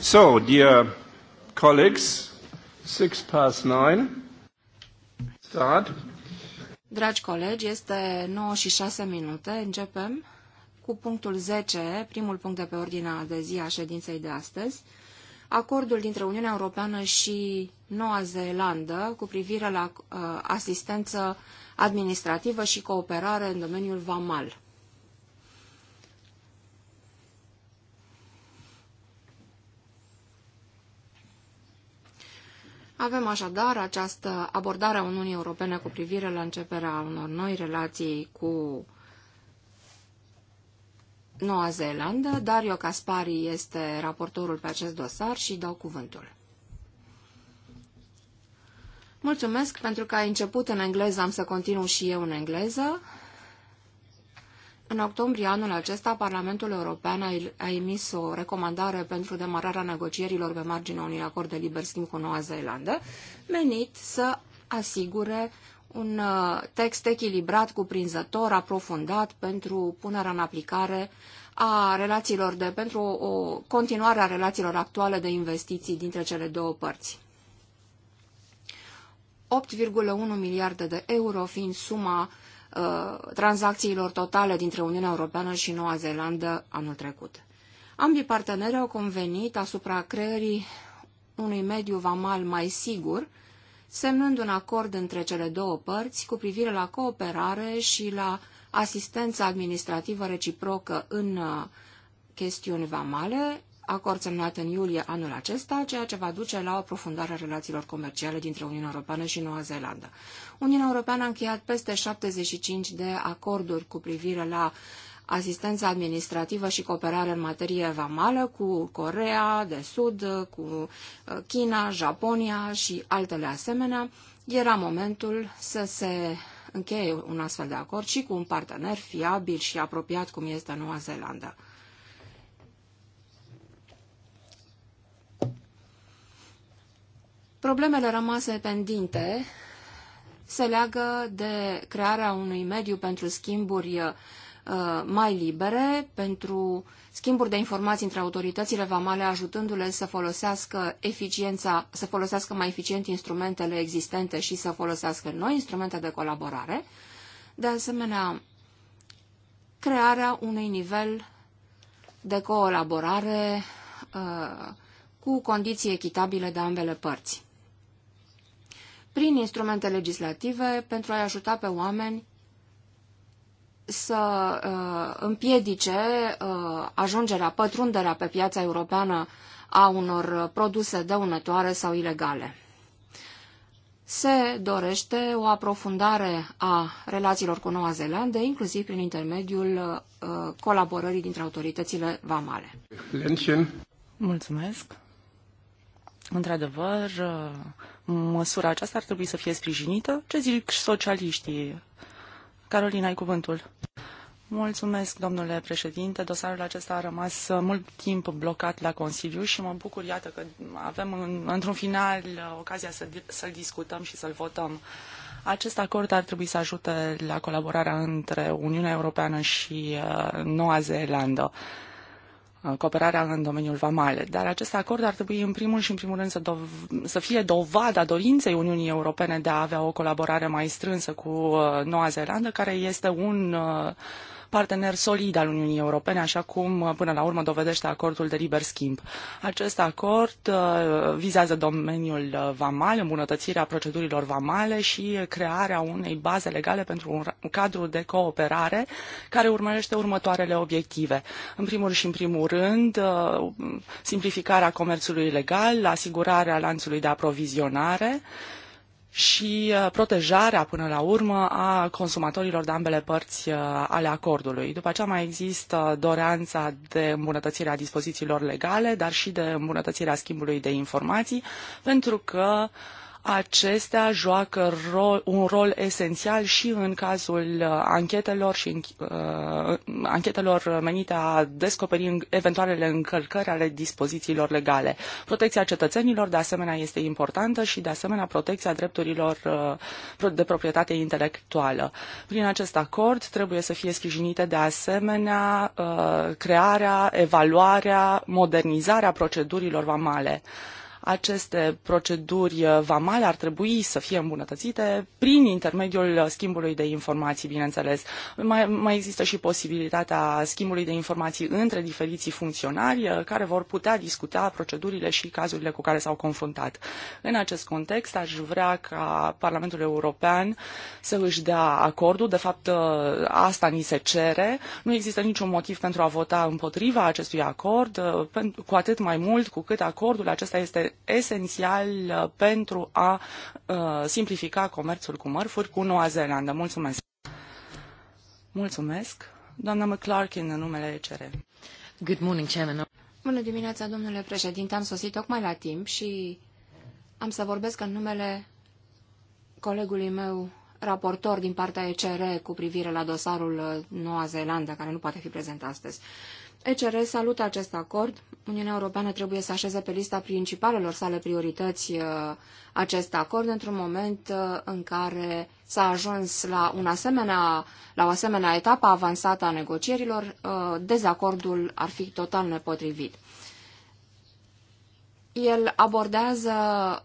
So, dear colleagues, six past nine. Start. Dragi colegi, este 9 și 6 minute. Începem cu punctul 10, primul punct de pe ordinea de zi a ședinței de astăzi. Acordul dintre Uniunea Europeană și Noua Zeelandă cu privire la uh, asistență administrativă și cooperare în domeniul VAMAL. Avem așadar această abordare a Uniunii Europene cu privire la începerea unor noi relații cu Noua Zeelandă. Dario Caspari este raportorul pe acest dosar și dau cuvântul. Mulțumesc pentru că ai început în engleză, am să continu și eu în engleză. În octombrie anul acesta, Parlamentul European a emis o recomandare pentru demararea negocierilor pe marginea unui acord de liber schimb cu Noua Zeelandă, menit să asigure un uh, text echilibrat, cuprinzător, aprofundat pentru punerea în aplicare a relațiilor de, pentru o continuare a relațiilor actuale de investiții dintre cele două părți. 8,1 miliarde de euro fiind suma uh, tranzacțiilor totale dintre Uniunea Europeană și Noua Zeelandă anul trecut. Ambii parteneri au convenit asupra creării unui mediu vamal mai sigur, semnând un acord între cele două părți cu privire la cooperare și la asistența administrativă reciprocă în uh, chestiuni vamale, acord semnat în iulie anul acesta, ceea ce va duce la o profundare a relațiilor comerciale dintre Uniunea Europeană și Noua Zeelandă. Uniunea Europeană a încheiat peste 75 de acorduri cu privire la asistență administrativă și cooperare în materie vamală cu Corea de Sud, cu uh, China, Japonia și altele asemenea. Era momentul să se încheie un astfel de acord și cu un partener fiabil și apropiat cum este Noua Zeelandă. Problemele rămase pendinte se leagă de crearea unui mediu pentru schimburi uh, mai libere, pentru schimburi de informații între autoritățile vamale, ajutându-le să folosească, eficiența, să folosească mai eficient instrumentele existente și să folosească noi instrumente de colaborare. De asemenea, crearea unui nivel de colaborare uh, cu condiții echitabile de ambele părți prin instrumente legislative pentru a-i ajuta pe oameni să uh, împiedice uh, ajungerea, pătrunderea pe piața europeană a unor produse dăunătoare sau ilegale. Se dorește o aprofundare a relațiilor cu Noua Zeelandă, inclusiv prin intermediul uh, colaborării dintre autoritățile vamale. Lenchen. Mulțumesc. Într-adevăr, uh, măsura aceasta ar trebui să fie sprijinită. Ce zic socialiștii? Carolina, ai cuvântul. Mulțumesc, domnule președinte. Dosarul acesta a rămas mult timp blocat la Consiliu și mă bucur, iată, că avem în, într-un final ocazia să, să-l discutăm și să-l votăm. Acest acord ar trebui să ajute la colaborarea între Uniunea Europeană și uh, Noua Zeelandă. Uh, cooperarea în domeniul vamal. Dar acest acord ar trebui în primul și în primul rând să, dov- să fie dovada dorinței Uniunii Europene de a avea o colaborare mai strânsă cu uh, Noua Zeelandă, care este un uh, partener solid al Uniunii Europene, așa cum uh, până la urmă dovedește acordul de liber schimb. Acest acord uh, vizează domeniul uh, vamal, îmbunătățirea procedurilor vamale și crearea unei baze legale pentru un cadru de cooperare care urmărește următoarele obiective. În primul și în primul rând, simplificarea comerțului legal, asigurarea lanțului de aprovizionare, și uh, protejarea până la urmă a consumatorilor de ambele părți uh, ale acordului. După aceea mai există doreanța de îmbunătățire a dispozițiilor legale, dar și de îmbunătățirea schimbului de informații, pentru că uh, acestea joacă rol, un rol esențial și în cazul uh, anchetelor și uh, anchetelor menite a descoperi eventualele încălcări ale dispozițiilor legale. Protecția cetățenilor, de asemenea, este importantă și, de asemenea, protecția drepturilor uh, de proprietate intelectuală. Prin acest acord trebuie să fie sprijinite, de asemenea, uh, crearea, evaluarea, modernizarea procedurilor vamale. Uh, aceste proceduri uh, vamale ar trebui să fie îmbunătățite prin intermediul schimbului de informații, bineînțeles. Mai, mai există și posibilitatea schimbului de informații între diferiții funcționari uh, care vor putea discuta procedurile și cazurile cu care s-au confruntat. În acest context, aș vrea ca Parlamentul European să își dea acordul. De fapt, uh, asta ni se cere. Nu există niciun motiv pentru a vota împotriva acestui acord, cu atât mai mult cu cât acordul acesta este esențial uh, pentru a uh, simplifica comerțul cu mărfuri cu Noua Zeelandă. Mulțumesc! Mulțumesc! Doamna McClarkin, în numele ECR. Good morning, Chairman. Bună dimineața, domnule președinte. Am sosit tocmai la timp și am să vorbesc în numele colegului meu, raportor din partea ECR cu privire la dosarul uh, Noua Zeelandă, care nu poate fi prezent astăzi. ECR salută acest acord. Uniunea Europeană trebuie să așeze pe lista principalelor sale priorități uh, acest acord într-un moment uh, în care s-a ajuns la, un asemenea, la o asemenea etapă avansată a negocierilor, uh, dezacordul ar fi total nepotrivit. El abordează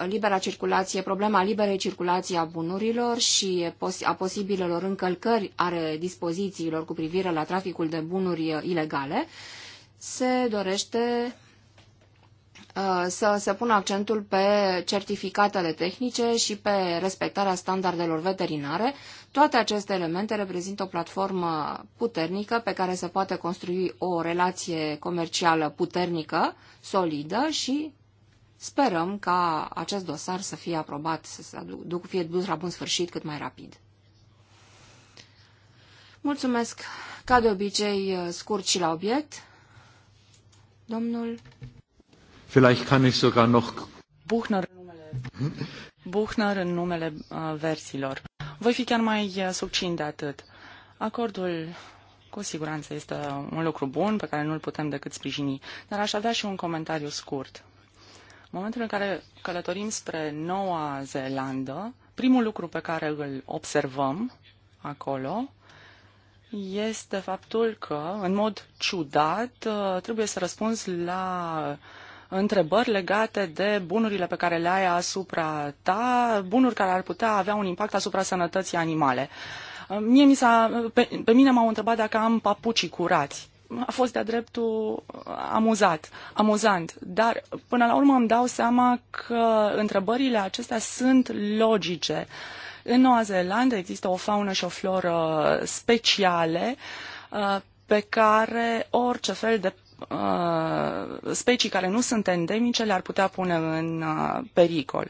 libera circulație, problema liberei circulații a bunurilor și a posibilelor încălcări ale dispozițiilor cu privire la traficul de bunuri ilegale. Se dorește uh, să se pună accentul pe certificatele tehnice și pe respectarea standardelor veterinare. Toate aceste elemente reprezintă o platformă puternică pe care se poate construi o relație comercială puternică, solidă și Sperăm ca acest dosar să fie aprobat, să se aduc, fie dus la bun sfârșit cât mai rapid. Mulțumesc, ca de obicei, uh, scurt și la obiect. Domnul... Vielleicht kann ich sogar noch... Buchner în numele, Buchner în numele uh, versilor. Voi fi chiar mai uh, succint de atât. Acordul cu siguranță este un lucru bun pe care nu-l putem decât sprijini, dar aș avea și un comentariu scurt momentul în care călătorim spre Noua Zeelandă, primul lucru pe care îl observăm acolo este faptul că, în mod ciudat, trebuie să răspunzi la întrebări legate de bunurile pe care le ai asupra ta, bunuri care ar putea avea un impact asupra sănătății animale. Mie mi s-a, pe, pe mine m-au întrebat dacă am papucii curați a fost de-a dreptul amuzat, amuzant, dar până la urmă îmi dau seama că întrebările acestea sunt logice. În Noua Zeelandă există o faună și o floră speciale uh, pe care orice fel de uh, specii care nu sunt endemice le-ar putea pune în uh, pericol.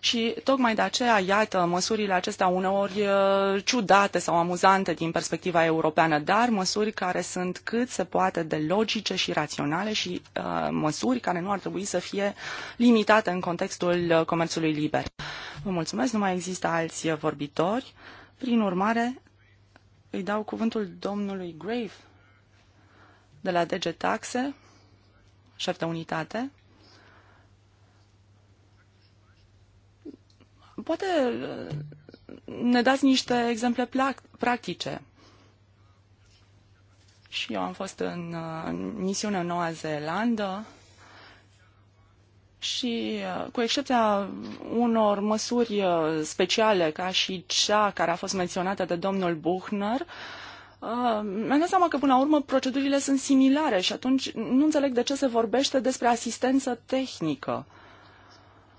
Și tocmai de aceea, iată, măsurile acestea uneori uh, ciudate sau amuzante din perspectiva europeană, dar măsuri care sunt cât se poate de logice și raționale și uh, măsuri care nu ar trebui să fie limitate în contextul uh, comerțului liber. Vă mulțumesc, nu mai există alți uh, vorbitori. Prin urmare, îi dau cuvântul domnului Grave de la DG Taxe, șef de unitate. Poate uh, ne dați niște exemple practice. Și eu am fost în, uh, în misiune în Noua Zeelandă și uh, cu excepția unor măsuri speciale ca și cea care a fost menționată de domnul Buchner, mi-am dat seama că până la urmă procedurile sunt similare și atunci nu înțeleg de ce se vorbește despre asistență tehnică.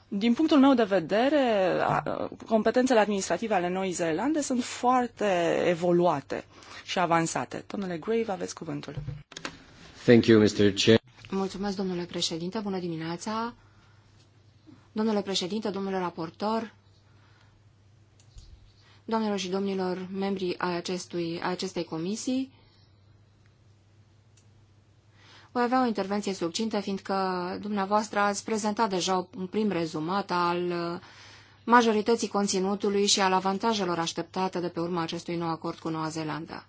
Din punctul meu de vedere, competențele administrative ale Noii Zeelande sunt foarte evoluate și avansate. Domnule Grave, aveți cuvântul. Thank you, Mr. Chair. Mulțumesc, domnule președinte. Bună dimineața. Domnule președinte, domnule raportor, domnilor și domnilor membrii a acestui, a acestei comisii, voi avea o intervenție subcintă, fiindcă dumneavoastră ați prezentat deja un prim rezumat al uh, majorității conținutului și al avantajelor așteptate de pe urma acestui nou acord cu Noua Zeelandă.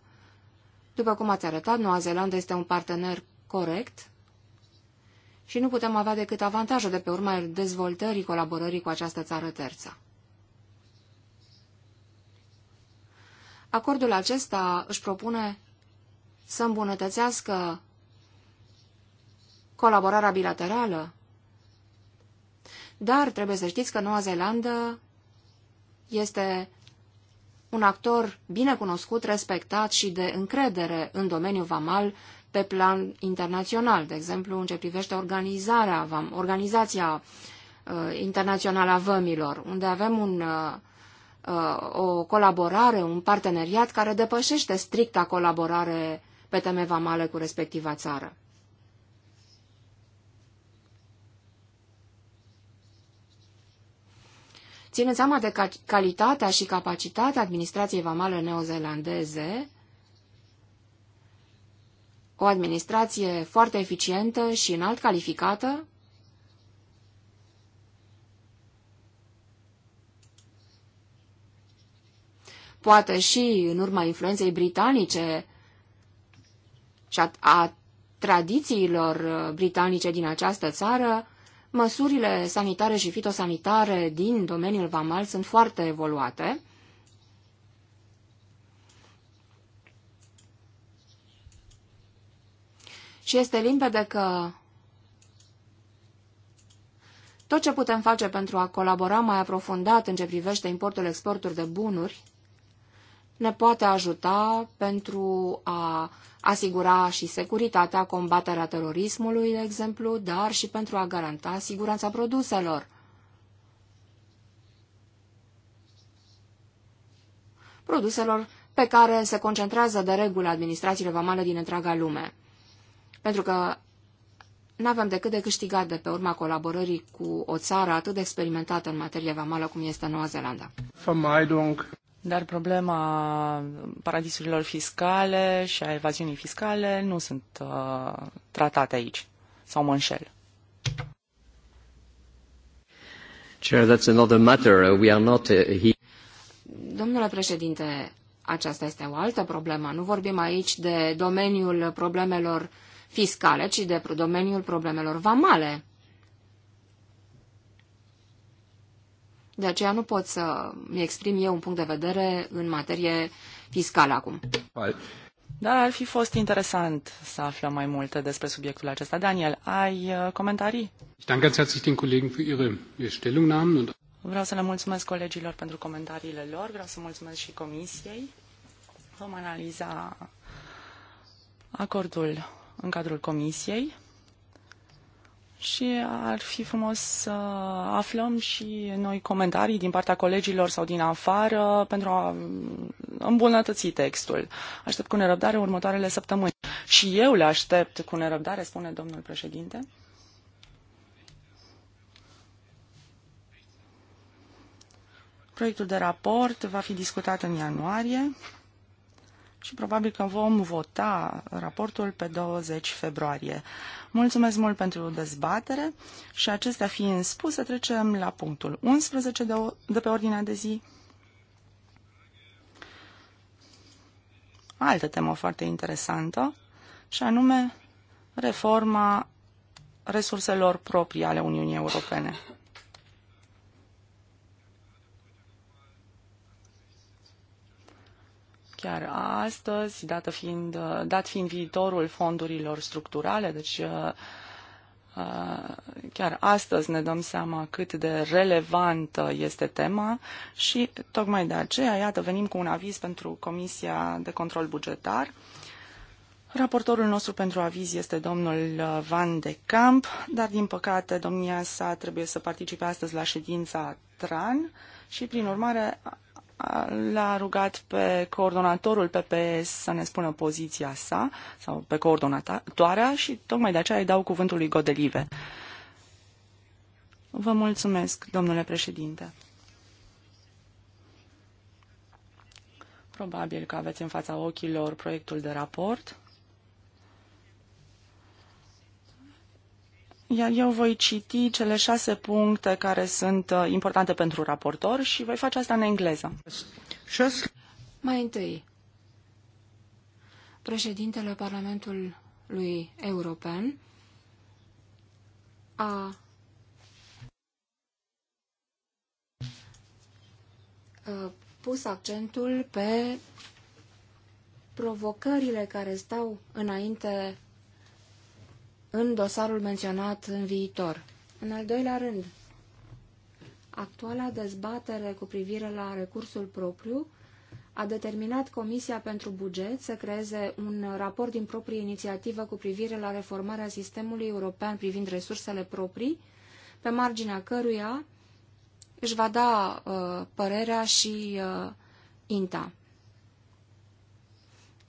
După cum ați arătat, Noua Zeelandă este un partener corect și nu putem avea decât avantajul de pe urma dezvoltării colaborării cu această țară terță. Acordul acesta își propune să îmbunătățească colaborarea bilaterală. Dar trebuie să știți că Noua Zeelandă este un actor bine cunoscut, respectat și de încredere în domeniul vamal pe plan internațional, de exemplu în ce privește organizarea, VAM, organizația uh, internațională a vămilor, unde avem un, uh, uh o colaborare, un parteneriat care depășește stricta colaborare pe teme vamale cu respectiva țară. ținând seama de calitatea și capacitatea administrației vamale neozelandeze, o administrație foarte eficientă și înalt calificată, poate și în urma influenței britanice și a, a tradițiilor britanice din această țară, măsurile sanitare și fitosanitare din domeniul vamal sunt foarte evoluate. Și este limpede că tot ce putem face pentru a colabora mai aprofundat în ce privește importul-exportul de bunuri ne poate ajuta pentru a asigura și securitatea, combaterea terorismului, de exemplu, dar și pentru a garanta siguranța produselor. Produselor pe care se concentrează de regulă administrațiile vamale din întreaga lume. Pentru că nu avem decât de câștigat de pe urma colaborării cu o țară atât de experimentată în materie vamală cum este Noua Zeelandă. Dar problema paradisurilor fiscale și a evaziunii fiscale nu sunt uh, tratate aici. Sau mă înșel. Chair, that's another matter. Uh, we are not uh, here. Domnule președinte, aceasta este o altă problemă. Nu vorbim aici de domeniul problemelor fiscale, ci de domeniul problemelor vamale. De aceea nu pot să-mi exprim eu un punct de vedere în materie fiscală acum. Hai. Dar ar fi fost interesant să aflăm mai multe despre subiectul acesta. Daniel, ai uh, comentarii? Vreau să le mulțumesc colegilor pentru comentariile lor, vreau să mulțumesc și comisiei. Vom analiza acordul în cadrul comisiei și ar fi frumos să aflăm și noi comentarii din partea colegilor sau din afară pentru a îmbunătăți textul. Aștept cu nerăbdare următoarele săptămâni. Și eu le aștept cu nerăbdare, spune domnul președinte. Proiectul de raport va fi discutat în ianuarie și probabil că vom vota raportul pe 20 februarie. Mulțumesc mult pentru dezbatere și acestea fiind spuse, trecem la punctul 11 de, de pe ordinea de zi. Altă temă foarte interesantă și anume reforma resurselor proprii ale Uniunii Europene. chiar astăzi, dată fiind, dat fiind viitorul fondurilor structurale, deci uh, uh, chiar astăzi ne dăm seama cât de relevantă este tema și tocmai de aceea, iată, venim cu un aviz pentru Comisia de Control Bugetar. Raportorul nostru pentru aviz este domnul uh, Van de Camp, dar din păcate domnia sa trebuie să participe astăzi la ședința TRAN și prin urmare l-a rugat pe coordonatorul PPS să ne spună poziția sa, sau pe coordonatoarea, și tocmai de aceea îi dau cuvântul lui Godelive. Vă mulțumesc, domnule președinte. Probabil că aveți în fața ochilor proiectul de raport. Iar eu voi citi cele șase puncte care sunt uh, importante pentru raportor și voi face asta în engleză. Mai întâi, președintele Parlamentului European a pus accentul pe provocările care stau înainte în dosarul menționat în viitor. În al doilea rând, actuala dezbatere cu privire la recursul propriu a determinat Comisia pentru Buget să creeze un raport din proprie inițiativă cu privire la reformarea sistemului european privind resursele proprii, pe marginea căruia își va da uh, părerea și uh, INTA.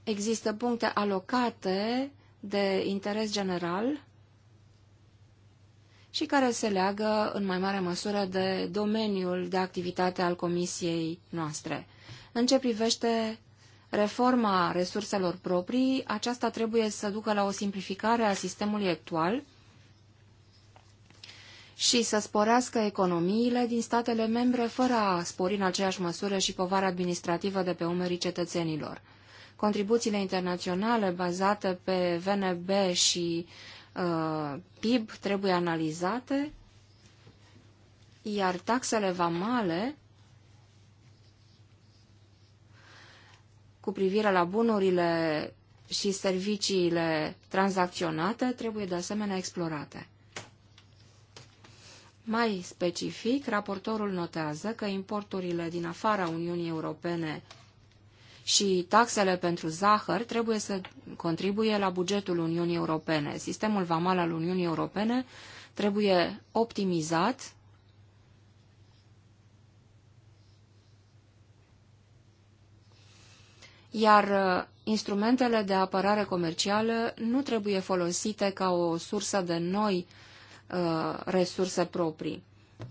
Există puncte alocate de interes general și care se leagă în mai mare măsură de domeniul de activitate al comisiei noastre. În ce privește reforma resurselor proprii, aceasta trebuie să ducă la o simplificare a sistemului actual și să sporească economiile din statele membre fără a spori în aceeași măsură și povara administrativă de pe umerii cetățenilor. Contribuțiile internaționale bazate pe VNB și uh, PIB trebuie analizate, iar taxele vamale cu privire la bunurile și serviciile tranzacționate trebuie de asemenea explorate. Mai specific, raportorul notează că importurile din afara Uniunii Europene și taxele pentru zahăr trebuie să contribuie la bugetul Uniunii Europene. Sistemul vamal al Uniunii Europene trebuie optimizat iar uh, instrumentele de apărare comercială nu trebuie folosite ca o sursă de noi uh, resurse proprii.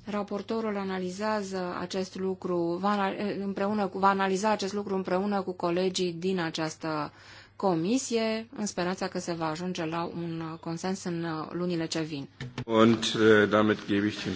Raportorul analizează acest lucru, va, împreună cu, va analiza acest lucru împreună cu colegii din această comisie, în speranța că se va ajunge la un consens în uh, lunile ce vin. Und, uh, damit gebe ich den...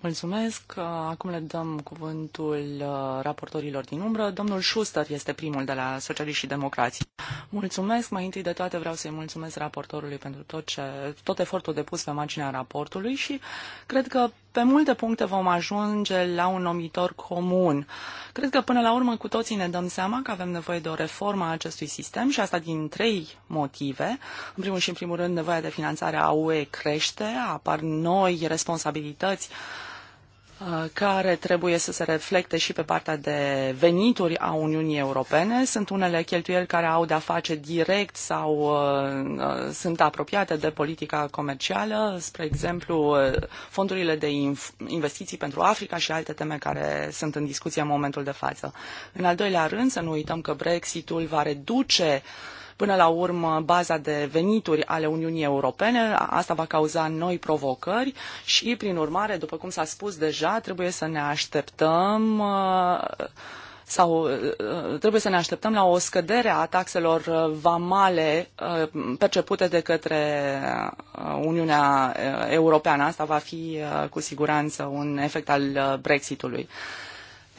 Mulțumesc. Uh, acum le dăm cuvântul raportorilor din umbră. Domnul Schuster este primul de la Socialiști și Democrații. Mulțumesc. Mai întâi de toate vreau să-i mulțumesc raportorului pentru tot, ce, tot efortul depus pe marginea raportului și cred că pe multe puncte vom ajunge la un omitor comun. Cred că până la urmă cu toții ne dăm seama că avem nevoie de o reformă a acestui sistem și asta din trei motive. În primul și în primul rând, nevoia de finanțare a UE crește, apar noi responsabilități uh, Uh, care trebuie să se reflecte și pe partea de venituri a Uniunii Europene. Sunt unele cheltuieli care au de-a face direct sau uh, uh sunt apropiate de politica comercială, spre exemplu uh, fondurile de investiții pentru Africa și alte teme care sunt în discuție în momentul de față. În al doilea rând, să nu uităm că Brexitul va reduce uh, Până la urmă, baza de venituri ale Uniunii Europene, asta va cauza noi provocări și, prin urmare, după cum s-a spus deja, trebuie să ne așteptăm uh, sau uh, uh, trebuie să ne așteptăm la o scădere a taxelor vamale percepute de către Uniunea Europeană. Asta va fi cu siguranță un efect al Brexitului. ului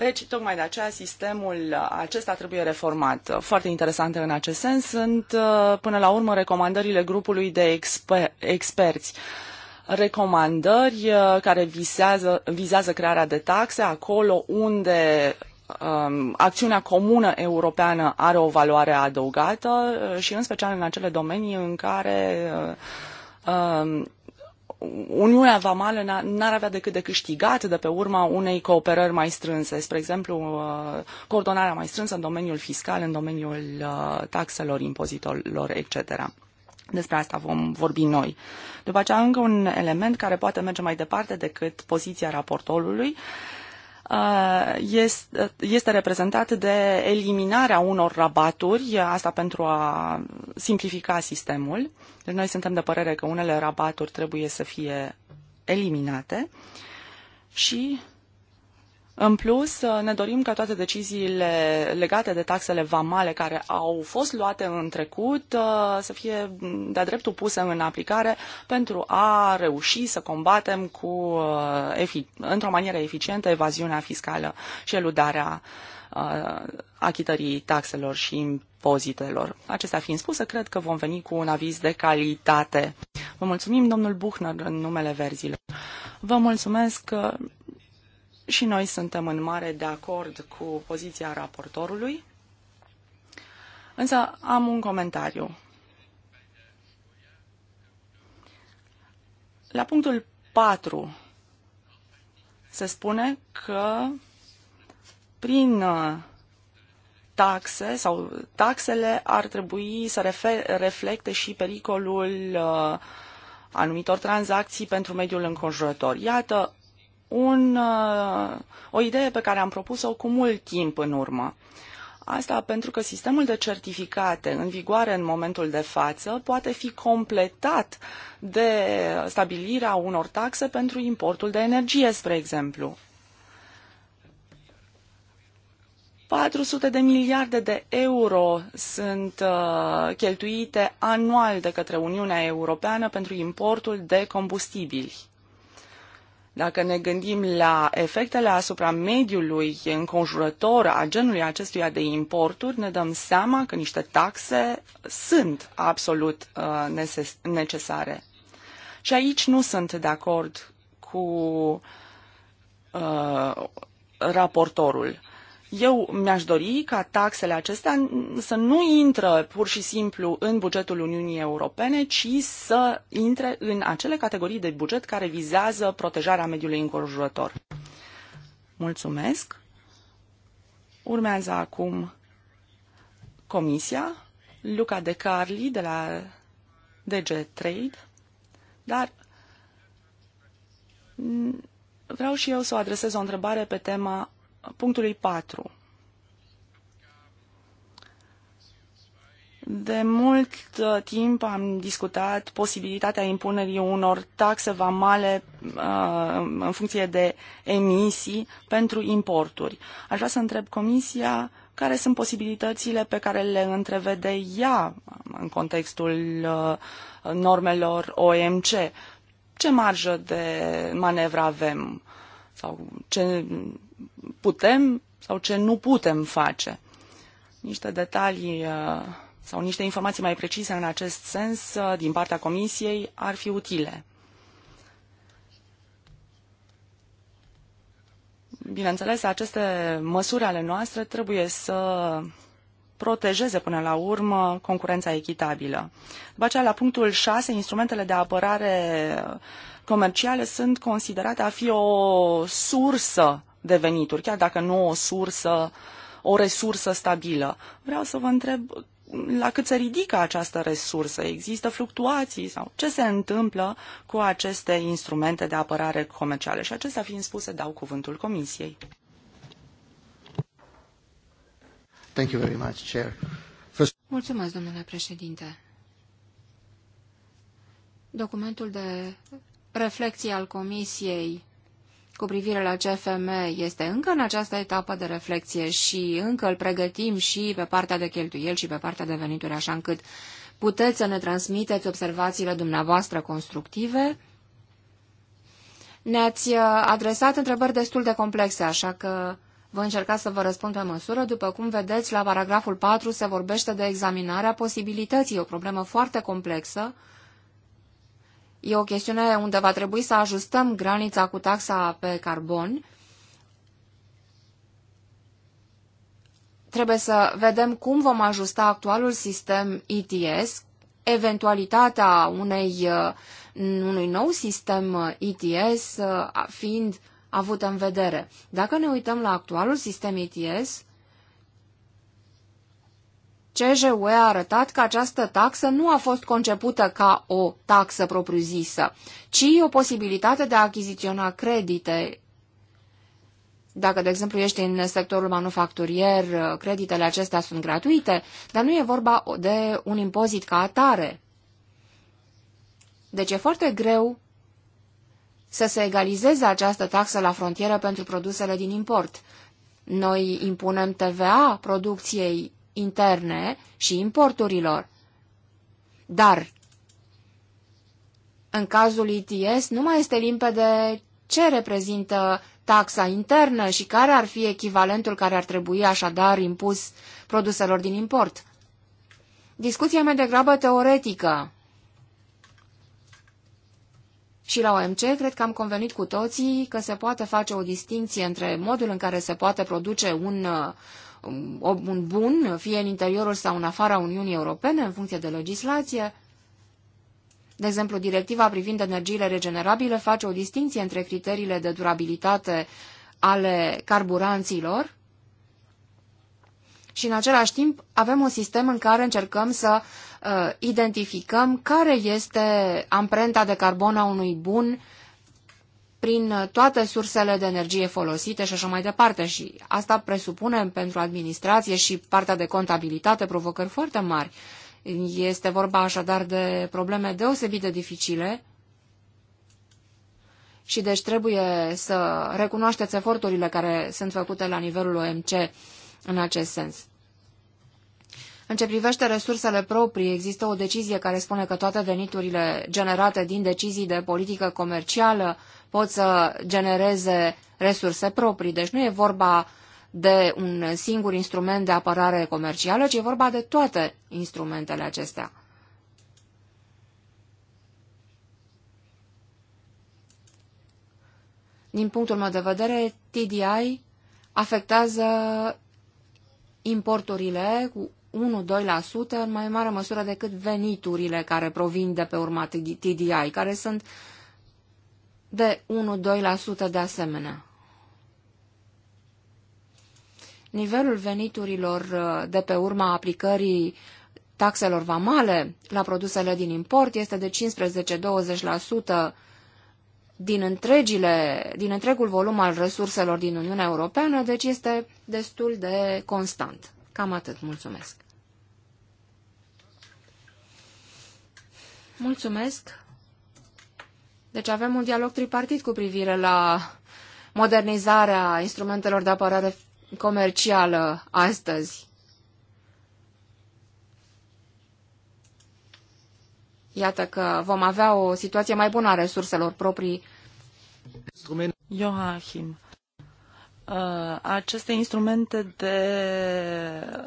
deci, tocmai de aceea, sistemul acesta trebuie reformat. Foarte interesante în acest sens sunt, uh, până la urmă, recomandările grupului de exper- experți recomandări uh, care visează, vizează crearea de taxe acolo unde um, acțiunea comună europeană are o valoare adăugată uh, și în special în acele domenii în care um, Uniunea Vamală n-ar avea decât de câștigat de pe urma unei cooperări mai strânse, spre exemplu, uh, coordonarea mai strânsă în domeniul fiscal, în domeniul uh, taxelor, impozitelor, etc. Despre asta vom vorbi noi. După aceea, încă un element care poate merge mai departe decât poziția raportorului. Uh, uh, este reprezentat de eliminarea unor rabaturi, asta pentru a simplifica sistemul. Deci noi suntem de părere că unele rabaturi trebuie să fie eliminate și în plus, ne dorim ca toate deciziile legate de taxele vamale care au fost luate în trecut uh, să fie de-a dreptul puse în aplicare pentru a reuși să combatem cu, uh, într-o manieră eficientă evaziunea fiscală și eludarea uh, achitării taxelor și impozitelor. Acestea fiind spuse, cred că vom veni cu un aviz de calitate. Vă mulțumim, domnul Buchner, în numele verzilor. Vă mulțumesc și noi suntem în mare de acord cu poziția raportorului, însă am un comentariu. La punctul 4 se spune că prin uh, taxe sau taxele ar trebui să reflecte și pericolul uh, anumitor tranzacții pentru mediul înconjurător. Iată un, uh, o idee pe care am propus-o cu mult timp în urmă. Asta pentru că sistemul de certificate în vigoare în momentul de față poate fi completat de stabilirea unor taxe pentru importul de energie, spre exemplu. 400 de miliarde de euro sunt uh, cheltuite anual de către Uniunea Europeană pentru importul de combustibili. Dacă ne gândim la efectele asupra mediului înconjurător a genului acestuia de importuri, ne dăm seama că niște taxe sunt absolut uh, necesare. Și aici nu sunt de acord cu uh, raportorul. Eu mi-aș dori ca taxele acestea să nu intră pur și simplu în bugetul Uniunii Europene, ci să intre în acele categorii de buget care vizează protejarea mediului înconjurător. Mulțumesc. Urmează acum Comisia, Luca De Carli de la DG Trade, dar vreau și eu să o adresez o întrebare pe tema punctului 4. De mult uh, timp am discutat posibilitatea impunerii unor taxe vamale uh, în funcție de emisii pentru importuri. Aș vrea să întreb Comisia care sunt posibilitățile pe care le întrevede ea în contextul uh, normelor OMC. Ce marjă de manevră avem? Sau ce putem sau ce nu putem face. Niște detalii uh, sau niște informații mai precise în acest sens uh, din partea Comisiei ar fi utile. Bineînțeles, aceste măsuri ale noastre trebuie să protejeze până la urmă concurența echitabilă. După aceea, la punctul 6, instrumentele de apărare comerciale sunt considerate a fi o sursă de venituri, chiar dacă nu o sursă, o resursă stabilă. Vreau să vă întreb la cât se ridică această resursă? Există fluctuații sau ce se întâmplă cu aceste instrumente de apărare comerciale? Și acestea fiind spuse, dau cuvântul Comisiei. Thank you very much, Chair. First... Mulțumesc, domnule președinte. Documentul de reflecție al Comisiei cu privire la CFM este încă în această etapă de reflexie și încă îl pregătim și pe partea de cheltuieli și pe partea de venituri, așa încât puteți să ne transmiteți observațiile dumneavoastră constructive. Ne-ați uh, adresat întrebări destul de complexe, așa că voi încerca să vă răspund pe măsură. După cum vedeți, la paragraful 4 se vorbește de examinarea posibilității, o problemă foarte complexă, E o chestiune unde va trebui să ajustăm granița cu taxa pe carbon. Trebuie să vedem cum vom ajusta actualul sistem ETS, eventualitatea unei, uh, unui nou sistem uh, ETS uh, fiind avut în vedere. Dacă ne uităm la actualul sistem ETS, CJUE a arătat că această taxă nu a fost concepută ca o taxă propriu-zisă, ci o posibilitate de a achiziționa credite. Dacă, de exemplu, ești în sectorul manufacturier, creditele acestea sunt gratuite, dar nu e vorba de un impozit ca atare. Deci e foarte greu să se egalizeze această taxă la frontieră pentru produsele din import. Noi impunem TVA producției interne și importurilor. Dar în cazul ITS nu mai este limpede ce reprezintă taxa internă și care ar fi echivalentul care ar trebui așadar impus produselor din import. Discuția mai degrabă teoretică. Și la OMC cred că am convenit cu toții că se poate face o distinție între modul în care se poate produce un uh, un bun, fie în interiorul sau în afara Uniunii Europene, în funcție de legislație. De exemplu, directiva privind energiile regenerabile face o distinție între criteriile de durabilitate ale carburanților și în același timp avem un sistem în care încercăm să uh, identificăm care este amprenta de carbon a unui bun uh, prin uh, toate sursele de energie folosite și așa mai departe. Și asta presupune pentru administrație și partea de contabilitate provocări foarte mari. Este vorba așadar de probleme deosebit de dificile și deci trebuie să recunoașteți eforturile care sunt făcute la nivelul OMC în acest sens. În ce privește resursele proprii, există o decizie care spune că toate veniturile generate din decizii de politică comercială pot să genereze resurse proprii. Deci nu e vorba de un singur instrument de apărare comercială, ci e vorba de toate instrumentele acestea. Din punctul meu de vedere, TDI afectează importurile cu 1-2% în mai mare măsură decât veniturile care provin de pe urma TDI, care sunt de 1-2% de asemenea. Nivelul veniturilor uh, de pe urma aplicării taxelor vamale la produsele din import este de 15-20% din, întregile, din întregul volum al resurselor din Uniunea Europeană, deci este destul de constant. Cam atât. Mulțumesc. Mulțumesc. Deci avem un dialog tripartit cu privire la modernizarea instrumentelor de apărare comercială astăzi. Iată că vom avea o situație mai bună a resurselor proprii. Joachim, Uh, aceste instrumente de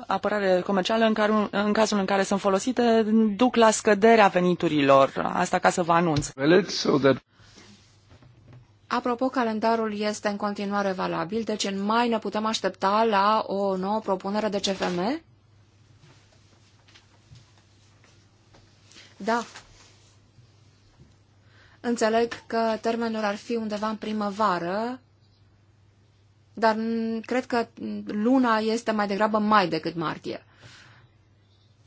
apărare comercială, în, care, în cazul în care sunt folosite, duc la scăderea veniturilor. Asta ca să vă anunț. Apropo, calendarul este în continuare valabil, deci în mai ne putem aștepta la o nouă propunere de CFM? Da. Înțeleg că termenul ar fi undeva în primăvară, dar cred că luna este mai degrabă mai decât martie.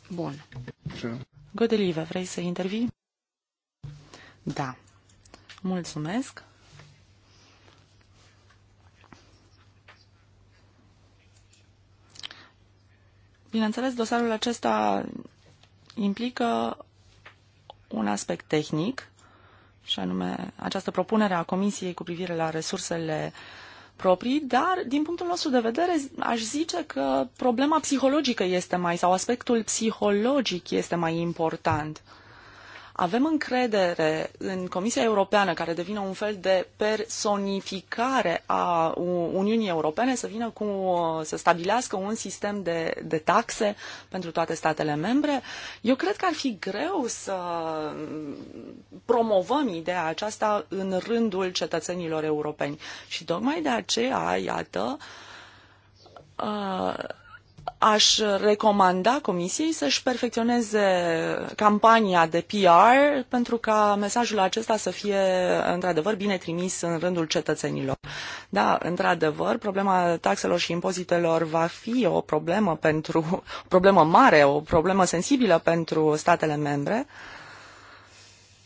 Bun. Godelive, vrei să intervii? Da. Mulțumesc. Bineînțeles, dosarul acesta implică un aspect tehnic, și anume această propunere a Comisiei cu privire la resursele uh, proprii, dar din punctul nostru de vedere aș zice că problema psihologică este mai, sau aspectul psihologic este mai important. Avem încredere în Comisia Europeană, care devine un fel de personificare a Uniunii Europene, să vină cu, să stabilească un sistem de, de taxe pentru toate statele membre. Eu cred că ar fi greu să promovăm ideea aceasta în rândul cetățenilor europeni. Și tocmai de aceea, iată, uh, aș recomanda Comisiei să-și perfecționeze campania de PR pentru ca mesajul acesta să fie într-adevăr bine trimis în rândul cetățenilor. Da, într-adevăr, problema taxelor și impozitelor va fi o problemă pentru, o problemă mare, o problemă sensibilă pentru statele membre.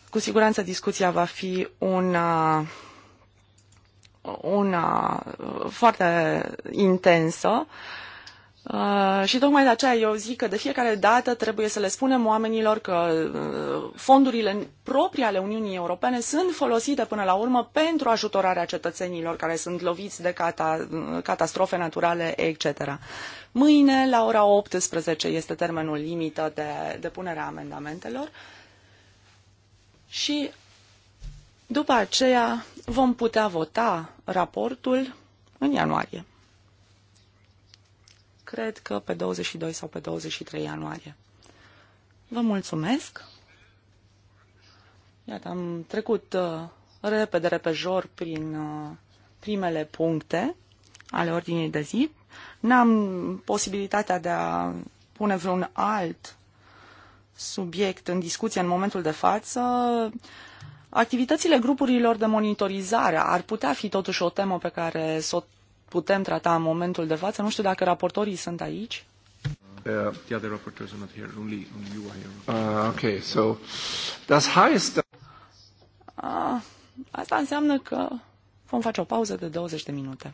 Cu siguranță discuția va fi una una foarte intensă. Uh, Uh, și tocmai de aceea eu zic că de fiecare dată trebuie să le spunem oamenilor că uh, fondurile proprii ale Uniunii Europene sunt folosite până la urmă pentru ajutorarea cetățenilor care sunt loviți de cata, uh, catastrofe naturale, etc. Mâine, la ora 18, este termenul limită de depunere a amendamentelor și după aceea vom putea vota raportul în ianuarie cred că pe 22 sau pe 23 ianuarie. Vă mulțumesc! Iată, am trecut uh, repede, repejor prin uh, primele puncte ale ordinii de zi. N-am posibilitatea de a pune vreun alt subiect în discuție în momentul de față. Activitățile grupurilor de monitorizare ar putea fi totuși o temă pe care să o putem trata în momentul de față. Nu știu dacă raportorii sunt aici. Uh, uh, okay, so das heißt... Ah, asta înseamnă că vom face o pauză de 20 de minute.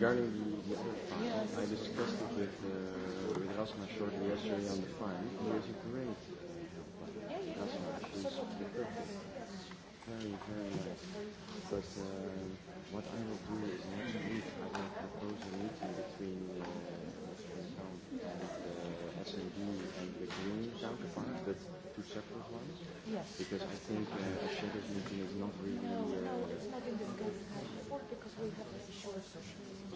regarding the, the other file, yes. I discussed it with, uh, with Rasma shortly yesterday on the phone. He was a great uh, Rasma. She's perfect. Very, very nice. But uh, what I will do is next week I will propose a meeting between uh, and the uh, SMD and the Green counterpart, but two separate ones. Yes. Because I think uh, a shadows meeting is not really. Uh, no, no, uh, it's not in this case. Because we have a short session.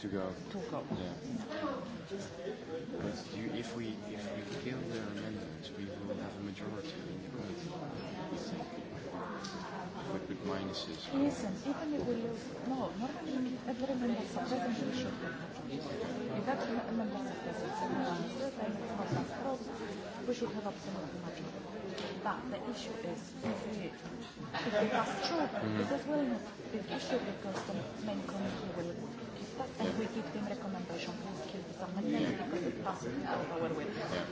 To go. To go. Yeah. But you, if we if we kill the amendments, we will have a majority in the committee. But with minuses. Listen, even if we lose, no, normally every member state doesn't do If that member state the state, not We should have absolute majority. But the issue is infinite. If we pass mm. this will not be an issue because the main committee will keep that and we give them recommendation, please keep this amendment because it passes out our way. Yeah.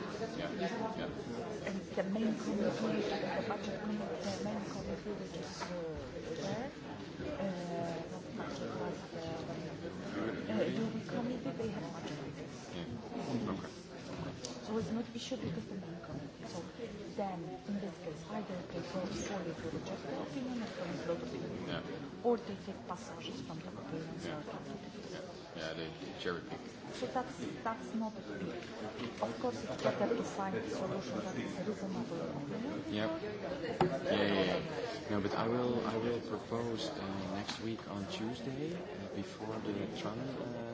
Yeah. Yeah. And the main committee, the budget committee, the main committee is uh, there, uh, the uh, committee, they have budget. Yeah. Okay. So it's not issue because the So then, in this case, either they go solely to the just their opinion or from the opinion, yeah. or they take passages from the opinion. Yeah. Yeah. yeah, they cherry pick. So that's, that's not big. Of course, it's better to find a solution that is reasonable. Yeah. Yeah, yeah, yeah. No, but I will, I will propose uh, next week on Tuesday, uh, before the Tran uh,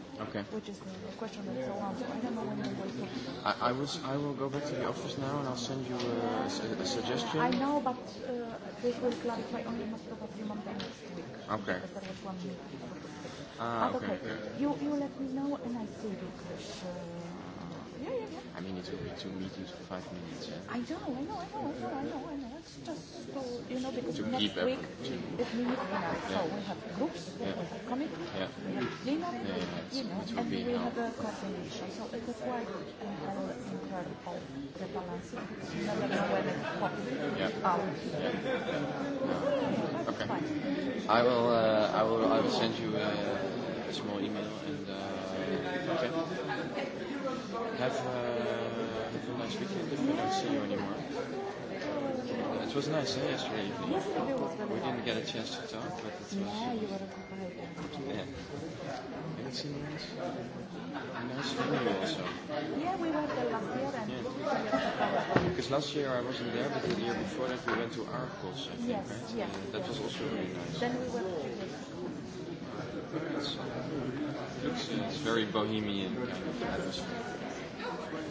Okay. Which is the question that's so answered. I don't know when you will talk. I, I, was, I will go back to the office now and I'll send you a, a, a suggestion. I know, but uh, this will clarify only most probably Monday next week. Okay. Because there was one meeting. Ah, okay. okay. You, you let me know and I see you. Uh, Yeah, yeah, yeah. I mean, it will be two meetings for five minutes, yeah? I know, I know, I know, I know, I know, I know. It's just so, you know, because to next week to... it means, you know, yeah. so we have groups, yeah. we have committee, yeah. we have dinner, yeah, yeah, yeah. you know, and we now. have a coordination. So it is why incredible all the balance. You never know when it's coming. yeah. out. Yeah. Yeah. Okay. Fine. I will, uh, I will, I will send you a, a small email and, uh, okay have uh, a nice weekend if we don't see you anymore. Uh, it was nice eh, yesterday evening. Yesterday was we didn't get a chance to talk, but it was. Yeah, you were Yeah. And it's a nice, nice venue also. Yeah, we were there last year and. Yeah. Because last year I wasn't there, but the year before that we went to Arcos, I think, yes, right? Yeah. And that yeah. was also really nice. Then we were. It's, uh, it's, it's very bohemian kind of atmosphere.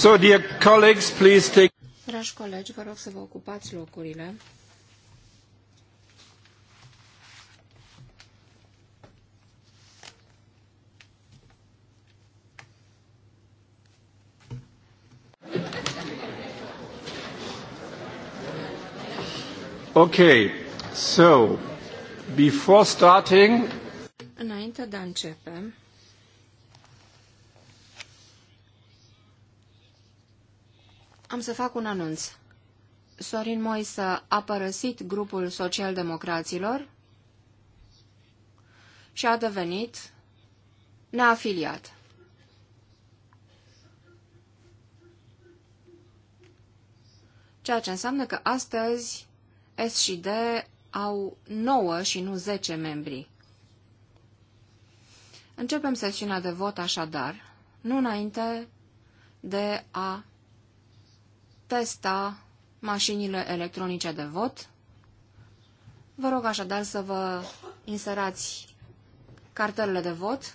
So, dear colleagues, please take... Dragi colegi, vă rog să vă ocupați locurile. Ok, so, before starting... Înainte de a începe, am să fac un anunț. Sorin Moisă a părăsit grupul socialdemocraților și a devenit neafiliat. Ceea ce înseamnă că astăzi S și D au 9 și nu 10 membri. Începem sesiunea de vot așadar, nu înainte de a testa mașinile electronice de vot. Vă rog așadar să vă inserați cartelele de vot.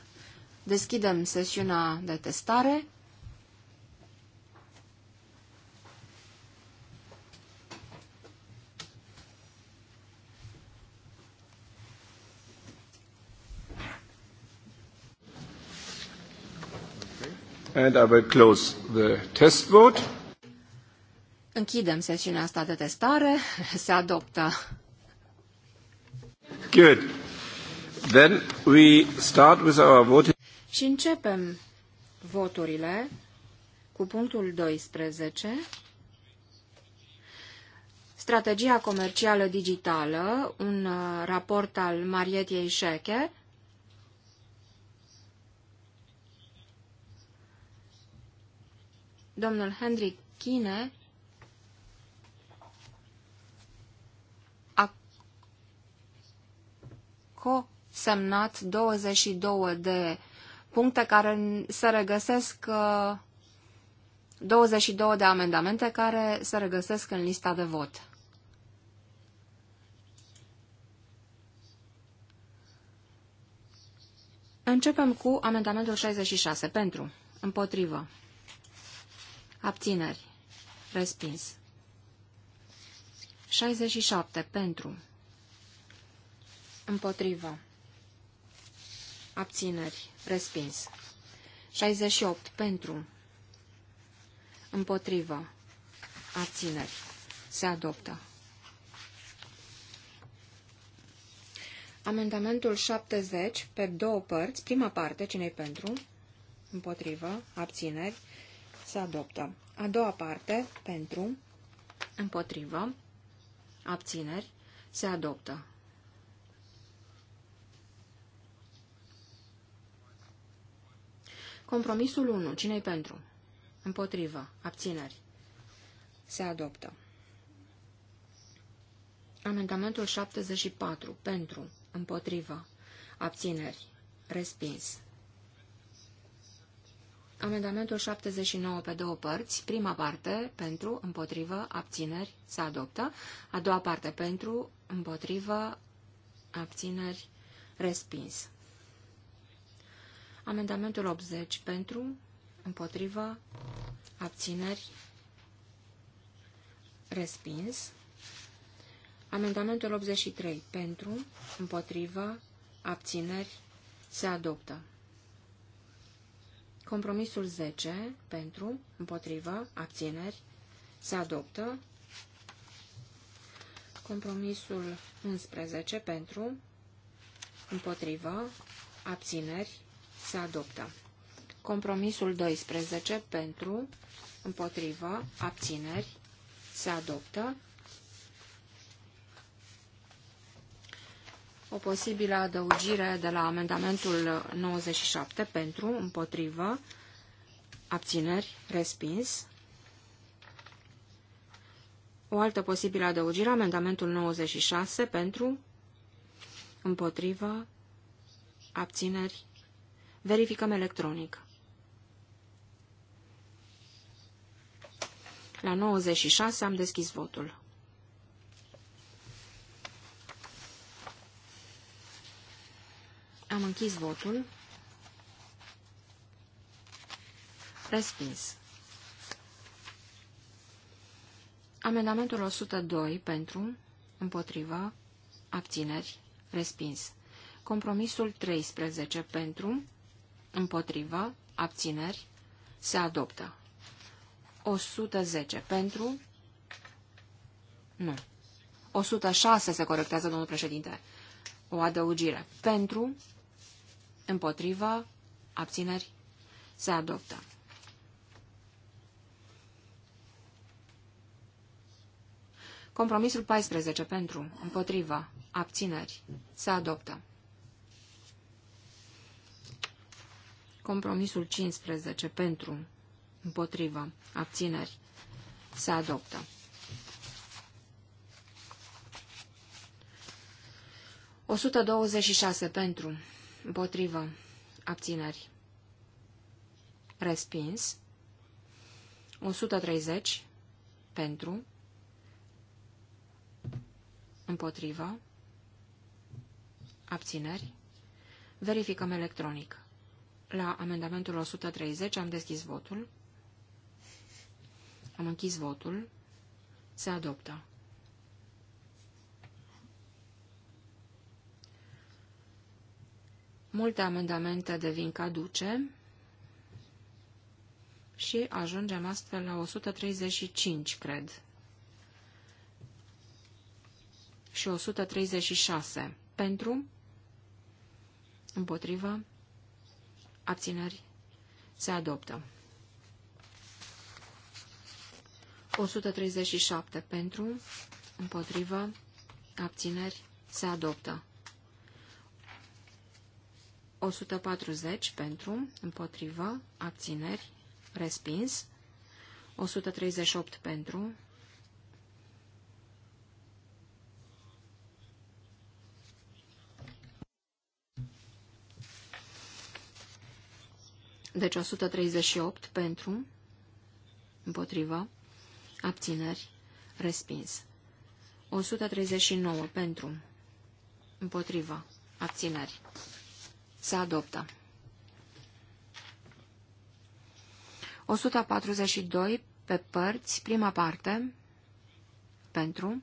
Deschidem sesiunea de testare. And I will close the test vote. Închidem sesiunea asta de testare. Se adoptă. Good. Then we start with our voting. Și începem voturile cu punctul 12. Strategia comercială digitală, un uh, raport al Marietiei Șeche. Domnul Hendrik Kine co-semnat 22 de puncte care se regăsesc 22 uh, de amendamente care se regăsesc în lista de vot. Începem cu amendamentul 66. Pentru. Împotrivă. Abțineri. Respins. 67. Pentru. Împotrivă. Abțineri. Respins. 68. Pentru. Împotrivă. Abțineri. Se adoptă. Amendamentul 70 pe două părți. Prima parte, cine pentru? Împotrivă. Abțineri. Se adoptă. A doua parte, pentru. Împotrivă. Abțineri. Se adoptă. Compromisul 1. Cine-i pentru? Împotrivă. Abțineri. Se adoptă. Amendamentul 74. Pentru. Împotrivă. Abțineri. Respins. Amendamentul 79 pe două părți. Prima parte, pentru, împotrivă, abțineri, se adoptă. A doua parte, pentru, împotrivă, abțineri, respins. Amendamentul 80 pentru, împotrivă, abțineri, respins. Amendamentul 83 pentru, împotrivă, abțineri, se adoptă. Compromisul 10 pentru, împotrivă, abțineri, se adoptă. Compromisul 11 pentru, împotrivă, abțineri, se adoptă. Compromisul 12 pentru, împotrivă, abțineri, se adoptă. O posibilă adăugire de la amendamentul 97 pentru, împotrivă, abțineri, respins. O altă posibilă adăugire, amendamentul 96 pentru, împotrivă, abțineri, Verificăm electronic. La 96 am deschis votul. Am închis votul. Respins. Amendamentul 102 pentru, împotriva, abțineri, respins. Compromisul 13 pentru, împotrivă, abțineri, se adoptă. 110 pentru... Nu. 106 se corectează, domnul președinte. O adăugire. Pentru, împotrivă, abțineri, se adoptă. Compromisul 14 pentru, împotrivă, abțineri, se adoptă. Compromisul 15 pentru, împotrivă, abțineri, se adoptă. 126 pentru, împotrivă, abțineri, respins. 130 pentru, împotrivă, abțineri, verificăm electronic. La amendamentul 130 am deschis votul. Am închis votul. Se adoptă. Multe amendamente devin caduce și ajungem astfel la 135, cred. Și 136. Pentru, împotrivă, Abținări. se adoptă. 137 pentru, împotrivă, abțineri, se adoptă. 140 pentru, împotrivă, abțineri, respins. 138 pentru, Deci 138 pentru, împotriva, abțineri, respins. 139 pentru, împotriva, abțineri, se adoptă. 142 pe părți, prima parte, pentru,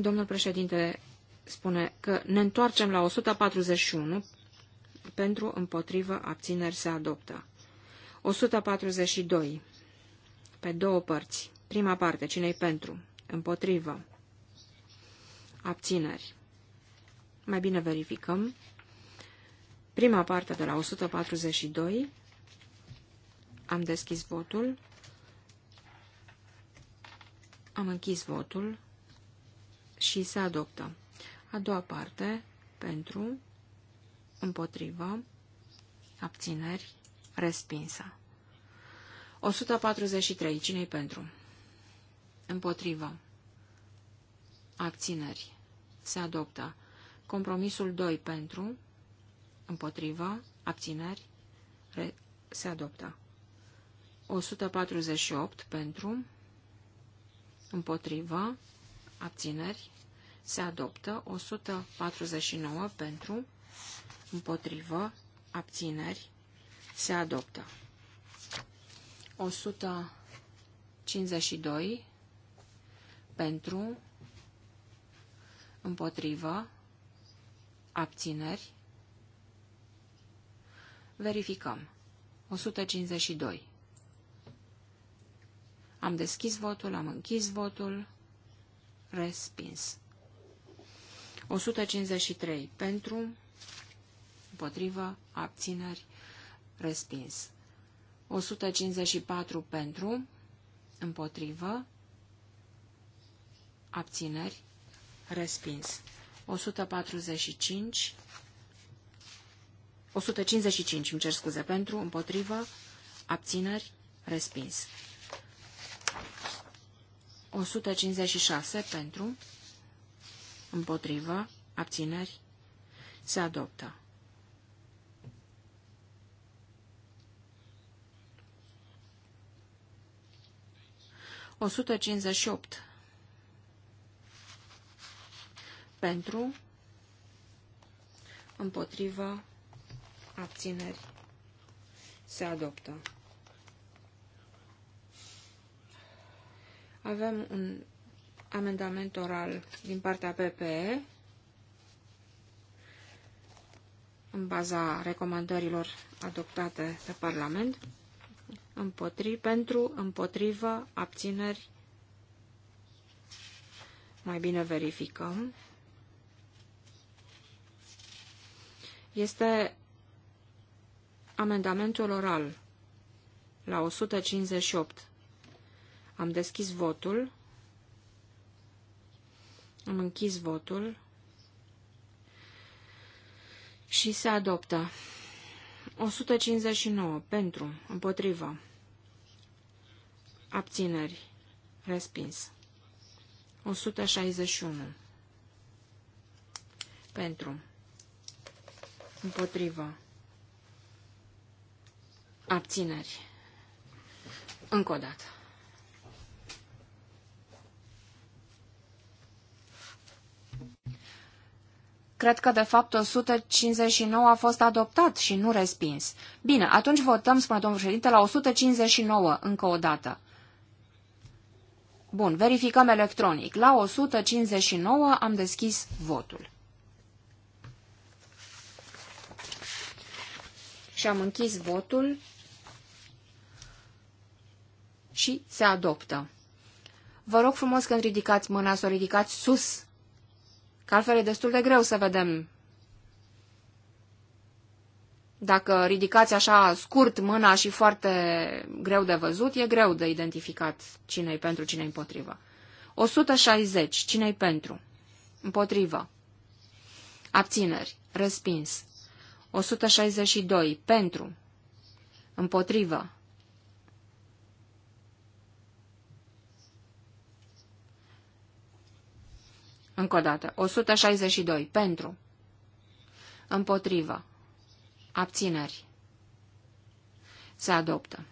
Domnul președinte spune că ne întoarcem la 141 pentru împotrivă abțineri se adoptă. 142. Pe două părți. Prima parte. Cine-i pentru? Împotrivă. Abțineri. Mai bine verificăm. Prima parte de la 142. Am deschis votul. Am închis votul și se adoptă. A doua parte, pentru, împotrivă, abțineri, respinsă. 143. cine pentru? Împotrivă. Abțineri. Se adoptă. Compromisul 2 pentru, împotrivă, abțineri, re, se adoptă. 148 pentru, împotrivă, abțineri, se adoptă 149 pentru, împotrivă, abțineri, se adoptă 152 pentru, împotrivă, abțineri, verificăm 152. Am deschis votul, am închis votul, respins. 153. Pentru, împotrivă, abțineri, respins. 154 pentru, împotrivă, abțineri, respins. 145, 155, îmi cer scuze, pentru, împotrivă, abțineri, respins. 156 pentru, Împotrivă. Abțineri. Se adoptă. O sută cincizeci opt pentru, împotriva, abțineri, se adoptă. Avem un amendament oral din partea PPE în baza recomandărilor adoptate de Parlament împotri, pentru, împotrivă, abțineri. Mai bine verificăm. Este amendamentul oral la 158. Am deschis votul. Am închis votul și se adoptă. 159 pentru, împotrivă, abțineri, respins. 161 pentru, împotrivă, abțineri. Încă o dată. Cred că, de fapt, 159 a fost adoptat și nu respins. Bine, atunci votăm, spune domnul președinte, la 159 încă o dată. Bun, verificăm electronic. La 159 am deschis votul. Și am închis votul și se adoptă. Vă rog frumos când ridicați mâna să o ridicați sus, Că altfel e destul de greu să vedem. Dacă ridicați așa scurt mâna și foarte greu de văzut, e greu de identificat cine-i pentru, cine-i împotriva. 160. Cine-i pentru? Împotrivă. Abțineri. Respins. 162. Pentru. Împotrivă. Încă o dată. 162. Pentru. Împotrivă. Abțineri. Se adoptă.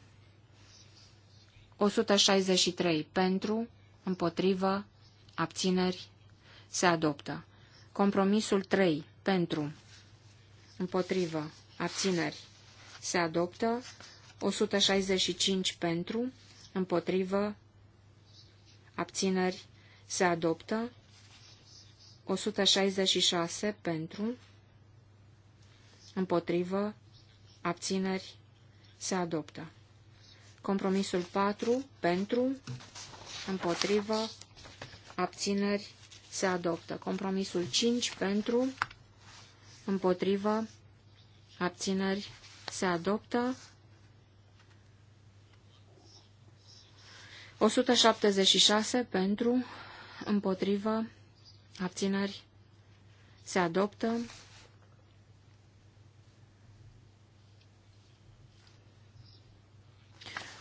163. Pentru. Împotrivă. Abțineri. Se adoptă. Compromisul 3. Pentru. Împotrivă. Abțineri. Se adoptă. 165 pentru. Împotrivă. Abțineri. Se adoptă. 166 pentru, împotrivă, abțineri, se adoptă. Compromisul 4 pentru, împotrivă, abțineri, se adoptă. Compromisul 5 pentru, împotrivă, abțineri, se adoptă. 176 pentru, împotrivă, Abțineri. Se adoptă.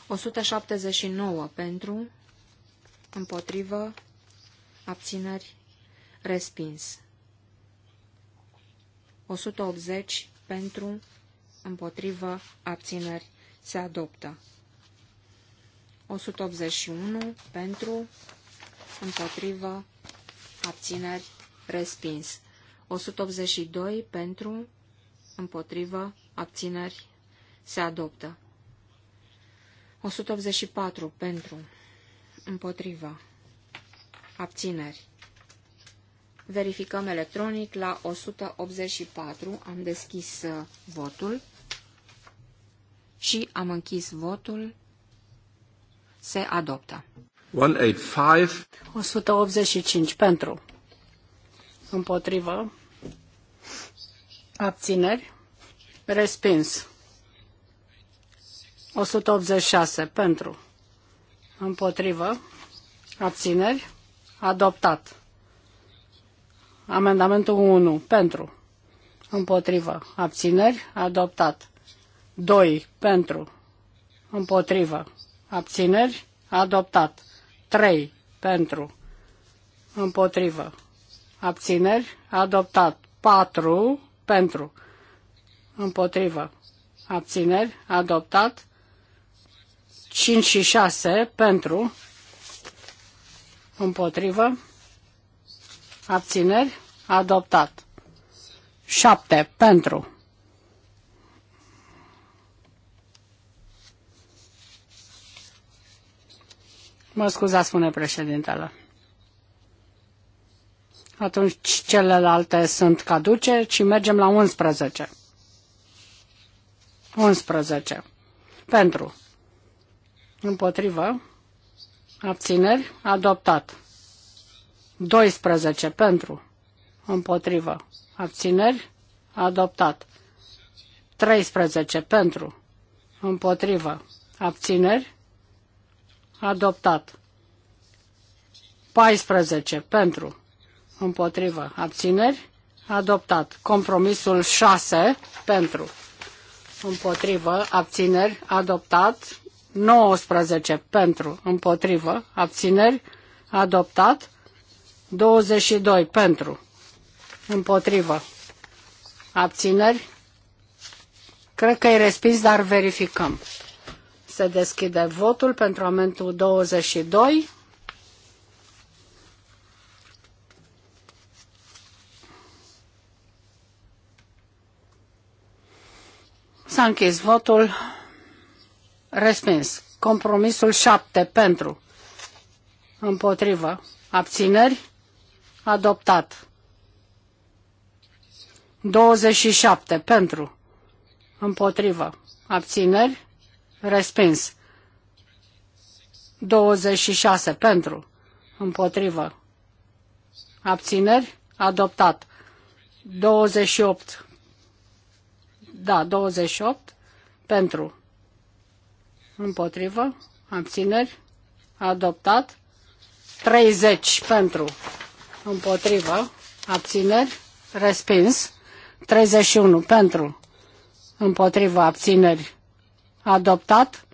O sută șaptezeci nouă pentru, împotrivă, abțineri, respins. O sută optzeci pentru, împotrivă, abțineri, se adoptă. 181 pentru, împotrivă, abțineri, respins. 182 pentru, împotrivă, abțineri, se adoptă. 184 pentru, împotrivă, abțineri. Verificăm electronic la 184, am deschis uh, votul și am închis votul, se adoptă. 185. pentru. Împotrivă. Abțineri. Respins. 186 pentru. Împotrivă. Abțineri. Adoptat. Amendamentul 1 pentru. Împotrivă. Abțineri. Adoptat. 2 pentru. Împotrivă. Abțineri. Adoptat. 3 pentru, împotrivă, abțineri, adoptat 4 pentru, împotrivă, abțineri, adoptat 5 și 6 pentru, împotrivă, abțineri, adoptat 7 pentru, Mă scuzați, spune președintele. Atunci celelalte sunt caduce și mergem la 11. 11. Pentru. Împotrivă. Abțineri. Adoptat. 12. Pentru. Împotrivă. Abțineri. Adoptat. 13. Pentru. Împotrivă. Abțineri adoptat. 14 pentru, împotrivă, abțineri, adoptat. Compromisul 6 pentru, împotrivă, abțineri, adoptat. 19 pentru, împotrivă, abțineri, adoptat. 22 pentru, împotrivă, abțineri. Cred că e respins, dar verificăm. Se deschide votul pentru amendamentul 22. S-a închis votul. Respins. Compromisul 7 pentru. Împotrivă. Abțineri. Adoptat. 27 pentru. Împotrivă. Abțineri. Respins. 26 pentru. Împotrivă. Abțineri. Adoptat. 28. Da, 28 pentru. Împotrivă. Abțineri. Adoptat. 30 pentru. Împotrivă. Abțineri. Respins. 31 pentru. Împotrivă. Abțineri adoptat,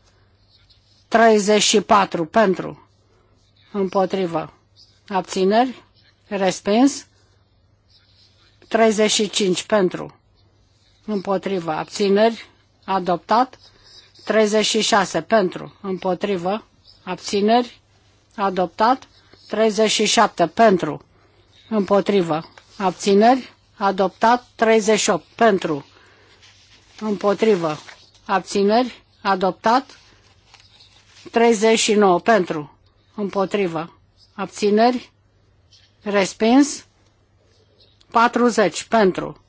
34 pentru, împotrivă, abțineri, respins, 35 pentru, împotrivă, abțineri, adoptat, 36 pentru, împotrivă, abțineri, adoptat, 37 pentru, împotrivă, abțineri, adoptat, 38 pentru, împotrivă, abțineri, adoptat. 39 pentru, împotrivă, abțineri, respins. 40 pentru,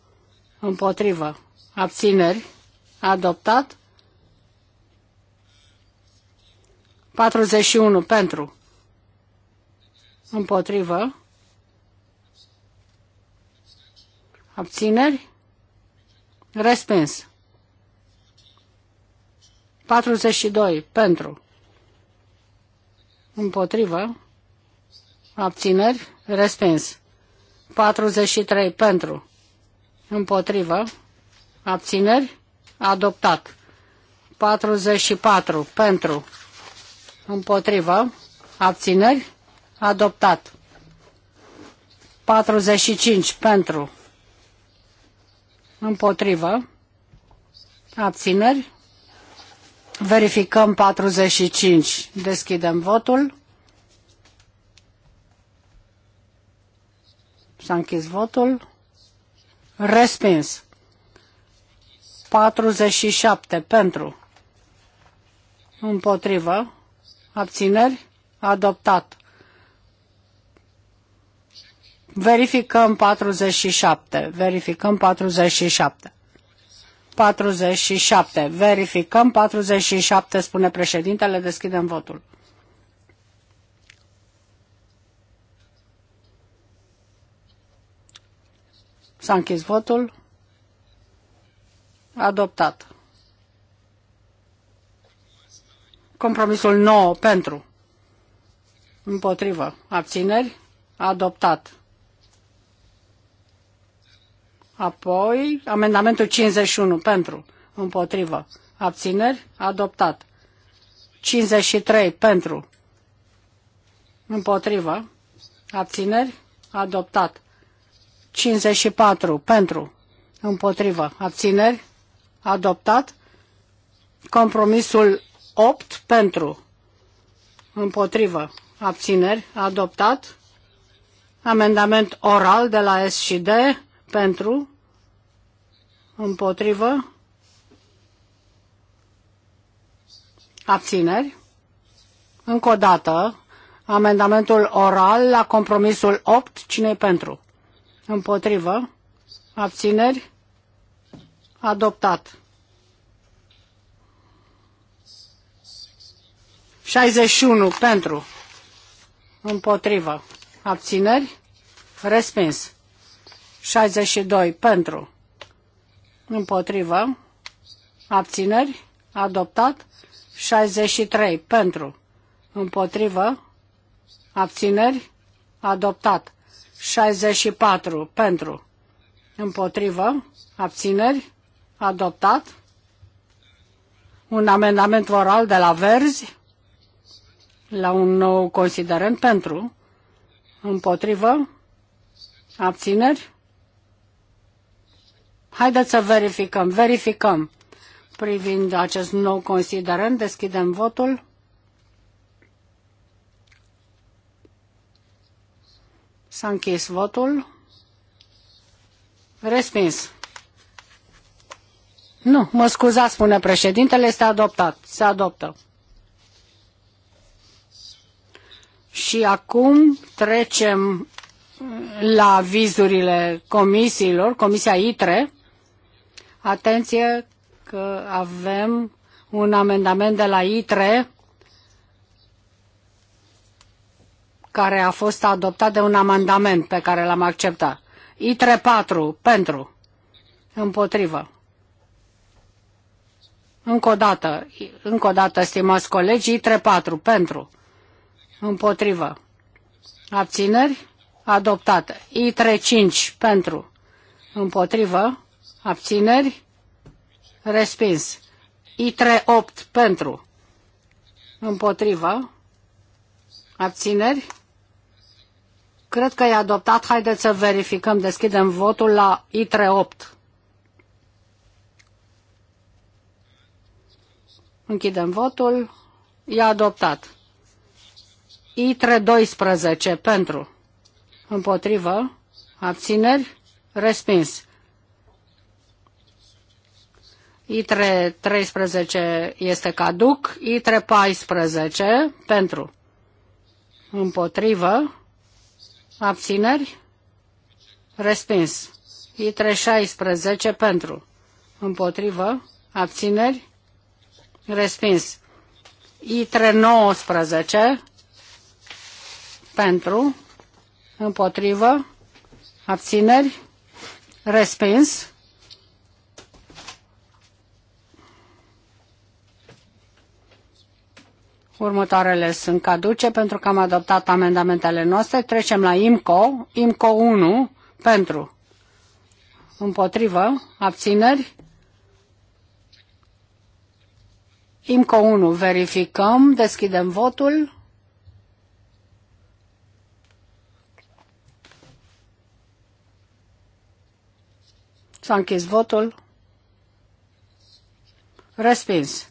împotrivă, abțineri, adoptat. 41 pentru, împotrivă, abțineri, respins. 42 pentru. Împotrivă. Abțineri. Respins. 43 pentru. Împotrivă. Abțineri. Adoptat. 44 pentru. Împotrivă. Abțineri. Adoptat. 45 pentru. Împotrivă. Abțineri. Verificăm 45. Deschidem votul. S-a închis votul. Respins. 47 pentru. Împotrivă. Abțineri. Adoptat. Verificăm 47. Verificăm 47. 47. Verificăm 47, spune președintele, deschidem votul. S-a închis votul. Adoptat. Compromisul 9 pentru. Împotrivă. Abțineri. Adoptat. Apoi, amendamentul 51 pentru, împotrivă, abțineri, adoptat. 53 pentru, împotrivă, abțineri, adoptat. 54 pentru, împotrivă, abțineri, adoptat. Compromisul 8 pentru, împotrivă, abțineri, adoptat. Amendament oral de la S și D pentru, împotrivă, abțineri. Încă o dată, amendamentul oral la compromisul 8, cine pentru? Împotrivă, abțineri, adoptat. 61 pentru, împotrivă, abțineri, respins. 62 pentru, împotrivă, abțineri, adoptat. 63 pentru, împotrivă, abțineri, adoptat. 64 pentru, împotrivă, abțineri, adoptat. Un amendament oral de la Verzi la un nou considerent pentru, împotrivă, abțineri, Haideți să verificăm. Verificăm. Privind acest nou considerent, deschidem votul. S-a închis votul. Respins. Nu, mă scuzați, spune președintele, este adoptat. Se adoptă. Și acum trecem la vizurile comisiilor, Comisia ITRE. Atenție că avem un amendament de la ITRE care a fost adoptat de un amendament pe care l-am acceptat. ITRE 4 pentru. Împotrivă. Încă o dată, încă o dată, stimați colegi, ITRE 4 pentru. Împotrivă. Abțineri? adoptat. ITRE 5 pentru. Împotrivă abțineri, respins. i 3 8 pentru, Împotrivă. abțineri. Cred că e adoptat. Haideți să verificăm. Deschidem votul la i 3 8 Închidem votul. E adoptat. i 3 12 pentru. Împotrivă. Abțineri. Respins. ITRE 13 este caduc, ITRE 14 pentru, împotrivă, abțineri, respins. ITRE 16 pentru, împotrivă, abțineri, respins. ITRE 19 pentru, împotrivă, abțineri, respins. Următoarele sunt caduce pentru că am adoptat amendamentele noastre. Trecem la IMCO. IMCO 1 pentru. Împotrivă. Abțineri. IMCO 1. Verificăm. Deschidem votul. S-a închis votul. Respins.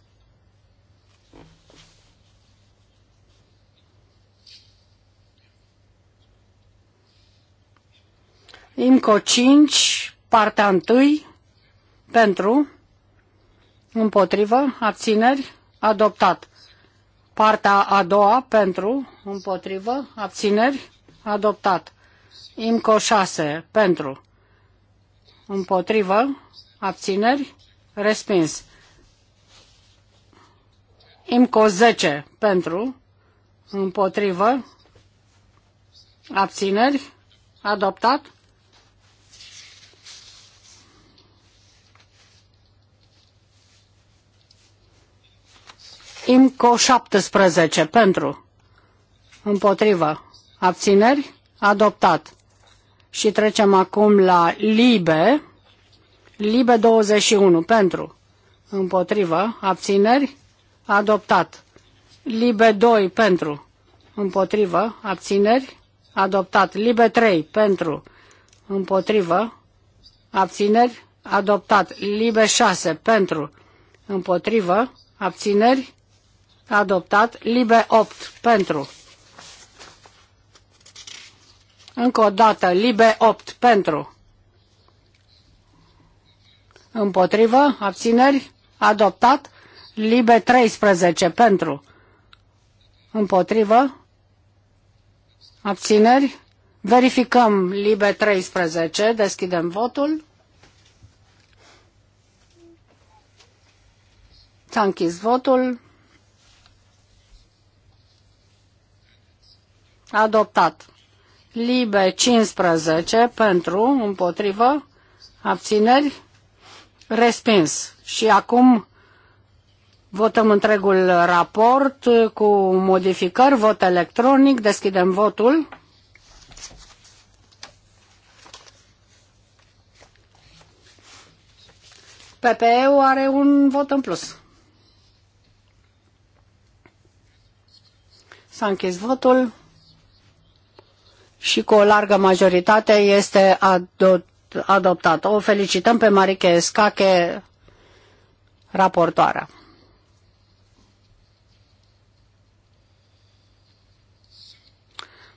IMCO 5, partea 1, pentru, împotrivă, abțineri, adoptat. Partea a doua, pentru, împotrivă, abțineri, adoptat. IMCO 6, pentru, împotrivă, abțineri, respins. IMCO 10, pentru, împotrivă, abțineri, adoptat. IMCO 17 pentru, împotrivă, abțineri, adoptat. Și trecem acum la LIBE, LIBE 21 pentru, împotrivă, abțineri, adoptat. LIBE 2 pentru, împotrivă, abțineri, adoptat. LIBE 3 pentru, împotrivă, abțineri, adoptat. LIBE 6 pentru, împotrivă, abțineri, Adoptat. Libe 8 pentru. Încă o dată. Libe 8 pentru. Împotrivă. Abțineri. Adoptat. Libe 13 pentru. Împotrivă. Abțineri. Verificăm Libe 13. Deschidem votul. S-a închis votul. adoptat. Libe 15 pentru, împotrivă, abțineri, respins. Și acum votăm întregul raport cu modificări, vot electronic, deschidem votul. PPE-ul are un vot în plus. S-a închis votul și cu o largă majoritate este adoptat. O felicităm pe Marike Scache, raportoarea.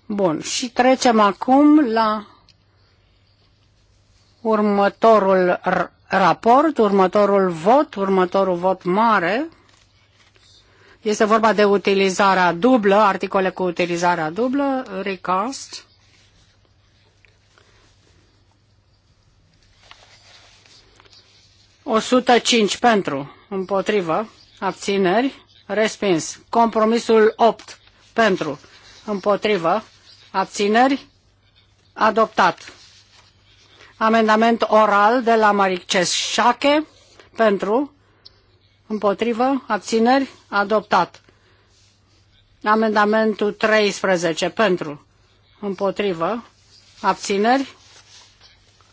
Bun, și trecem acum la următorul raport, următorul vot, următorul vot mare. Este vorba de utilizarea dublă, articole cu utilizarea dublă, recast. 105 pentru, împotrivă, abțineri, respins. Compromisul 8 pentru, împotrivă, abțineri, adoptat. Amendament oral de la Maric Șache pentru, împotrivă, abțineri, adoptat. Amendamentul 13 pentru, împotrivă, abțineri,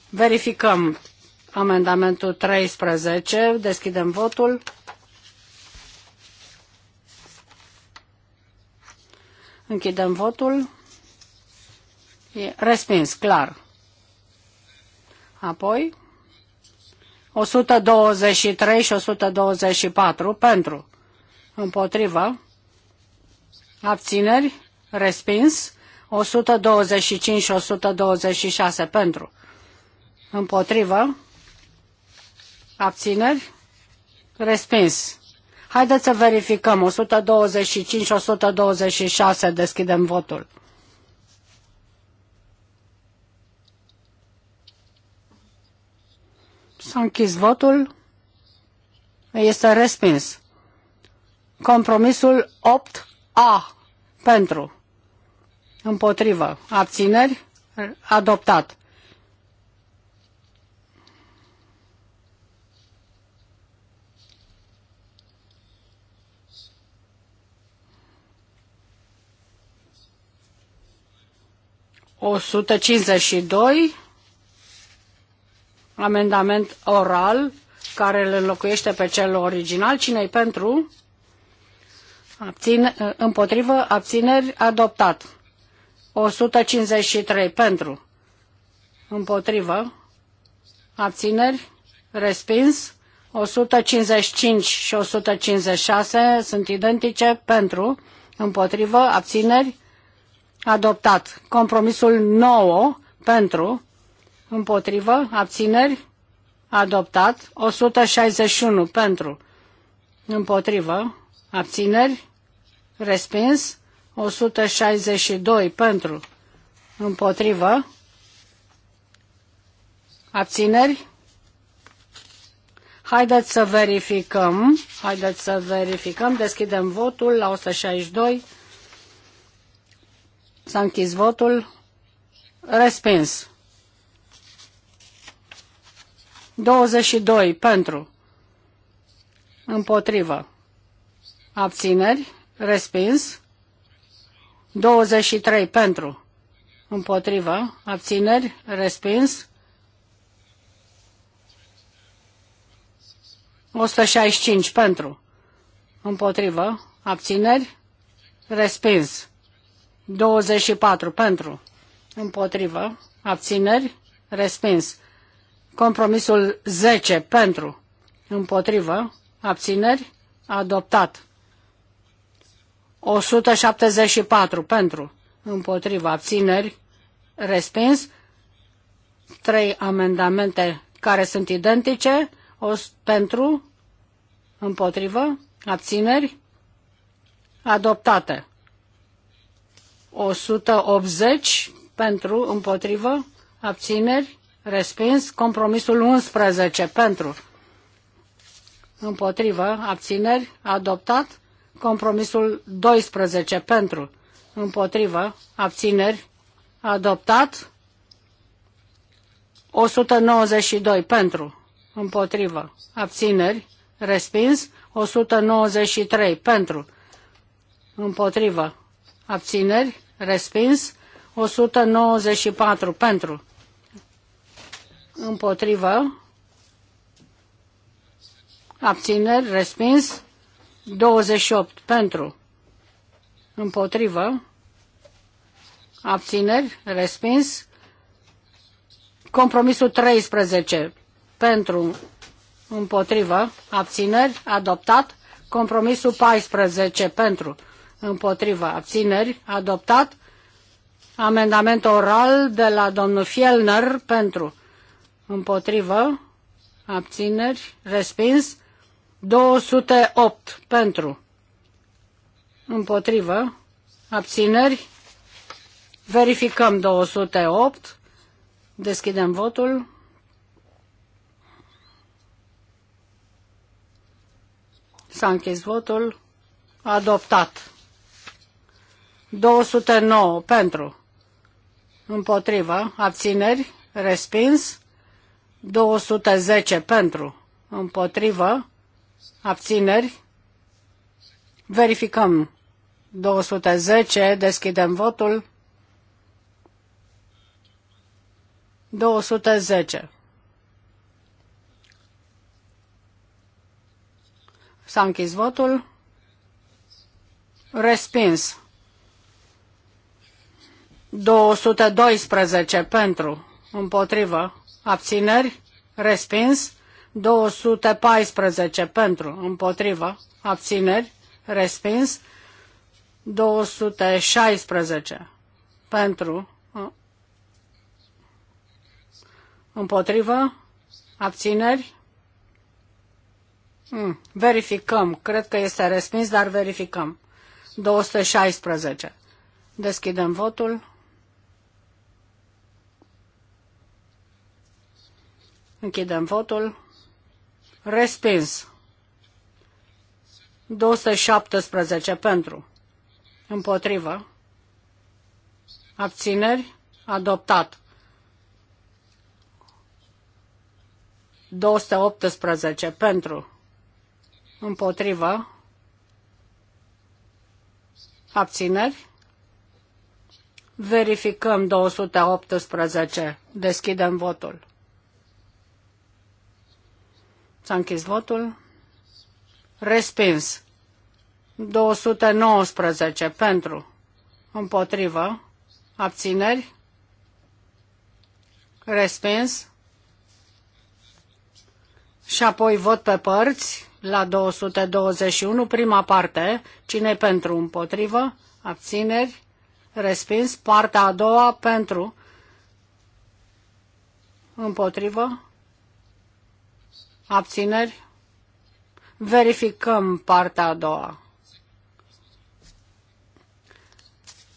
verificăm Amendamentul 13. Deschidem votul. Închidem votul. E respins, clar. Apoi, 123 și 124 pentru, împotrivă, abțineri, respins, 125 și 126 pentru, împotrivă, Abțineri? Respins. Haideți să verificăm. 125 și 126 deschidem votul. S-a închis votul. Este respins. Compromisul 8A. Pentru. Împotrivă. Abțineri. Adoptat. 152, amendament oral care îl înlocuiește pe cel original. cine e pentru? Abține, împotrivă, abțineri, adoptat. 153 pentru, împotrivă, abțineri, respins. 155 și 156 sunt identice pentru, împotrivă, abțineri, adoptat. Compromisul 9 pentru, împotrivă, abțineri, adoptat. 161 pentru, împotrivă, abțineri, respins. 162 pentru, împotrivă, abțineri. Haideți să verificăm, haideți să verificăm, deschidem votul la 162. S-a închis votul. Respins. 22 pentru. Împotrivă. Abțineri. Respins. 23 pentru. Împotrivă. Abțineri. Respins. 165 pentru. Împotrivă. Abțineri. Respins. 24 pentru, împotrivă, abțineri, respins. Compromisul 10 pentru, împotrivă, abțineri, adoptat. 174 pentru, împotrivă, abțineri, respins. Trei amendamente care sunt identice, o, pentru, împotrivă, abțineri, adoptate. 180 pentru, împotrivă, abțineri, respins. Compromisul 11 pentru, împotrivă, abțineri, adoptat. Compromisul 12 pentru, împotrivă, abțineri, adoptat. 192 pentru, împotrivă, abțineri, respins. 193 pentru, împotrivă, abțineri, respins. 194 pentru, împotrivă, abțineri, respins. 28 pentru, împotrivă, abțineri, respins. Compromisul 13 pentru, împotrivă, abțineri, adoptat. Compromisul 14 pentru, împotriva, abțineri, adoptat. Amendament oral de la domnul Fielner pentru, împotrivă, abțineri, respins. 208 pentru, împotrivă, abțineri. Verificăm 208. Deschidem votul. S-a închis votul. Adoptat. 209 pentru, împotrivă, abțineri, respins. 210 pentru, împotrivă, abțineri. Verificăm 210, deschidem votul. 210. S-a închis votul. Respins. 212 pentru, împotrivă, abțineri, respins. 214 pentru, împotrivă, abțineri, respins. 216 pentru, împotrivă, abțineri. verificăm, cred că este respins, dar verificăm. 216. Deschidem votul. Închidem votul. Respins. 217 pentru. Împotrivă. Abțineri. Adoptat. 218 pentru. Împotrivă. Abțineri. Verificăm 218. Deschidem votul. S-a închis votul. Respins. 219 pentru. Împotrivă. Abțineri. Respins. Și apoi vot pe părți la 221, prima parte, cine pentru împotrivă, abțineri, respins, partea a doua pentru împotrivă, Abțineri? Verificăm partea a doua.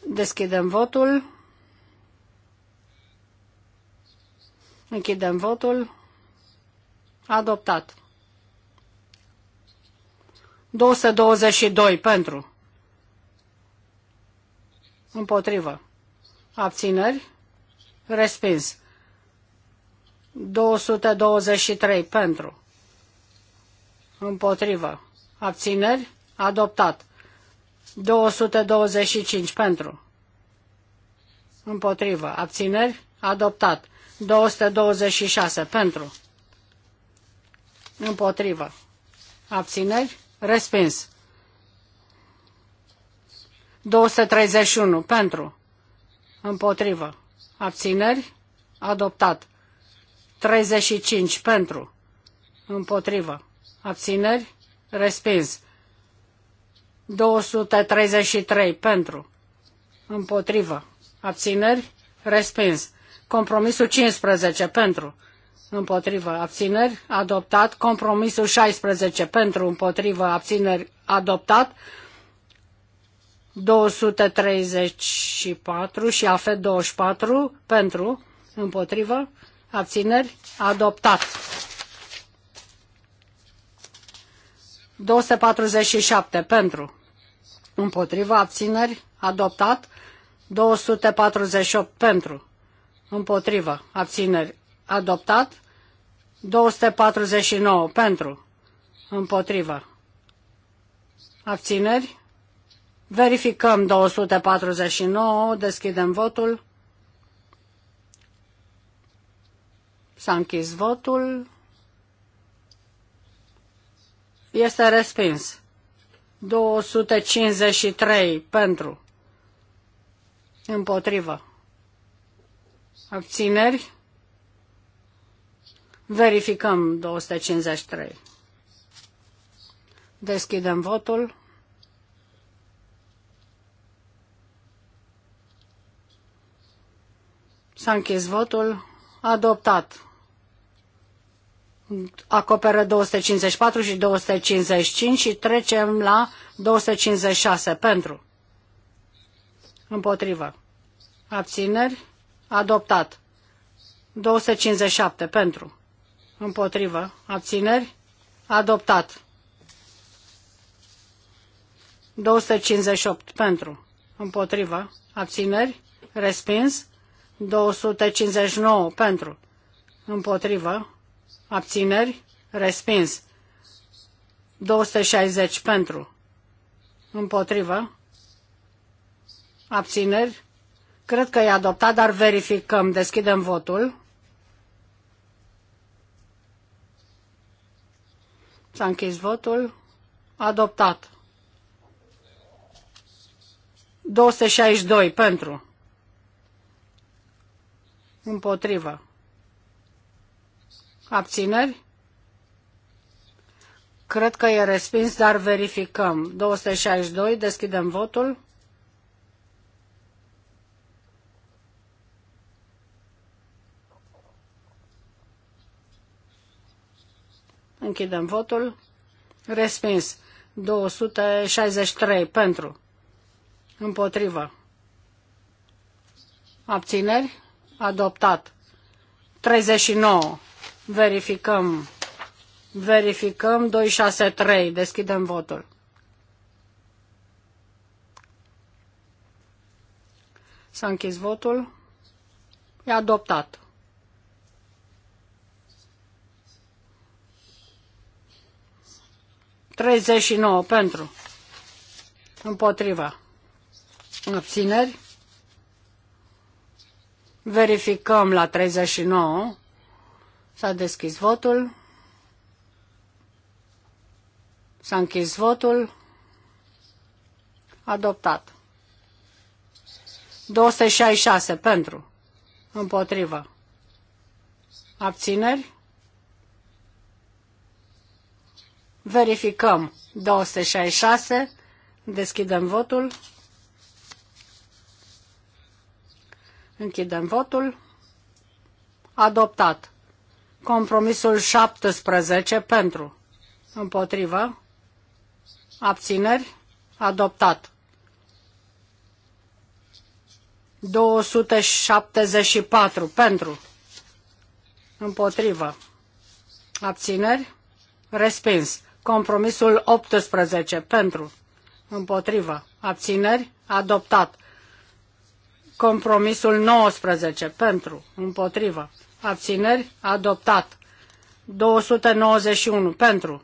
Deschidem votul. Închidem votul. Adoptat. 222 pentru. Împotrivă. Abțineri. Respins. 223 pentru. Împotrivă. Abțineri. Adoptat. 225 pentru. Împotrivă. Abțineri. Adoptat. 226 pentru. Împotrivă. Abțineri. Respins. 231 pentru. Împotrivă. Abțineri. Adoptat. 35 pentru. Împotrivă abțineri, respins. 233 pentru, împotrivă, abțineri, respins. Compromisul 15 pentru, împotrivă, abțineri, adoptat. Compromisul 16 pentru, împotrivă, abțineri, adoptat. 234 și AFE 24 pentru, împotrivă, abțineri, adoptat. 247 pentru, împotriva abțineri, adoptat. 248 pentru, împotriva abțineri, adoptat. 249 pentru, împotriva abțineri. Verificăm 249, deschidem votul. S-a închis votul. Este respins. 253 pentru. Împotrivă. Abțineri. Verificăm 253. Deschidem votul. S-a închis votul. Adoptat acoperă 254 și 255 și trecem la 256 pentru. Împotrivă. Abțineri. Adoptat. 257 pentru. Împotrivă. Abțineri. Adoptat. 258 pentru. Împotrivă. Abțineri. Respins. 259 pentru. Împotrivă abțineri, respins. 260 pentru, împotrivă, abțineri, cred că e adoptat, dar verificăm, deschidem votul. S-a închis votul, adoptat. 262 pentru. Împotrivă. Abțineri? Cred că e respins, dar verificăm. 262, deschidem votul. Închidem votul. Respins. 263 pentru. Împotrivă. Abțineri? Adoptat. 39 Verificăm. Verificăm 263. Deschidem votul. S-a închis votul. E adoptat. Treizeci și nouă pentru. Împotriva. Abțineri. Verificăm la 39. S-a deschis votul. S-a închis votul. Adoptat. 266 pentru. Împotrivă. Abțineri? Verificăm 266. Deschidem votul. Închidem votul. Adoptat. Compromisul 17 pentru. Împotrivă. Abțineri. Adoptat. 274 pentru. Împotrivă. Abțineri. Respins. Compromisul 18 pentru. Împotrivă. Abțineri. Adoptat. Compromisul 19 pentru. Împotrivă abțineri, adoptat. 291 pentru,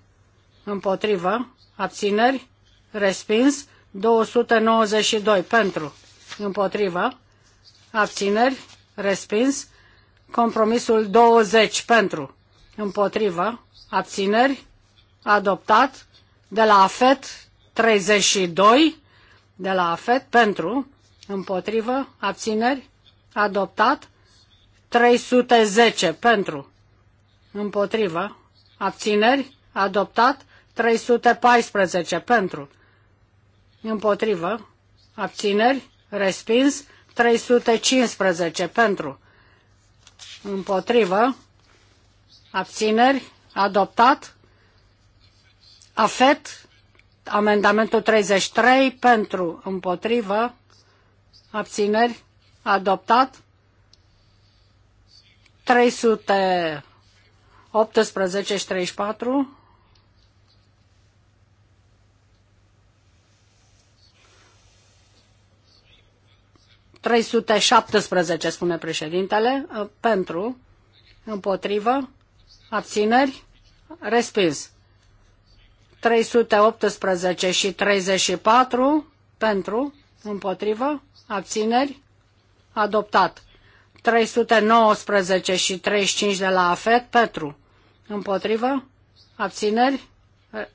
împotrivă, abțineri, respins. 292 pentru, împotrivă, abțineri, respins. Compromisul 20 pentru, împotrivă, abțineri, adoptat. De la AFET 32, de la AFET pentru, împotrivă, abțineri, adoptat. 310 pentru, împotriva, abțineri, adoptat, 314 pentru, împotrivă, abțineri, respins, 315 pentru, împotrivă, abțineri, adoptat, afet, amendamentul 33 pentru, împotrivă, abțineri, adoptat, 318 și 34. ...317, spune președintele, pentru, împotrivă, abțineri, respins. 318 și 34, pentru, împotrivă, abțineri, adoptat. 319 și 35 de la AFET, Petru. Împotrivă? Abțineri?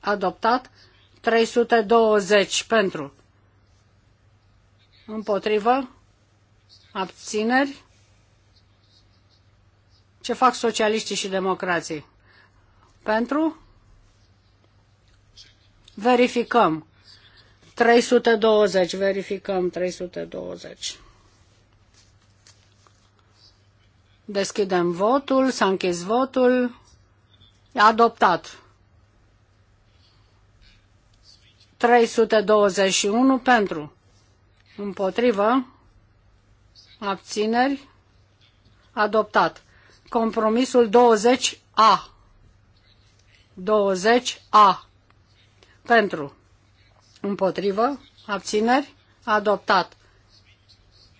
Adoptat? 320 pentru. Împotrivă? Abțineri? Ce fac socialiștii și democrații? Pentru? Verificăm. 320, verificăm 320. Deschidem votul, s-a închis votul. Adoptat. 321 pentru. Împotrivă. Abțineri. Adoptat. Compromisul 20A. 20A. Pentru. Împotrivă. Abțineri. Adoptat.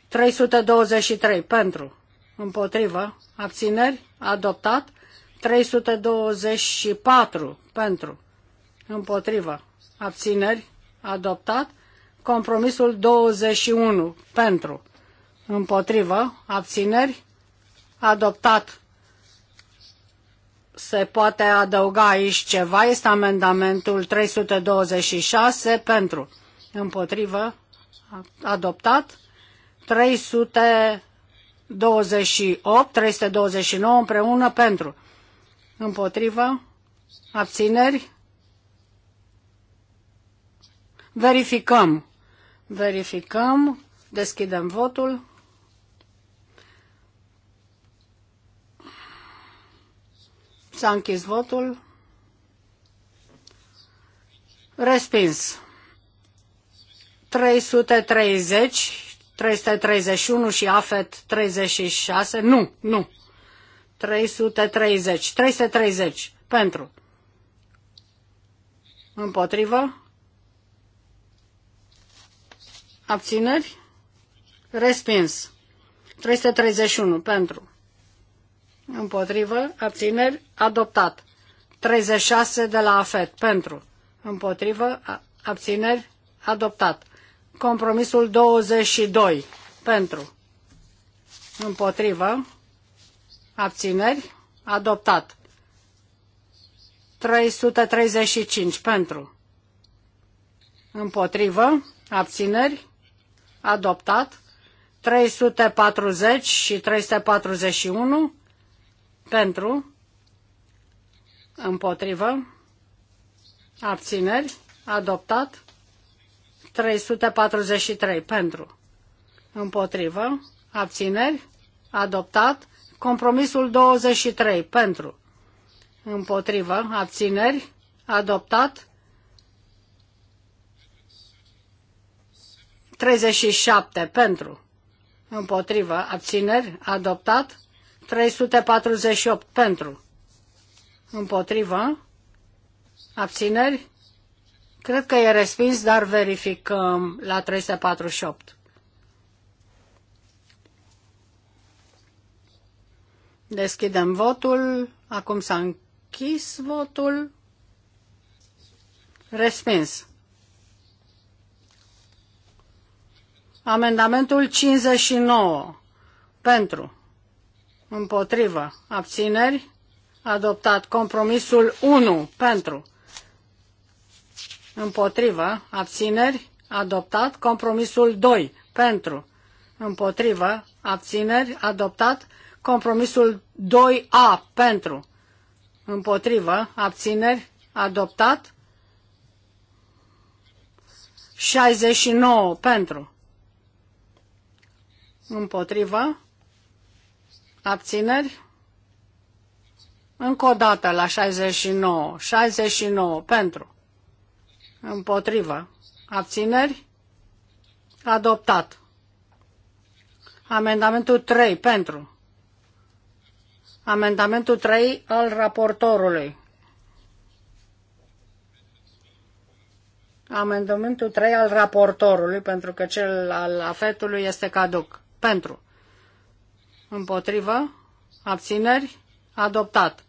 323 pentru împotrivă, abțineri, adoptat. 324 pentru, împotrivă, abțineri, adoptat. Compromisul 21 pentru, împotrivă, abțineri, adoptat. Se poate adăuga aici ceva, este amendamentul 326 pentru, împotrivă, adoptat. 300 28, 329 împreună pentru. Împotrivă. Abțineri. Verificăm. Verificăm. Deschidem votul. S-a închis votul. Respins. 330 331 și AFET 36? Nu, nu. 330. 330. Pentru. Împotrivă. Abțineri. Respins. 331. Pentru. Împotrivă. Abțineri. Adoptat. 36 de la AFET. Pentru. Împotrivă. Abțineri. Adoptat. Compromisul 22 pentru. Împotrivă. Abțineri. Adoptat. 335 pentru. Împotrivă. Abțineri. Adoptat. 340 și 341 pentru. Împotrivă. Abțineri. Adoptat. 343 pentru. Împotrivă. Abțineri. Adoptat. Compromisul 23 pentru. Împotrivă. Abțineri. Adoptat. 37 pentru. Împotrivă. Abțineri. Adoptat. 348 pentru. Împotrivă. Abțineri. Cred că e respins, dar verificăm la 348. Deschidem votul. Acum s-a închis votul. Respins. Amendamentul 59. Pentru. Împotrivă. Abțineri. Adoptat. Compromisul 1. Pentru împotrivă, abțineri, adoptat. Compromisul 2, pentru, împotrivă, abțineri, adoptat. Compromisul 2A, pentru, împotrivă, abțineri, adoptat. 69 pentru. Împotrivă. Abțineri. Încă o dată la 69. 69 pentru. Împotrivă. Abțineri? Adoptat. Amendamentul 3 pentru. Amendamentul 3 al raportorului. Amendamentul 3 al raportorului, pentru că cel al afetului este caduc. Pentru. Împotrivă. Abțineri. Adoptat.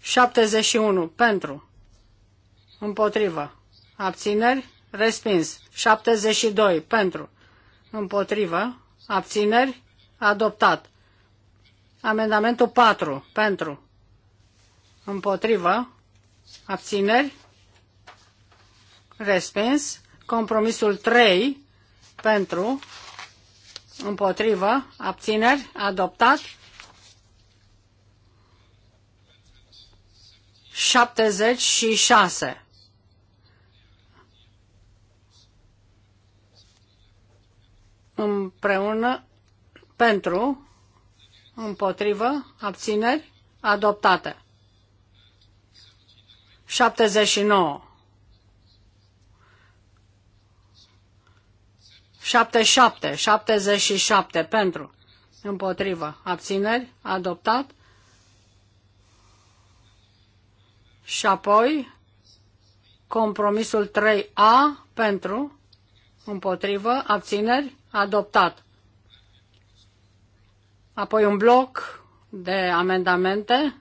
71. Pentru. Împotrivă. Abțineri. Respins. 72. Pentru. Împotrivă. Abțineri. Adoptat. Amendamentul 4. Pentru. Împotrivă. Abțineri. Respins. Compromisul 3. Pentru. Împotrivă. Abțineri. Adoptat. 76. împreună pentru, împotrivă, abțineri, adoptate. 79. 77, 77 pentru, împotrivă, abțineri, adoptat. Și apoi compromisul 3A pentru, împotrivă, abțineri, adoptat. Apoi un bloc de amendamente.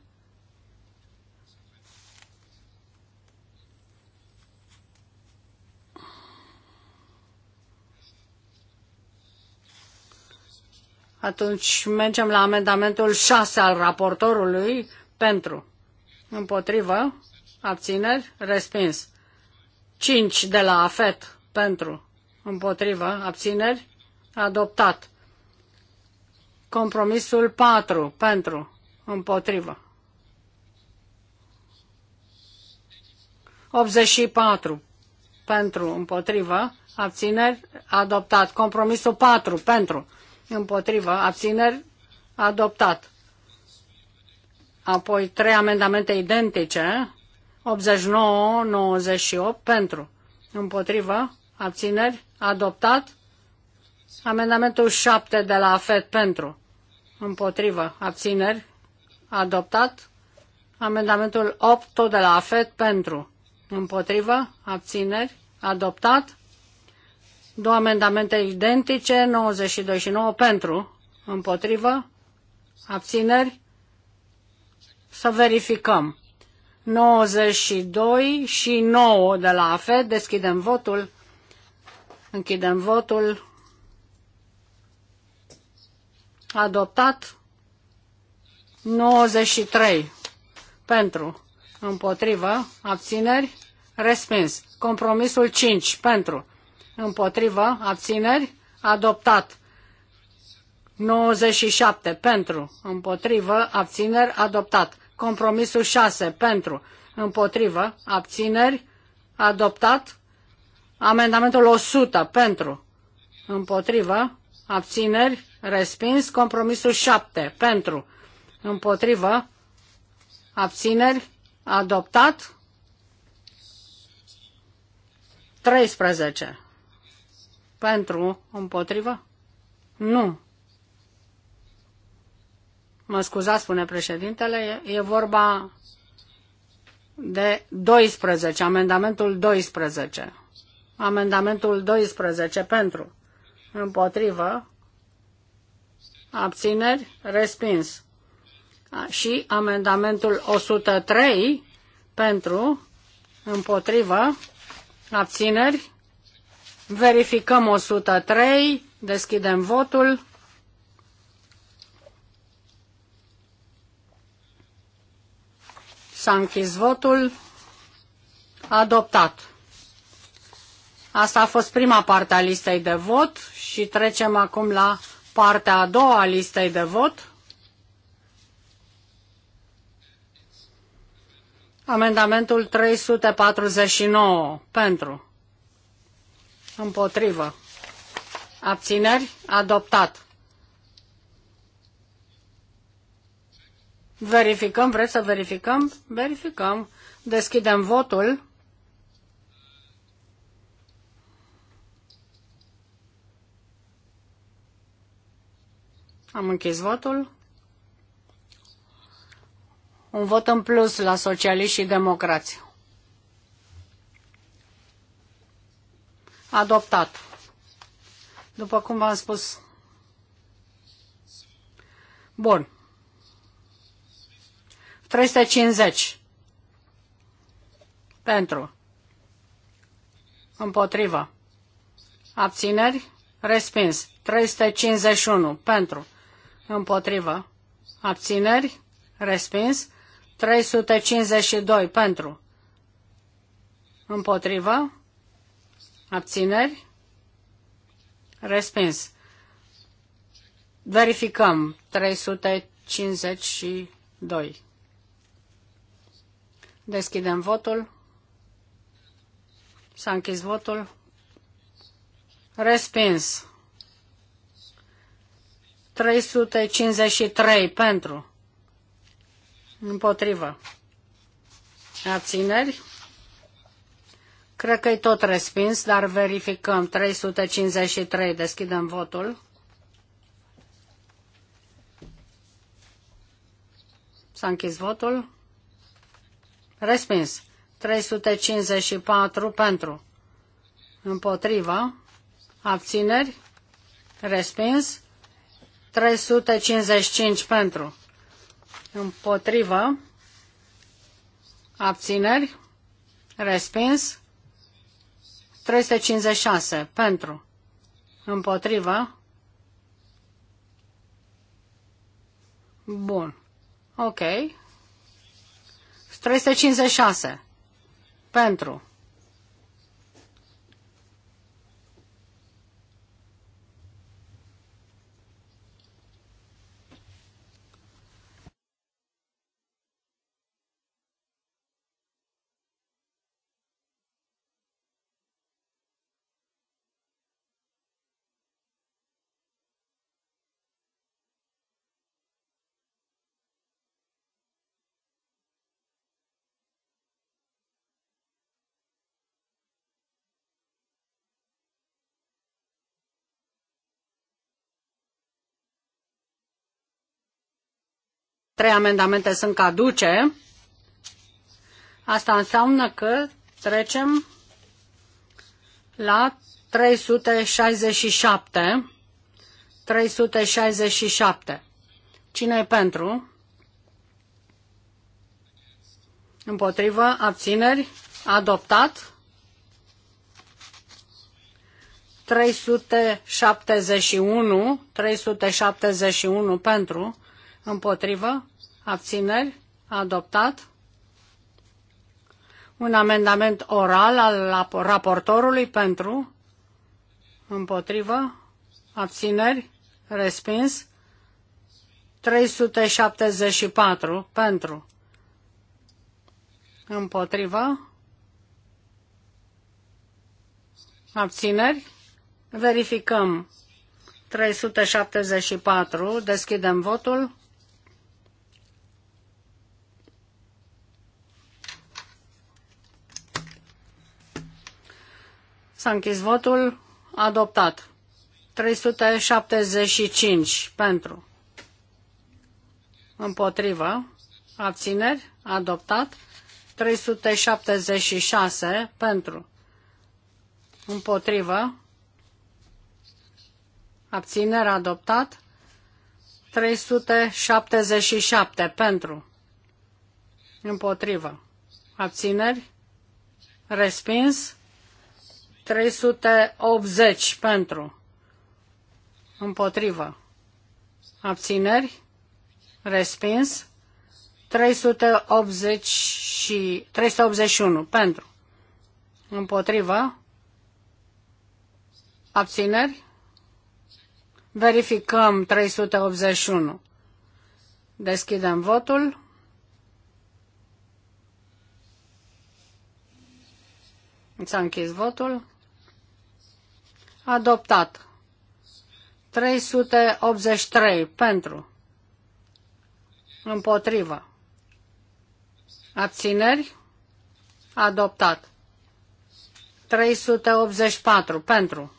Atunci mergem la amendamentul 6 al raportorului pentru, împotrivă, abțineri, respins. 5 de la AFET pentru, împotrivă, abțineri, adoptat. Compromisul 4 pentru, împotrivă. 84 pentru, împotrivă, abțineri, adoptat. Compromisul 4 pentru, împotrivă, abțineri, adoptat. Apoi trei amendamente identice, 89-98 pentru, împotrivă, abțineri, adoptat. Amendamentul 7 de la AFET pentru. Împotrivă. Abțineri. Adoptat. Amendamentul 8 tot de la AFET pentru. Împotrivă. Abțineri. Adoptat. Două amendamente identice, 92 și 9 pentru. Împotrivă. Abțineri. Să verificăm. 92 și 9 de la AFET. Deschidem votul. Închidem votul. adoptat 93 pentru, împotrivă, abțineri, respins. Compromisul 5 pentru, împotrivă, abțineri, adoptat. 97 pentru, împotrivă, abțineri, adoptat. Compromisul 6 pentru, împotrivă, abțineri, adoptat. Amendamentul 100 pentru, împotrivă, abțineri, Respins. Compromisul 7. Pentru. Împotrivă. Abțineri. Adoptat. 13. Pentru. Împotrivă. Nu. Mă scuzați, spune președintele, e vorba de 12, amendamentul 12. Amendamentul 12 pentru, împotrivă, abțineri, respins. Și amendamentul 103 pentru, împotrivă, abțineri, verificăm 103, deschidem votul. S-a închis votul. Adoptat. Asta a fost prima parte a listei de vot și trecem acum la partea a doua a listei de vot. Amendamentul 349 pentru. Împotrivă. Abțineri? Adoptat. Verificăm, vreți să verificăm? Verificăm. Deschidem votul. Am închis votul. Un vot în plus la socialiști și democrați. Adoptat. După cum v-am spus. Bun. 350. Pentru. Împotriva. Abțineri. Respins. 351. Pentru. Împotrivă. Abțineri. Respins. 352 pentru. Împotrivă. Abțineri. Respins. Verificăm. 352. Deschidem votul. S-a închis votul. Respins. 353 pentru. Împotrivă. Abțineri. Cred că e tot respins, dar verificăm. 353. Deschidem votul. S-a închis votul. Respins. 354 pentru. Împotriva. Abțineri. Respins. 355 pentru. Împotrivă. Abțineri. Respins. 356 pentru. Împotrivă. Bun. Ok. 356. Pentru. trei amendamente sunt caduce. Asta înseamnă că trecem la 367. 367. Cine e pentru? Împotrivă, abțineri, adoptat. 371, 371 pentru, Împotrivă? Abțineri? Adoptat? Un amendament oral al raportorului pentru? Împotrivă? Abțineri? Respins? 374 pentru. Împotrivă? Abțineri? Verificăm. 374. Deschidem votul. S-a închis votul. Adoptat. 375 pentru. Împotrivă. Abțineri. Adoptat. 376 pentru. Împotrivă. Abțineri. adoptat. 377 pentru. Împotrivă. Abțineri. Respins. 380 pentru. Împotrivă. Abțineri. Respins. 380 și 381 pentru. Împotrivă. Abțineri. Verificăm 381. Deschidem votul. S-a închis votul. Adoptat. 383 pentru. Împotrivă. Abțineri. Adoptat. 384 pentru.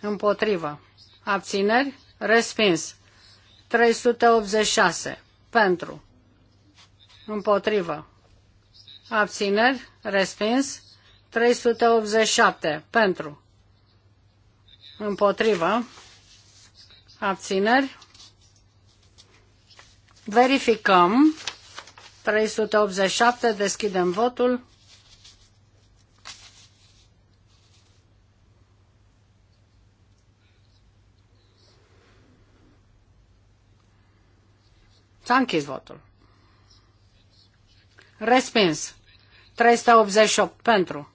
Împotrivă. Abțineri. Respins. 386 pentru. Împotrivă. Abțineri. Respins. 387 pentru. Împotrivă. Abțineri. Verificăm. 387. Deschidem votul. S-a închis votul. Respins. 388 pentru.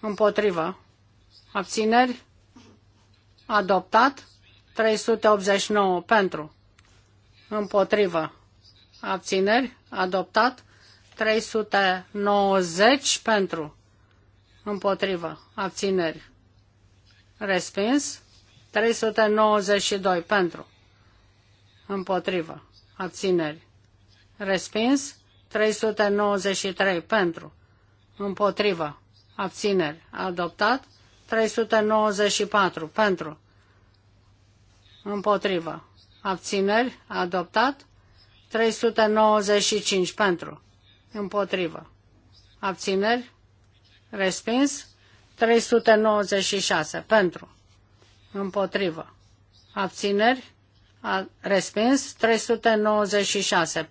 Împotrivă. Abțineri. Adoptat. 389 pentru. Împotrivă. Abțineri. Adoptat. 390 pentru. Împotrivă. Abțineri. Respins. 392 pentru. Împotrivă. Abțineri. Respins. 393 pentru. Împotrivă. Abțineri. Adoptat. 394 pentru. Împotrivă. Abțineri. Adoptat. 395 pentru. Împotrivă. Abțineri. Respins. 396 pentru. Împotrivă. Abțineri. A, respins. 396.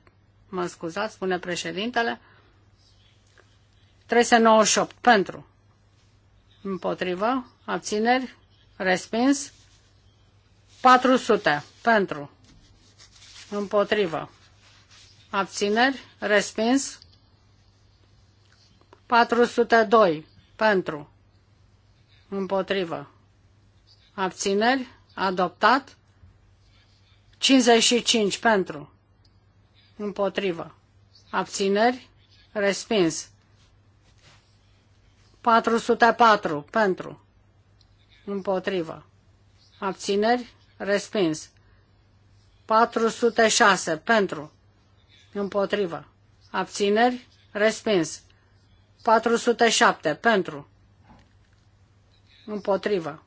Mă scuzați, spune președintele. 398 pentru împotrivă, abțineri, respins. 400 pentru, împotrivă, abțineri, respins. 402 pentru, împotrivă, abțineri, adoptat. 55 pentru, împotrivă, abțineri, respins. 404 pentru. Împotrivă. Abțineri. Respins. 406 pentru. Împotrivă. Abțineri. Respins. 407 pentru. Împotrivă.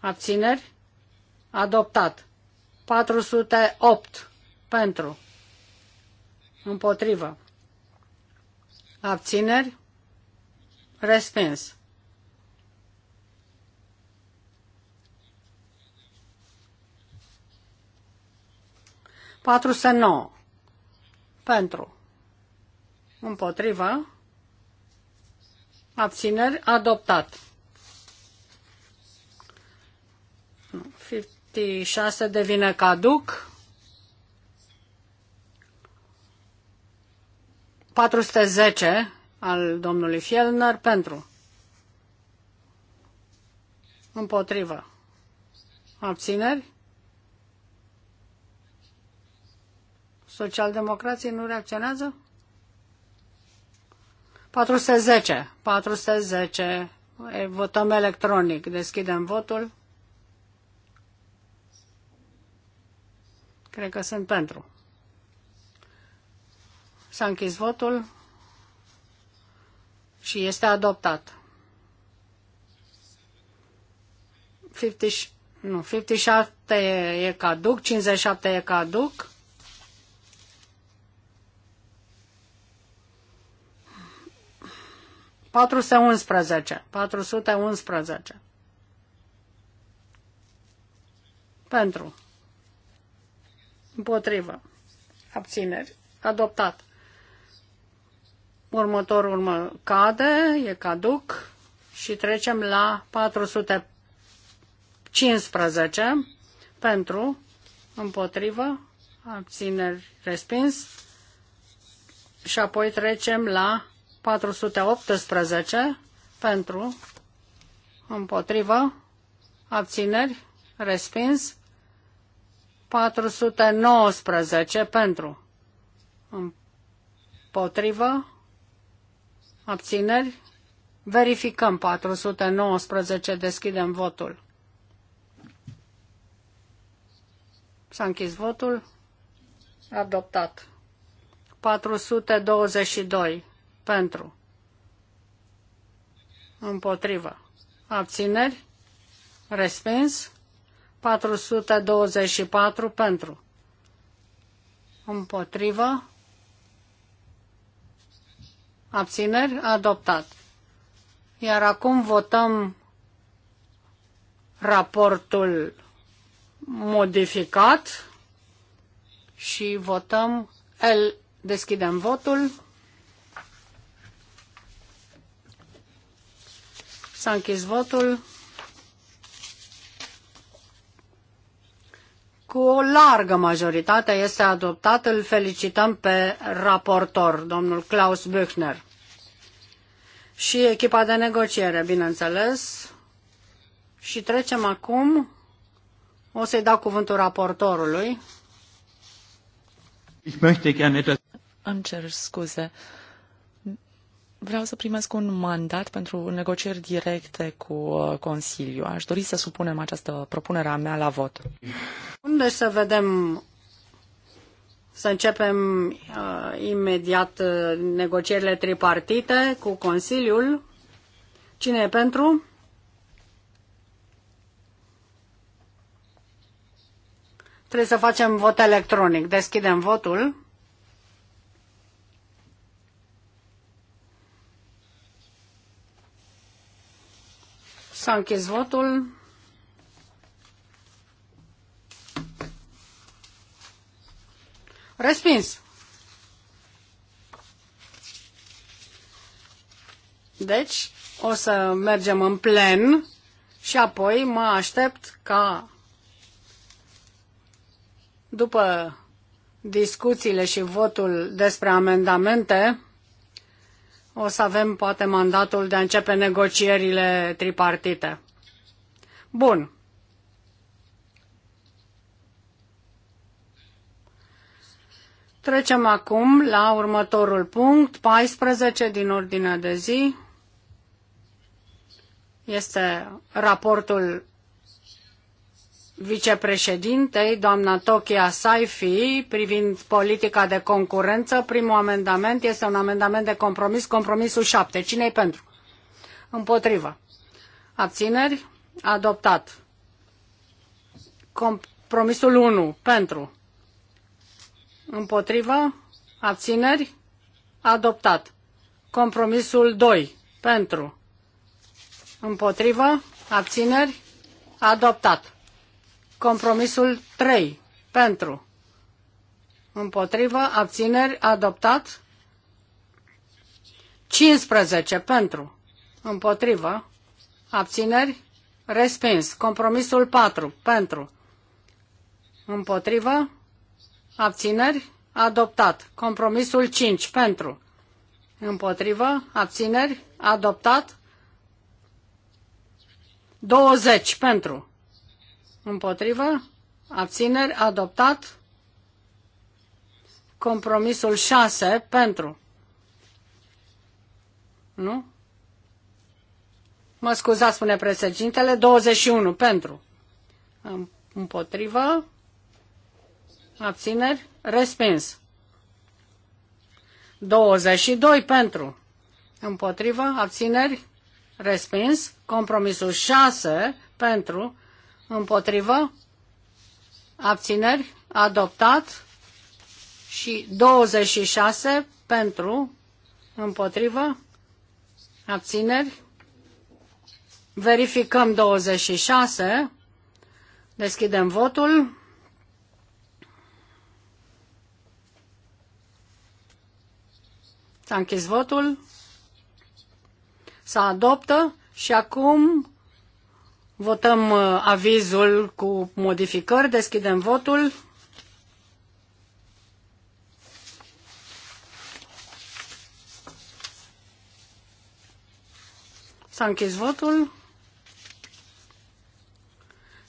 Abțineri. Adoptat. 408 pentru. Împotrivă. Abțineri. Respins. Patru să nu. Pentru. Împotriva. Abțineri. Adoptat. 56 devine caduc. 410 al domnului Fielner pentru. Împotrivă. Abțineri? Socialdemocrații nu reacționează? 410. 410. Votăm electronic. Deschidem votul. Cred că sunt pentru. S-a închis votul și este adoptat. 50, nu, 57 e caduc, 57 e caduc. patru sute unsprezece, patru sute unsprezece. Pentru. Împotrivă. Abțineri. Adoptat. Următorul urmă cade, e caduc și trecem la 415 pentru, împotrivă, abțineri respins și apoi trecem la 418 pentru, împotrivă, abțineri respins 419 pentru, împotrivă, Abțineri? Verificăm 419, deschidem votul. S-a închis votul. Adoptat. 422 pentru. Împotrivă. Abțineri? Respins. 424 pentru. Împotrivă abțineri, adoptat. Iar acum votăm raportul modificat și votăm L. Deschidem votul. S-a închis votul. cu o largă majoritate este adoptat. Îl felicităm pe raportor, domnul Klaus Büchner. Și echipa de negociere, bineînțeles. Și trecem acum. O să-i dau cuvântul raportorului. Ich möchte gerne Îmi cer scuze. Uh, vreau să primesc un mandat pentru negocieri directe cu uh, Consiliu. Aș dori să supunem această propunere a mea la vot. Unde să vedem să începem uh, imediat uh, negocierile tripartite cu Consiliul. Cine e pentru? Trebuie să facem vot electronic. Deschidem votul. S-a închis votul. Respins. Deci, o să mergem în plen și apoi mă aștept ca după discuțiile și votul despre amendamente o să avem poate mandatul de a începe negocierile tripartite. Bun. Trecem acum la următorul punct, 14 din ordinea de zi. Este raportul vicepreședintei, doamna Tokia Saifi, privind politica de concurență. Primul amendament este un amendament de compromis, compromisul 7. Cine-i pentru? Împotrivă. Abțineri? Adoptat. Compromisul 1. Pentru. Împotrivă? Abțineri? Adoptat. Compromisul 2. Pentru. Împotrivă? Abțineri? Adoptat. Compromisul 3. Pentru. Împotrivă. Abțineri. Adoptat. 15. Pentru. Împotrivă. Abțineri. Respins. Compromisul 4. Pentru. Împotrivă. Abțineri. Adoptat. Compromisul 5. Pentru. Împotrivă. Abțineri. Adoptat. 20. Pentru. Împotrivă? Abțineri? Adoptat? Compromisul 6 pentru. Nu? Mă scuzați, spune președintele, 21 pentru. Împotrivă? Abțineri? Respins. 22 pentru. Împotrivă? Abțineri? Respins. Compromisul 6 pentru. Împotrivă? Abțineri? Adoptat. Și 26 pentru? Împotrivă? Abțineri? Verificăm 26. Deschidem votul. S-a închis votul. să adoptă și acum Votăm uh, avizul cu modificări. Deschidem votul. S-a închis votul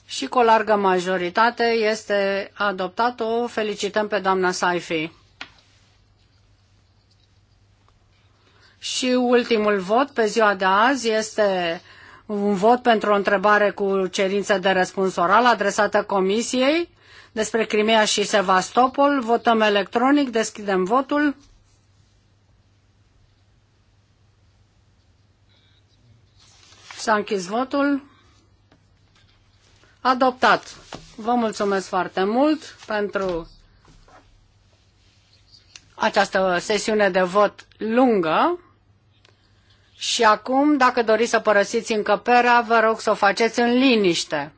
și cu o largă majoritate este adoptat. O felicităm pe doamna Saifi. Și ultimul vot pe ziua de azi este un vot pentru o întrebare cu cerință de răspuns oral adresată Comisiei despre Crimea și Sevastopol. Votăm electronic, deschidem votul. S-a închis votul. Adoptat. Vă mulțumesc foarte mult pentru această sesiune de vot lungă. Și acum, dacă doriți să părăsiți încăperea, vă rog să o faceți în liniște.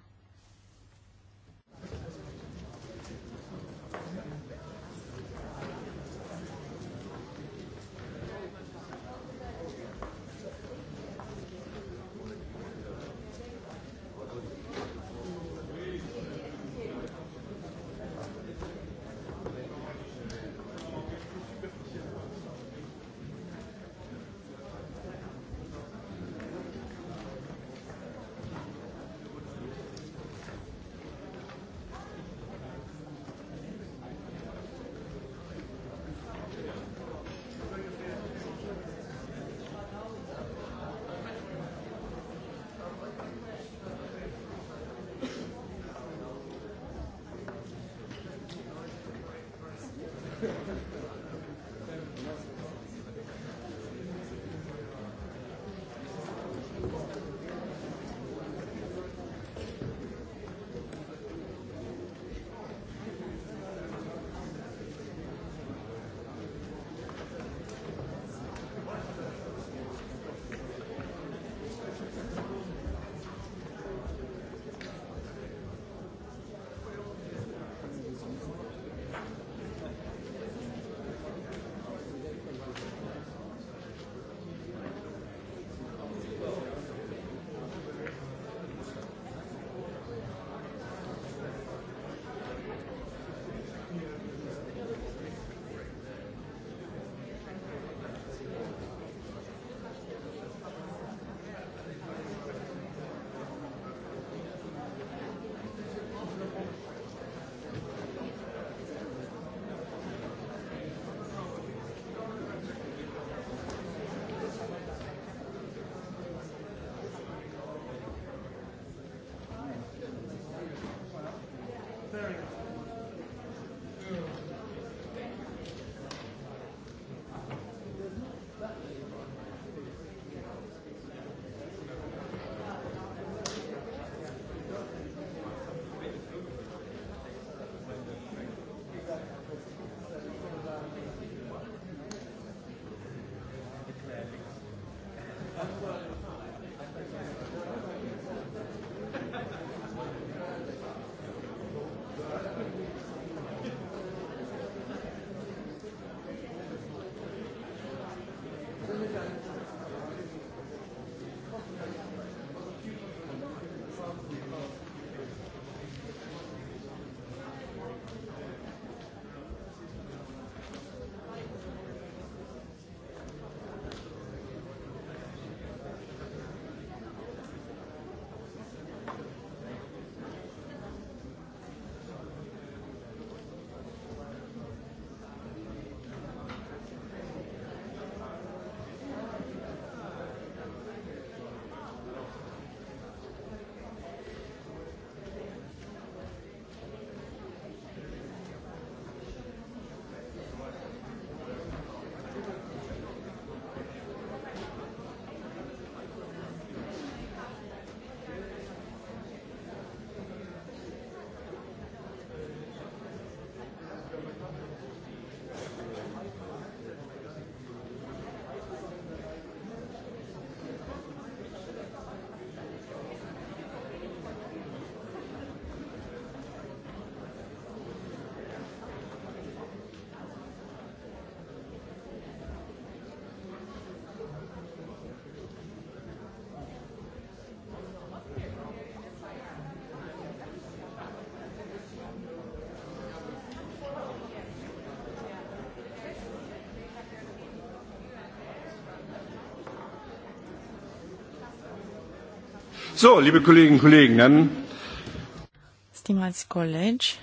Stimați colegi,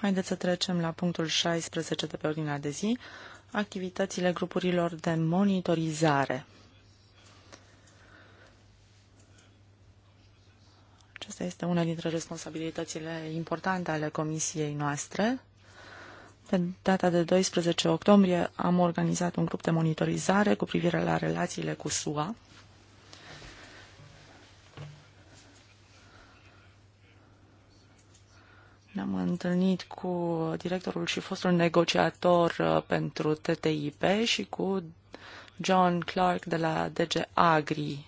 haideți să trecem la punctul 16 de pe ordinea de zi, activitățile grupurilor de monitorizare. Acesta este una dintre responsabilitățile importante ale comisiei noastre. Pe data de 12 octombrie am organizat un grup de monitorizare cu privire la relațiile cu SUA, întâlnit cu directorul și fostul negociator uh, pentru TTIP și cu John Clark de la DG Agri.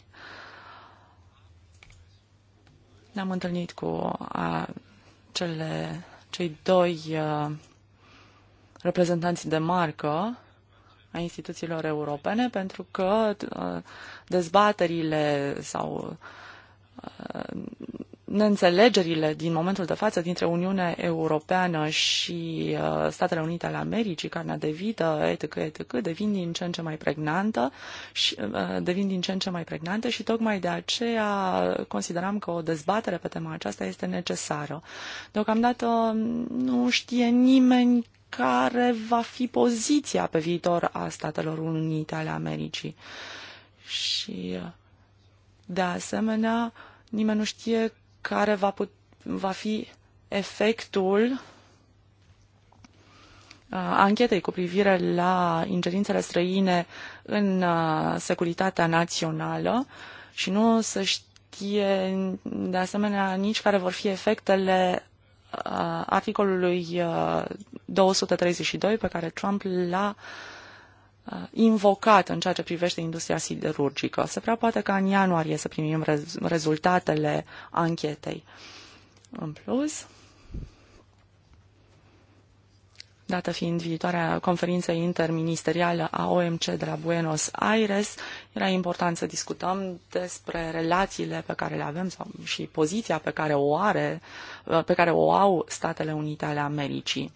Ne-am întâlnit cu a, cele, cei doi a, uh, reprezentanți de marcă a instituțiilor europene pentru că a, uh, dezbaterile sau a, neînțelegerile din momentul de față dintre Uniunea Europeană și uh, Statele Unite ale Americii, carnea de vită, etc., etc., devin din ce în ce mai pregnantă și uh, devin din ce în ce mai pregnante și tocmai de aceea consideram că o dezbatere pe tema aceasta este necesară. Deocamdată mm, nu știe nimeni care va fi poziția pe viitor a Statelor Unite ale Americii. Și uh, de asemenea, nimeni nu știe care va, put, va fi efectul uh, anchetei cu privire la ingerințele străine în uh, securitatea națională și nu să știe de asemenea nici care vor fi efectele uh, articolului 232 pe care Trump l-a uh, Uh, invocat în ceea ce privește industria siderurgică. Se prea poate ca în ianuarie să primim rezultatele anchetei. În plus, dată fiind viitoarea conferință interministerială a OMC de la Buenos Aires, era important să discutăm despre relațiile pe care le avem sau și poziția pe care o are, pe care o au Statele Unite ale Americii.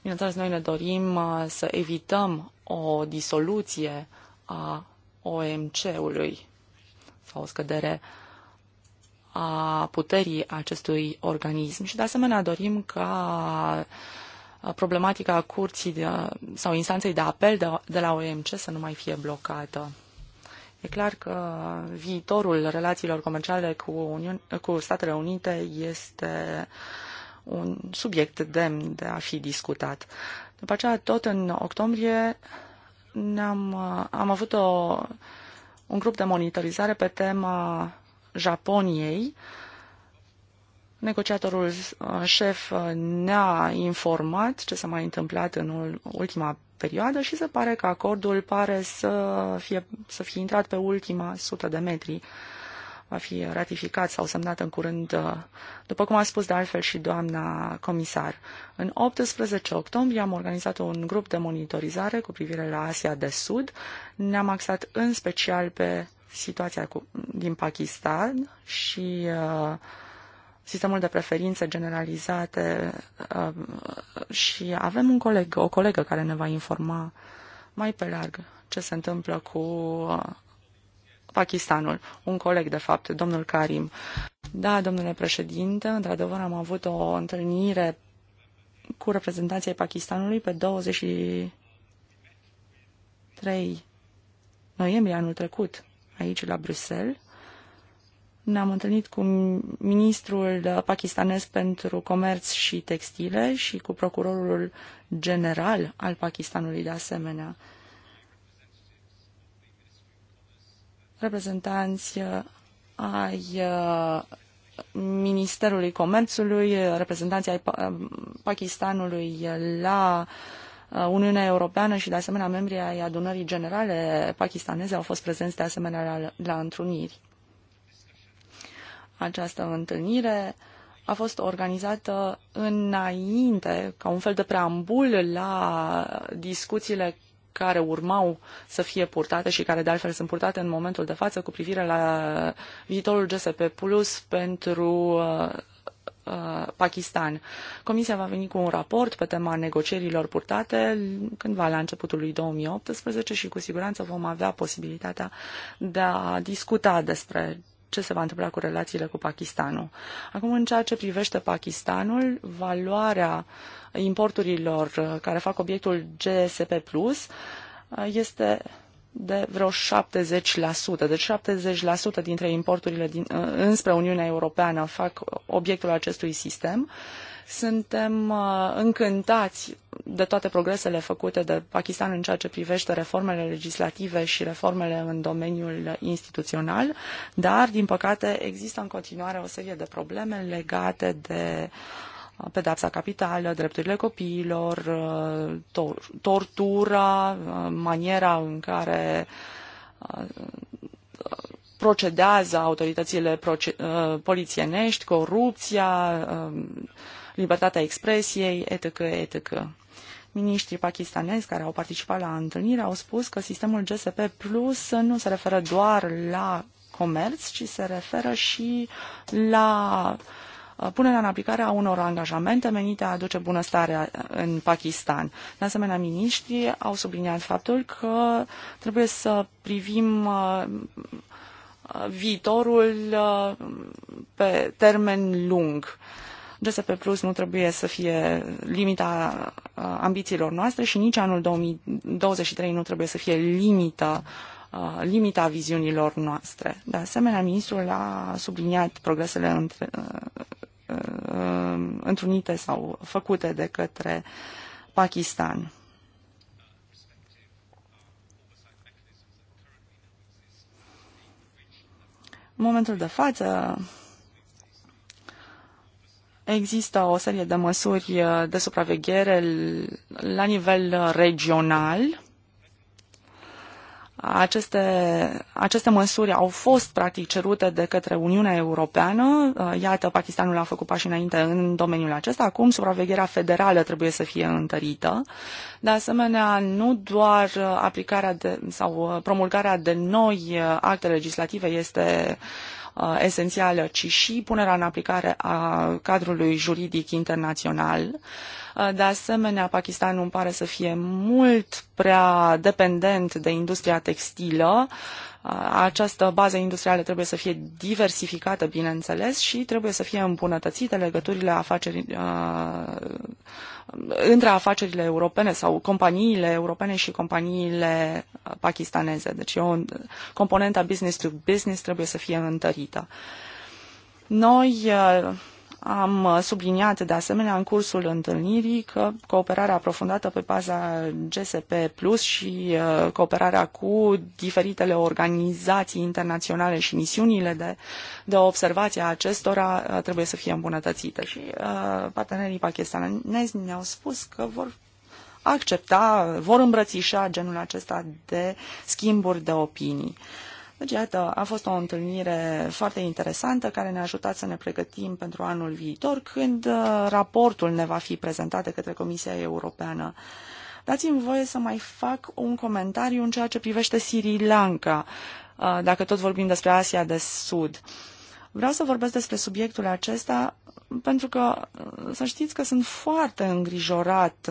Bineînțeles, noi ne dorim uh, să evităm o disoluție a OMC-ului sau o scădere a puterii acestui organism și de asemenea dorim ca problematica curții de, sau instanței de apel de, de la OMC să nu mai fie blocată. E clar că viitorul relațiilor comerciale cu, Uniun, cu Statele Unite este un subiect demn de a fi discutat. După aceea, tot în octombrie, ne-am, am avut o, un grup de monitorizare pe tema Japoniei, uh, Negociatorul uh, șef uh, ne-a informat ce s-a mai întâmplat în ultima perioadă și se pare că acordul pare să fie, să fie intrat pe ultima sută de metri. Va fi ratificat sau semnat în curând, uh, după cum a spus de altfel și doamna comisar. În 18 octombrie am organizat un grup de monitorizare cu privire la Asia de Sud. Ne-am axat în special pe situația cu, din Pakistan și uh, sistemul de preferințe generalizate um, și avem un coleg, o colegă care ne va informa mai pe larg ce se întâmplă cu uh, Pakistanul. Un coleg, de fapt, domnul Karim. Da, domnule președinte, într-adevăr am avut o întâlnire cu reprezentanții Pakistanului pe 23 noiembrie anul trecut, aici la Bruxelles ne-am întâlnit cu ministrul pakistanez pentru comerț și textile și cu procurorul general al Pakistanului de asemenea. Reprezentanți ai uh, Ministerului Comerțului, reprezentanții ai uh, Pakistanului la uh, Uniunea Europeană și, de asemenea, membrii ai adunării generale pakistaneze au fost prezenți, de asemenea, la, la întruniri. Această întâlnire a fost organizată înainte, ca un fel de preambul la discuțiile care urmau să fie purtate și care de altfel sunt purtate în momentul de față cu privire la viitorul GSP Plus pentru uh, uh, Pakistan. Comisia va veni cu un raport pe tema negocierilor purtate cândva la începutul lui 2018 și cu siguranță vom avea posibilitatea de a discuta despre ce se va întâmpla cu relațiile cu Pakistanul. Acum, în ceea ce privește Pakistanul, valoarea importurilor uh, care fac obiectul GSP Plus uh, este de vreo 70%. Deci 70% dintre importurile din, uh, înspre Uniunea Europeană fac obiectul acestui sistem suntem uh, încântați de toate progresele făcute de Pakistan în ceea ce privește reformele legislative și reformele în domeniul instituțional, dar, din păcate, există în continuare o serie de probleme legate de uh, pedapsa capitală, drepturile copiilor, uh, tor- tortura, maniera în care procedează autoritățile proce- polițienești, corupția, libertatea expresiei, etc., etc. Ministrii pakistanezi care au participat la întâlnire au spus că sistemul GSP Plus nu se referă doar la comerț, ci se referă și la uh, punerea în aplicare a unor angajamente menite a aduce bunăstare uh, în Pakistan. De asemenea, miniștrii au subliniat faptul că trebuie să privim uh, viitorul pe termen lung. DSP Plus nu trebuie să fie limita uh, ambițiilor noastre și nici anul 2023 nu trebuie să fie limita uh, limita viziunilor noastre. De asemenea, ministrul a subliniat progresele între, uh, întrunite sau făcute de către Pakistan. În momentul de față, Există o serie de măsuri uh, de supraveghere la nivel uh, regional. Aceste, aceste măsuri au fost practic cerute de către Uniunea Europeană. Uh, iată, Pakistanul a făcut pași înainte în domeniul acesta. Acum supravegherea federală trebuie să fie întărită. De asemenea, nu doar aplicarea de, sau promulgarea de noi acte legislative este uh, Uh, esențială, ci și punerea în aplicare a cadrului juridic internațional. Uh, de asemenea, Pakistanul îmi pare să fie mult prea dependent de industria textilă, uh, această bază industrială trebuie să fie diversificată, bineînțeles, și trebuie să fie îmbunătățite legăturile afaceri, uh, între afacerile europene sau companiile europene și companiile uh, pakistaneze. Deci o componenta business to business trebuie să fie întărită. Noi uh, am uh, subliniat de asemenea în cursul întâlnirii că cooperarea aprofundată pe baza GSP Plus și uh, cooperarea cu diferitele organizații internaționale și misiunile de, de observație a acestora uh, trebuie să fie îmbunătățite. Și uh, partenerii pakistanezi ne-au spus că vor accepta, vor îmbrățișa genul acesta de schimburi de opinii. Uh, deci, iată, a fost o întâlnire foarte interesantă care ne-a ajutat să ne pregătim pentru anul viitor, când uh, raportul ne va fi prezentat de către Comisia Europeană. Dați-mi voie să mai fac un comentariu în ceea ce privește Sri Lanka, uh, dacă tot vorbim despre Asia de Sud. Vreau să vorbesc despre subiectul acesta pentru că uh, să știți că sunt foarte îngrijorat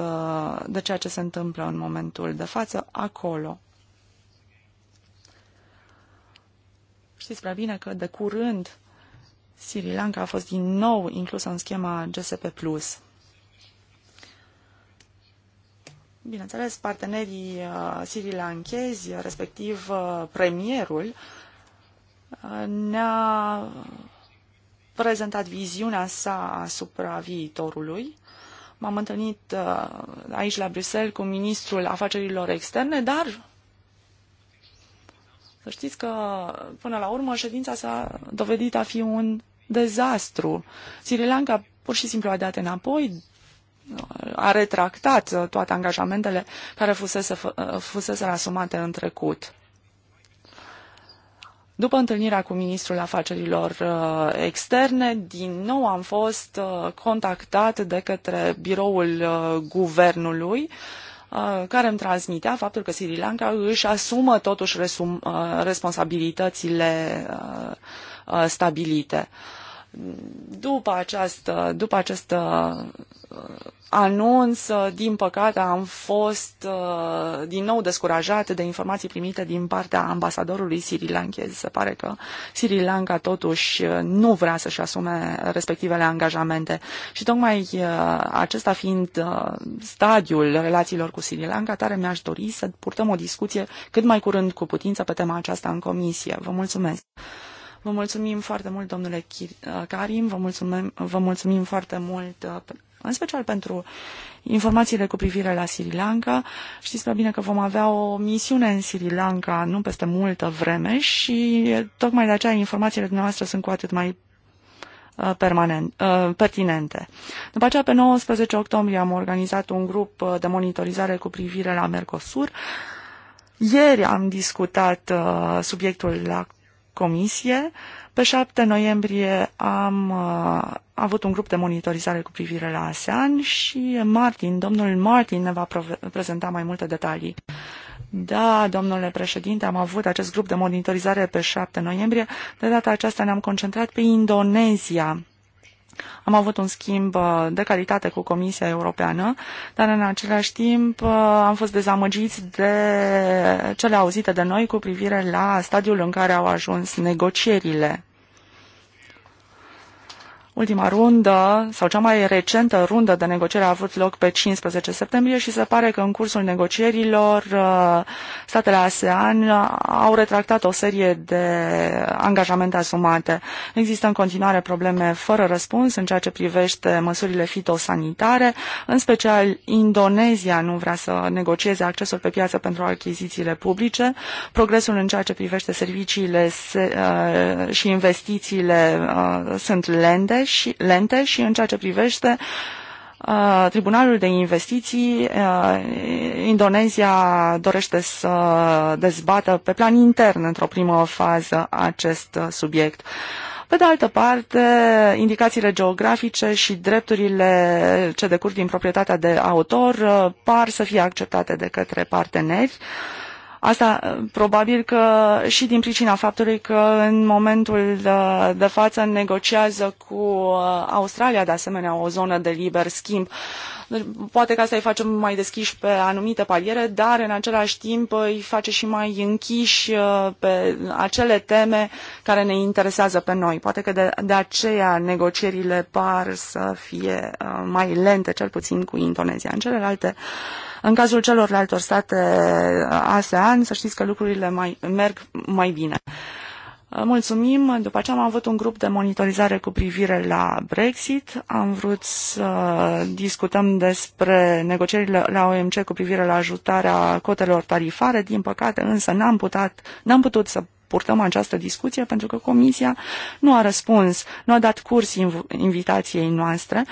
de ceea ce se întâmplă în momentul de față acolo. Știți prea bine că de curând Sri Lanka a fost din nou inclusă în schema GSP+. Bineînțeles, partenerii uh, Sri Lankezi, respectiv uh, premierul, uh, ne-a prezentat viziunea sa asupra viitorului. M-am întâlnit aici la Bruxelles cu ministrul afacerilor externe, dar să știți că, până la urmă, ședința s-a dovedit a fi un dezastru. Sri Lanka pur și simplu a dat înapoi, a retractat toate angajamentele care fusese, fusese asumate în trecut. După întâlnirea cu ministrul afacerilor uh, externe, din nou am fost uh, contactat de către biroul uh, guvernului uh, Uh, care îmi transmitea faptul că Sri Lanka își asumă totuși uh, responsabilitățile uh, stabilite. Uh, după, acest, după acest uh, anunț, din păcate, am fost uh, din nou descurajat de informații primite din partea ambasadorului Sri Lankei. Se pare că Sri Lanka totuși nu vrea să-și asume respectivele angajamente. Și tocmai uh, acesta fiind stadiul relațiilor cu Sri Lanka, tare mi-aș dori să purtăm o discuție cât mai curând cu putință pe tema aceasta în comisie. Vă mulțumesc! Vă mulțumim foarte mult, domnule uh, Karim, vă mulțumim, vă mulțumim foarte mult, uh, în special pentru informațiile cu privire la Sri Lanka. Știți prea bine că vom avea o misiune în Sri Lanka nu peste multă vreme și tocmai de aceea informațiile dumneavoastră sunt cu atât mai uh, permanent, pertinente. După aceea, pe 19 octombrie am organizat un grup de monitorizare cu privire la Mercosur. Ieri am discutat subiectul la comisie. Pe 7 noiembrie am uh, avut un grup de monitorizare cu privire la ASEAN și Martin, domnul Martin ne va prezenta mai multe detalii. Da, domnule președinte, am avut acest grup de monitorizare pe 7 noiembrie. De data aceasta ne-am concentrat pe Indonezia. Am avut un schimb uh, de calitate cu Comisia Europeană, dar în același timp uh, am fost dezamăgiți de cele auzite de noi cu privire la stadiul în care au ajuns negocierile Ultima rundă sau cea mai recentă rundă de negociere a avut loc pe 15 septembrie și se pare că în cursul negocierilor uh, statele ASEAN au retractat o serie de angajamente asumate. Există în continuare probleme fără răspuns în ceea ce privește măsurile fitosanitare, în special Indonezia nu vrea să negocieze accesul pe piață pentru achizițiile publice, progresul în ceea ce privește serviciile uh, și investițiile uh, sunt lente și, lente și în ceea ce privește uh, Tribunalul de Investiții, uh, Indonezia dorește să dezbată pe plan intern, într-o primă fază, acest uh, subiect. Pe de altă parte, indicațiile geografice și drepturile ce decurg din proprietatea de autor uh, par să fie acceptate de către parteneri. Uh, Asta probabil că și din pricina faptului că în momentul de, de față negociază cu uh, Australia de asemenea o zonă de liber schimb. Deci, poate că asta îi face mai deschiși pe anumite paliere, dar în același timp îi face și mai închiși uh, pe acele teme care ne interesează pe noi. Poate că de, de aceea negocierile par să fie uh, mai lente, cel puțin cu Indonezia. În celelalte uh, în cazul celorlalte state ASEAN, să știți că lucrurile mai, merg mai bine. Uh, mulțumim. După aceea am avut un grup de monitorizare cu privire la Brexit. Am vrut să discutăm despre negocierile la OMC cu privire la ajutarea cotelor tarifare. Din păcate, însă, n-am, putat, n-am putut să purtăm această discuție pentru că Comisia nu a răspuns, nu a dat curs invitației noastre. Uh,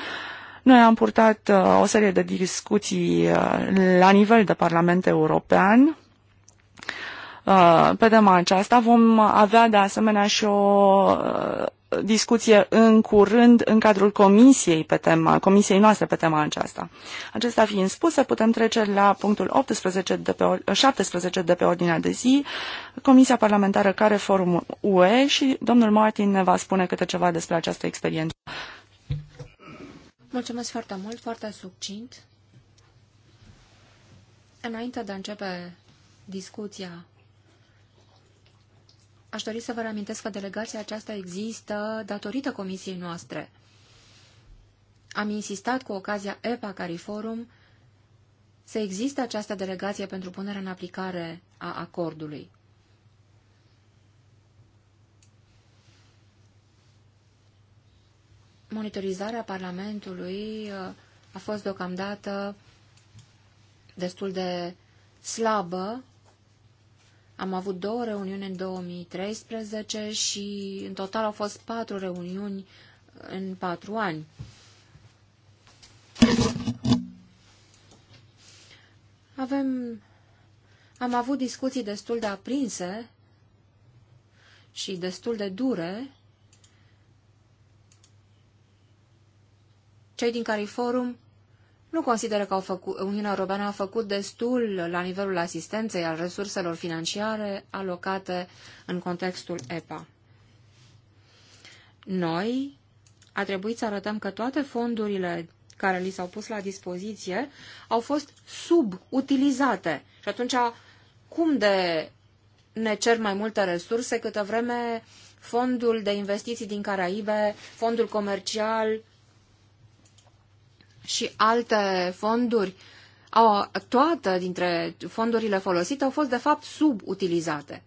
noi am purtat uh, o serie de discuții uh, la nivel de Parlament European. Uh, pe tema aceasta vom avea de asemenea și o discuție în curând în cadrul comisiei pe tema, comisiei noastre pe tema aceasta. Acesta fiind spuse, putem trece la punctul 18 de pe, 17 de pe ordinea de zi, Comisia Parlamentară Care Forum UE și domnul Martin ne va spune câte ceva despre această experiență. Mulțumesc foarte mult, foarte succint. Înainte de a începe discuția, aș dori să vă reamintesc că delegația aceasta există datorită comisiei noastre. Am insistat cu ocazia EPA Cariforum să existe această delegație pentru punerea în aplicare a acordului. monitorizarea Parlamentului uh, a fost deocamdată destul de slabă. Am avut două reuniuni în 2013 și în total au fost patru reuniuni în patru ani. Avem, am avut discuții destul de aprinse și destul de dure Cei din CARIFORUM nu consideră că au făcut, Uniunea Europeană a făcut destul la nivelul asistenței al resurselor financiare alocate în contextul EPA. Noi a trebuit să arătăm că toate fondurile care li s-au pus la dispoziție au fost subutilizate. Și atunci, cum de ne cer mai multe resurse câtă vreme fondul de investiții din Caraibe, fondul comercial, și alte fonduri, au, toate dintre fondurile folosite au fost, de fapt, subutilizate.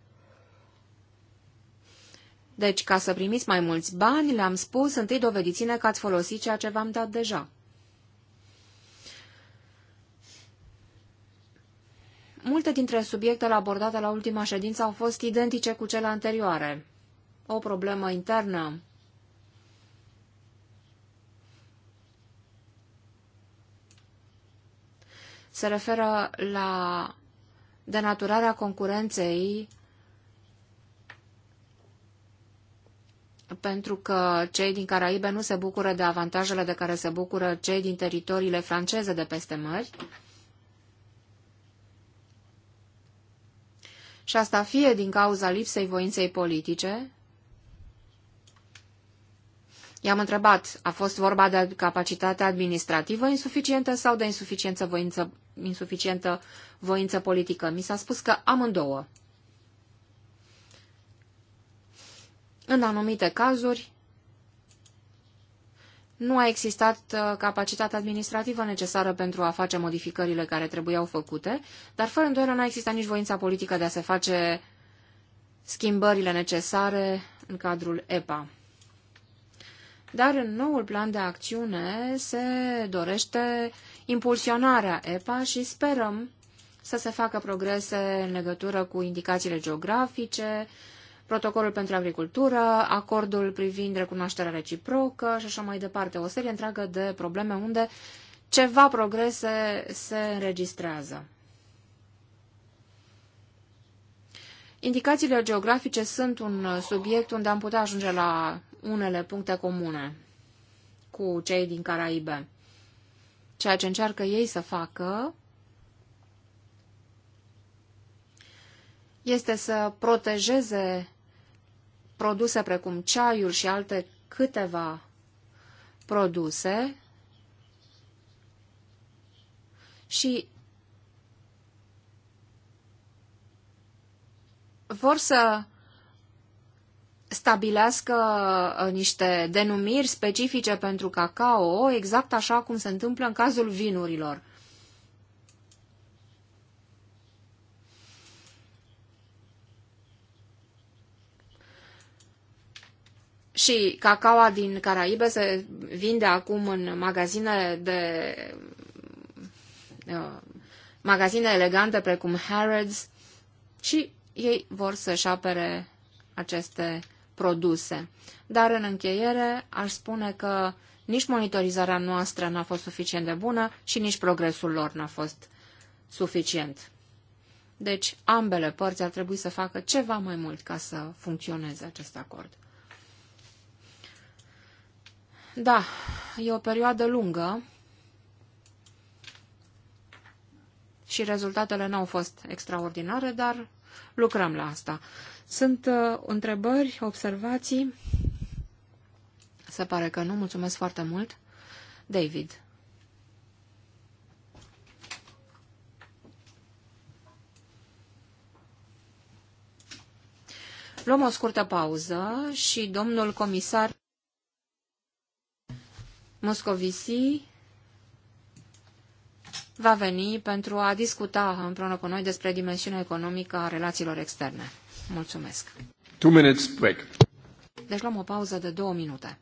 Deci, ca să primiți mai mulți bani, le-am spus, întâi dovediți-ne că ați folosit ceea ce v-am dat deja. Multe dintre subiectele abordate la ultima ședință au fost identice cu cele anterioare. O problemă internă se referă la denaturarea concurenței pentru că cei din Caraibe nu se bucură de avantajele de care se bucură cei din teritoriile franceze de peste mări. Și asta fie din cauza lipsei voinței politice, I-am întrebat, a fost vorba de capacitatea administrativă insuficientă sau de insuficiență voință, insuficientă voință politică? Mi s-a spus că amândouă. În anumite cazuri, nu a existat uh, capacitatea administrativă necesară pentru a face modificările care trebuiau făcute, dar fără îndoială nu a existat nici voința politică de a se face schimbările necesare în cadrul EPA dar în noul plan de acțiune se dorește impulsionarea EPA și sperăm să se facă progrese în legătură cu indicațiile geografice, protocolul pentru agricultură, acordul privind recunoașterea reciprocă și așa mai departe. O serie întreagă de probleme unde ceva progrese se înregistrează. Indicațiile geografice sunt un subiect unde am putea ajunge la unele puncte comune cu cei din Caraibe. Ceea ce încearcă ei să facă este să protejeze produse precum ceaiul și alte câteva produse și vor să stabilească uh, niște denumiri specifice pentru cacao, exact așa cum se întâmplă în cazul vinurilor. Și cacaoa din Caraibe se vinde acum în magazinele de uh, magazine elegante precum Harrods și ei vor să-și apere aceste produse. Dar în încheiere aș spune că nici monitorizarea noastră n-a fost suficient de bună și nici progresul lor n-a fost suficient. Deci ambele părți ar trebui să facă ceva mai mult ca să funcționeze acest acord. Da, e o perioadă lungă și rezultatele n-au fost extraordinare, dar lucrăm la asta. Sunt uh, întrebări, observații? Se pare că nu. Mulțumesc foarte mult. David. Luăm o scurtă pauză și domnul comisar Moscovici va veni pentru a discuta împreună cu noi despre dimensiunea economică a relațiilor externe. Mulțumesc. Two minutes break. Deci luăm o pauză de două minute.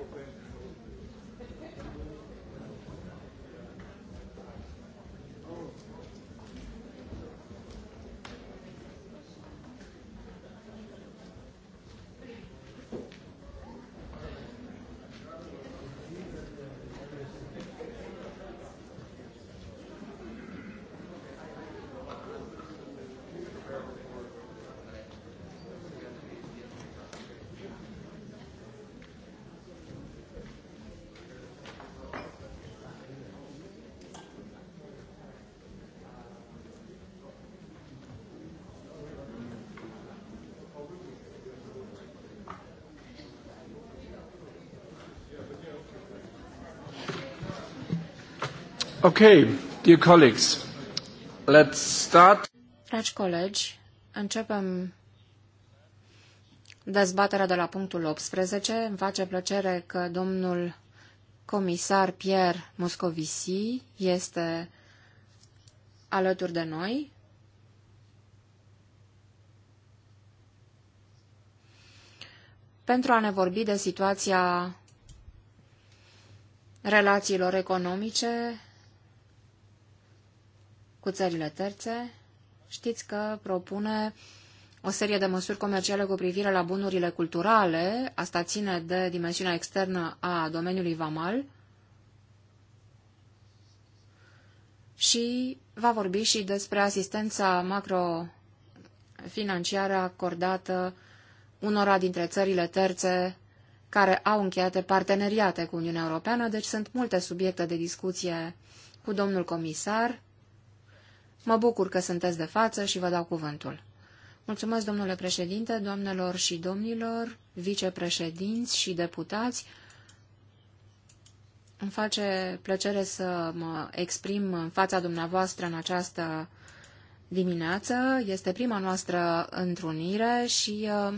open Dragi colegi, începem dezbaterea de la punctul 18. Îmi face plăcere că domnul comisar Pierre Moscovici este alături de noi. Pentru a ne vorbi de situația relațiilor economice cu țările terțe, știți că propune o serie de măsuri comerciale cu privire la bunurile culturale, asta ține de dimensiunea externă a domeniului VAMAL, și va vorbi și despre asistența macrofinanciară acordată unora dintre țările terțe care au încheiate parteneriate cu Uniunea Europeană, deci sunt multe subiecte de discuție cu domnul comisar Mă bucur că sunteți de față și vă dau cuvântul. Mulțumesc, domnule președinte, doamnelor și domnilor, vicepreședinți și deputați. Îmi face plăcere să mă exprim în fața dumneavoastră în această dimineață. Este prima noastră întrunire și uh,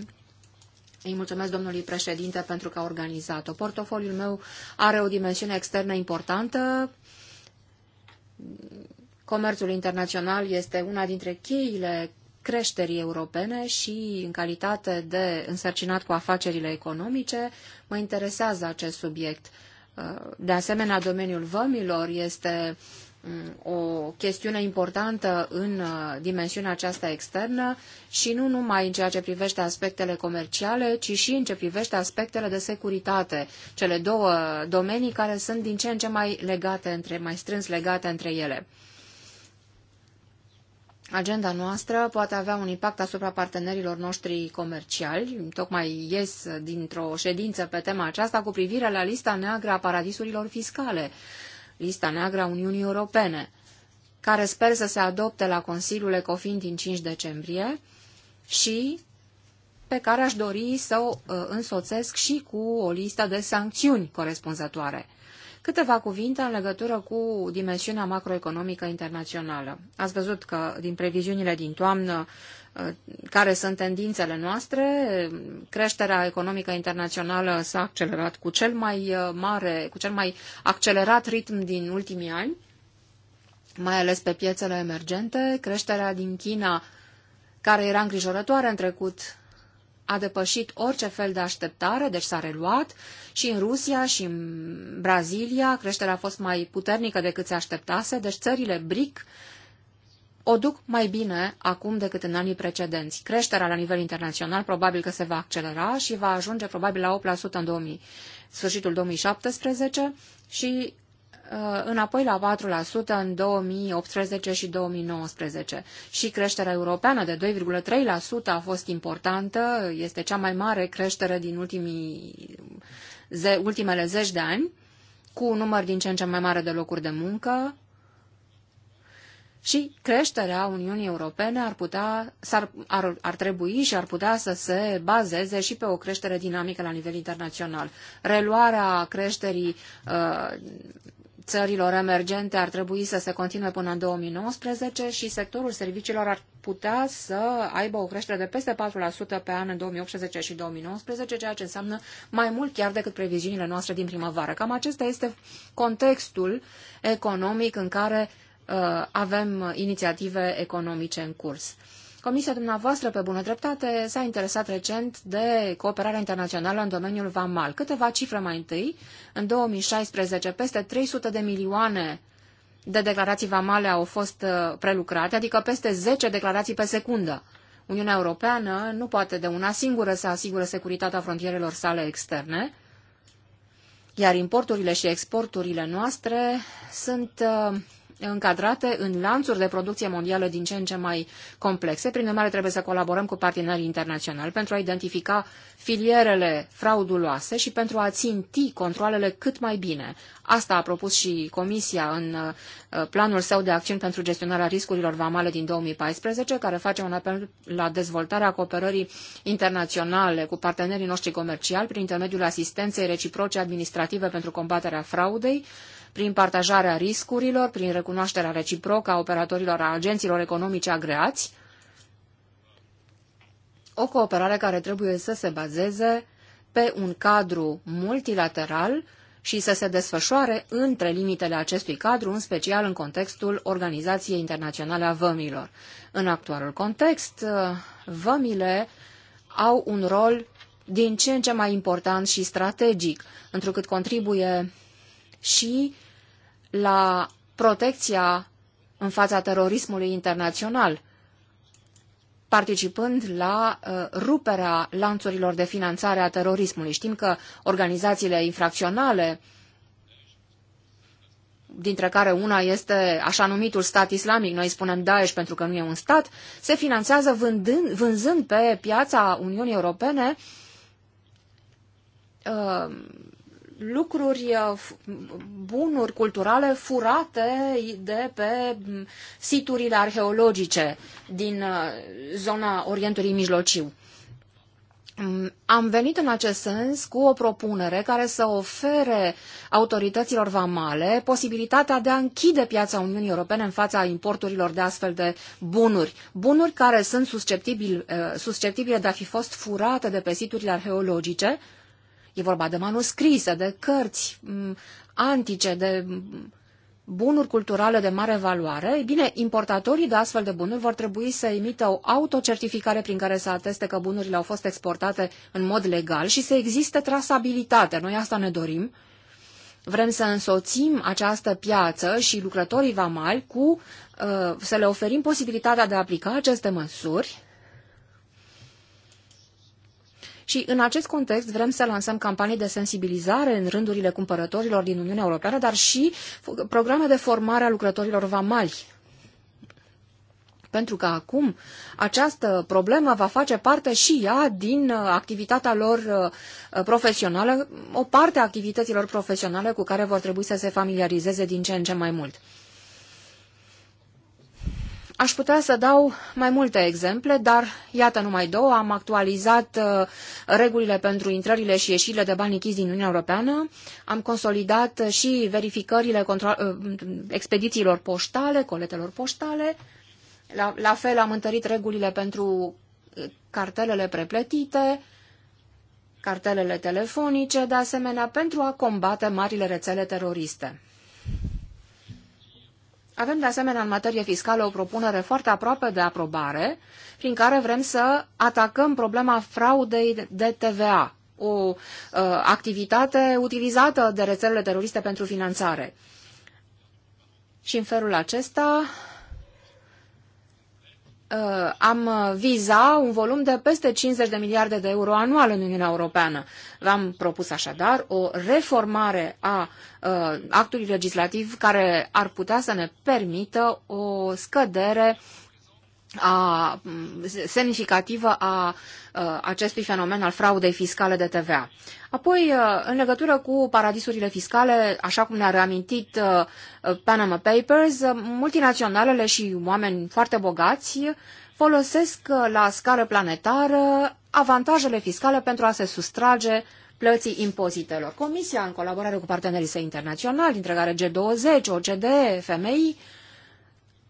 îi mulțumesc domnului președinte pentru că a organizat-o. Portofoliul meu are o dimensiune externă importantă Comerțul internațional este una dintre cheile creșterii europene și în calitate de însărcinat cu afacerile economice, mă interesează acest subiect. De asemenea, domeniul vămilor este mm, o chestiune importantă în uh, dimensiunea aceasta externă și nu numai în ceea ce privește aspectele comerciale, ci și în ce privește aspectele de securitate, cele două domenii care sunt din ce în ce mai legate între, mai strâns legate între ele agenda noastră poate avea un impact asupra partenerilor noștri comerciali. Tocmai ies dintr-o ședință pe tema aceasta cu privire la lista neagră a paradisurilor fiscale, lista neagră a Uniunii Europene, care sper să se adopte la Consiliul Ecofin din 5 decembrie și pe care aș dori să o uh, însoțesc și cu o listă de sancțiuni corespunzătoare. Câteva cuvinte în legătură cu dimensiunea macroeconomică internațională. Ați văzut că din previziunile din toamnă uh, care sunt tendințele noastre. Creșterea economică internațională s-a accelerat cu cel mai uh, mare, cu cel mai accelerat ritm din ultimii ani, mai ales pe piețele emergente. Creșterea din China, care era îngrijorătoare în trecut, a depășit orice fel de așteptare, deci s-a reluat și în Rusia și în Brazilia creșterea a fost mai puternică decât se așteptase, deci țările BRIC o duc mai bine acum decât în anii precedenți. Creșterea la nivel internațional probabil că se va accelera și va ajunge probabil la 8% în 2000, sfârșitul 2017 și Uh, înapoi la 4% în 2018 și 2019. Și creșterea europeană de 2,3% a fost importantă, este cea mai mare creștere din ultimii, ze, ultimele zeci de ani, cu un număr din ce în ce mai mare de locuri de muncă. Și creșterea Uniunii Europene ar, putea, ar, ar, ar trebui și ar putea să se bazeze și pe o creștere dinamică la nivel internațional. Reluarea creșterii uh, țărilor emergente ar trebui să se continue până în 2019 și sectorul serviciilor ar putea să aibă o creștere de peste 4% pe an în 2018 și 2019, ceea ce înseamnă mai mult chiar decât previziunile noastre din primăvară. Cam acesta este contextul economic în care uh, avem inițiative economice în curs. Comisia dumneavoastră, pe bună dreptate, s-a interesat recent de cooperarea internațională în domeniul VAMAL. Câteva cifre mai întâi. În 2016, peste 300 de milioane de declarații vamale au fost uh, prelucrate, adică peste 10 declarații pe secundă. Uniunea Europeană nu poate de una singură să asigure securitatea frontierelor sale externe, iar importurile și exporturile noastre sunt uh, încadrate în lanțuri de producție mondială din ce în ce mai complexe. Prin urmare, trebuie să colaborăm cu partenerii internaționali pentru a identifica filierele frauduloase și pentru a ținti controlele cât mai bine. Asta a propus și Comisia în uh, planul său de acțiuni pentru gestionarea riscurilor vamale din 2014, care face un apel la dezvoltarea cooperării internaționale cu partenerii noștri comerciali prin intermediul asistenței reciproce administrative pentru combaterea fraudei, prin partajarea riscurilor, prin recunoașterea reciprocă a operatorilor, a agenților economice agreați, o cooperare care trebuie să se bazeze pe un cadru multilateral și să se desfășoare între limitele acestui cadru, în special în contextul Organizației Internaționale a Vămilor. În actualul context, vămile au un rol din ce în ce mai important și strategic, întrucât contribuie și la protecția în fața terorismului internațional, participând la uh, ruperea lanțurilor de finanțare a terorismului. Știm că organizațiile infracționale, dintre care una este așa numitul stat islamic, noi spunem Daesh pentru că nu e un stat, se finanțează vândând, vânzând pe piața Uniunii Europene uh, lucruri, uh, bunuri culturale furate de pe siturile arheologice din uh, zona Orientului Mijlociu. Mm, am venit în acest sens cu o propunere care să ofere autorităților vamale posibilitatea de a închide piața Uniunii Europene în fața importurilor de astfel de bunuri. Bunuri care sunt susceptibile, uh, susceptibile de a fi fost furate de pe siturile arheologice, E vorba de manuscrise, de cărți antice, de bunuri culturale de mare valoare, e bine, importatorii de astfel de bunuri vor trebui să emită o autocertificare prin care să ateste că bunurile au fost exportate în mod legal și să existe trasabilitate. Noi asta ne dorim. Vrem să însoțim această piață și lucrătorii vamali cu, uh, să le oferim posibilitatea de a aplica aceste măsuri și în acest context vrem să lansăm campanii de sensibilizare în rândurile cumpărătorilor din Uniunea Europeană, dar și programe de formare a lucrătorilor vamali. Pentru că acum această problemă va face parte și ea din uh, activitatea lor uh, uh, profesională, o parte a activităților profesionale cu care vor trebui să se familiarizeze din ce în ce mai mult. Aș putea să dau mai multe exemple, dar iată numai două. Am actualizat uh, regulile pentru intrările și ieșirile de bani lichizi din Uniunea Europeană, am consolidat și verificările uh, expedițiilor poștale, coletelor poștale, la, la fel am întărit regulile pentru uh, cartelele preplătite, cartelele telefonice, de asemenea pentru a combate marile rețele teroriste. Avem de asemenea în materie fiscală o propunere foarte aproape de aprobare, prin care vrem să atacăm problema fraudei de TVA, o uh, activitate utilizată de rețelele teroriste pentru finanțare. Și în felul acesta Uh, am viza un volum de peste 50 de miliarde de euro anual în Uniunea Europeană. V-am propus așadar o reformare a uh, actului legislativ care ar putea să ne permită o scădere uh, a, mm, semnificativă a, a acestui fenomen al fraudei fiscale de TVA. Apoi, în legătură cu paradisurile fiscale, așa cum ne-a reamintit Panama Papers, multinaționalele și oameni foarte bogați folosesc la scară planetară avantajele fiscale pentru a se sustrage plății impozitelor. Comisia, în colaborare cu partenerii săi internaționali, dintre care G20, OCDE, FMI,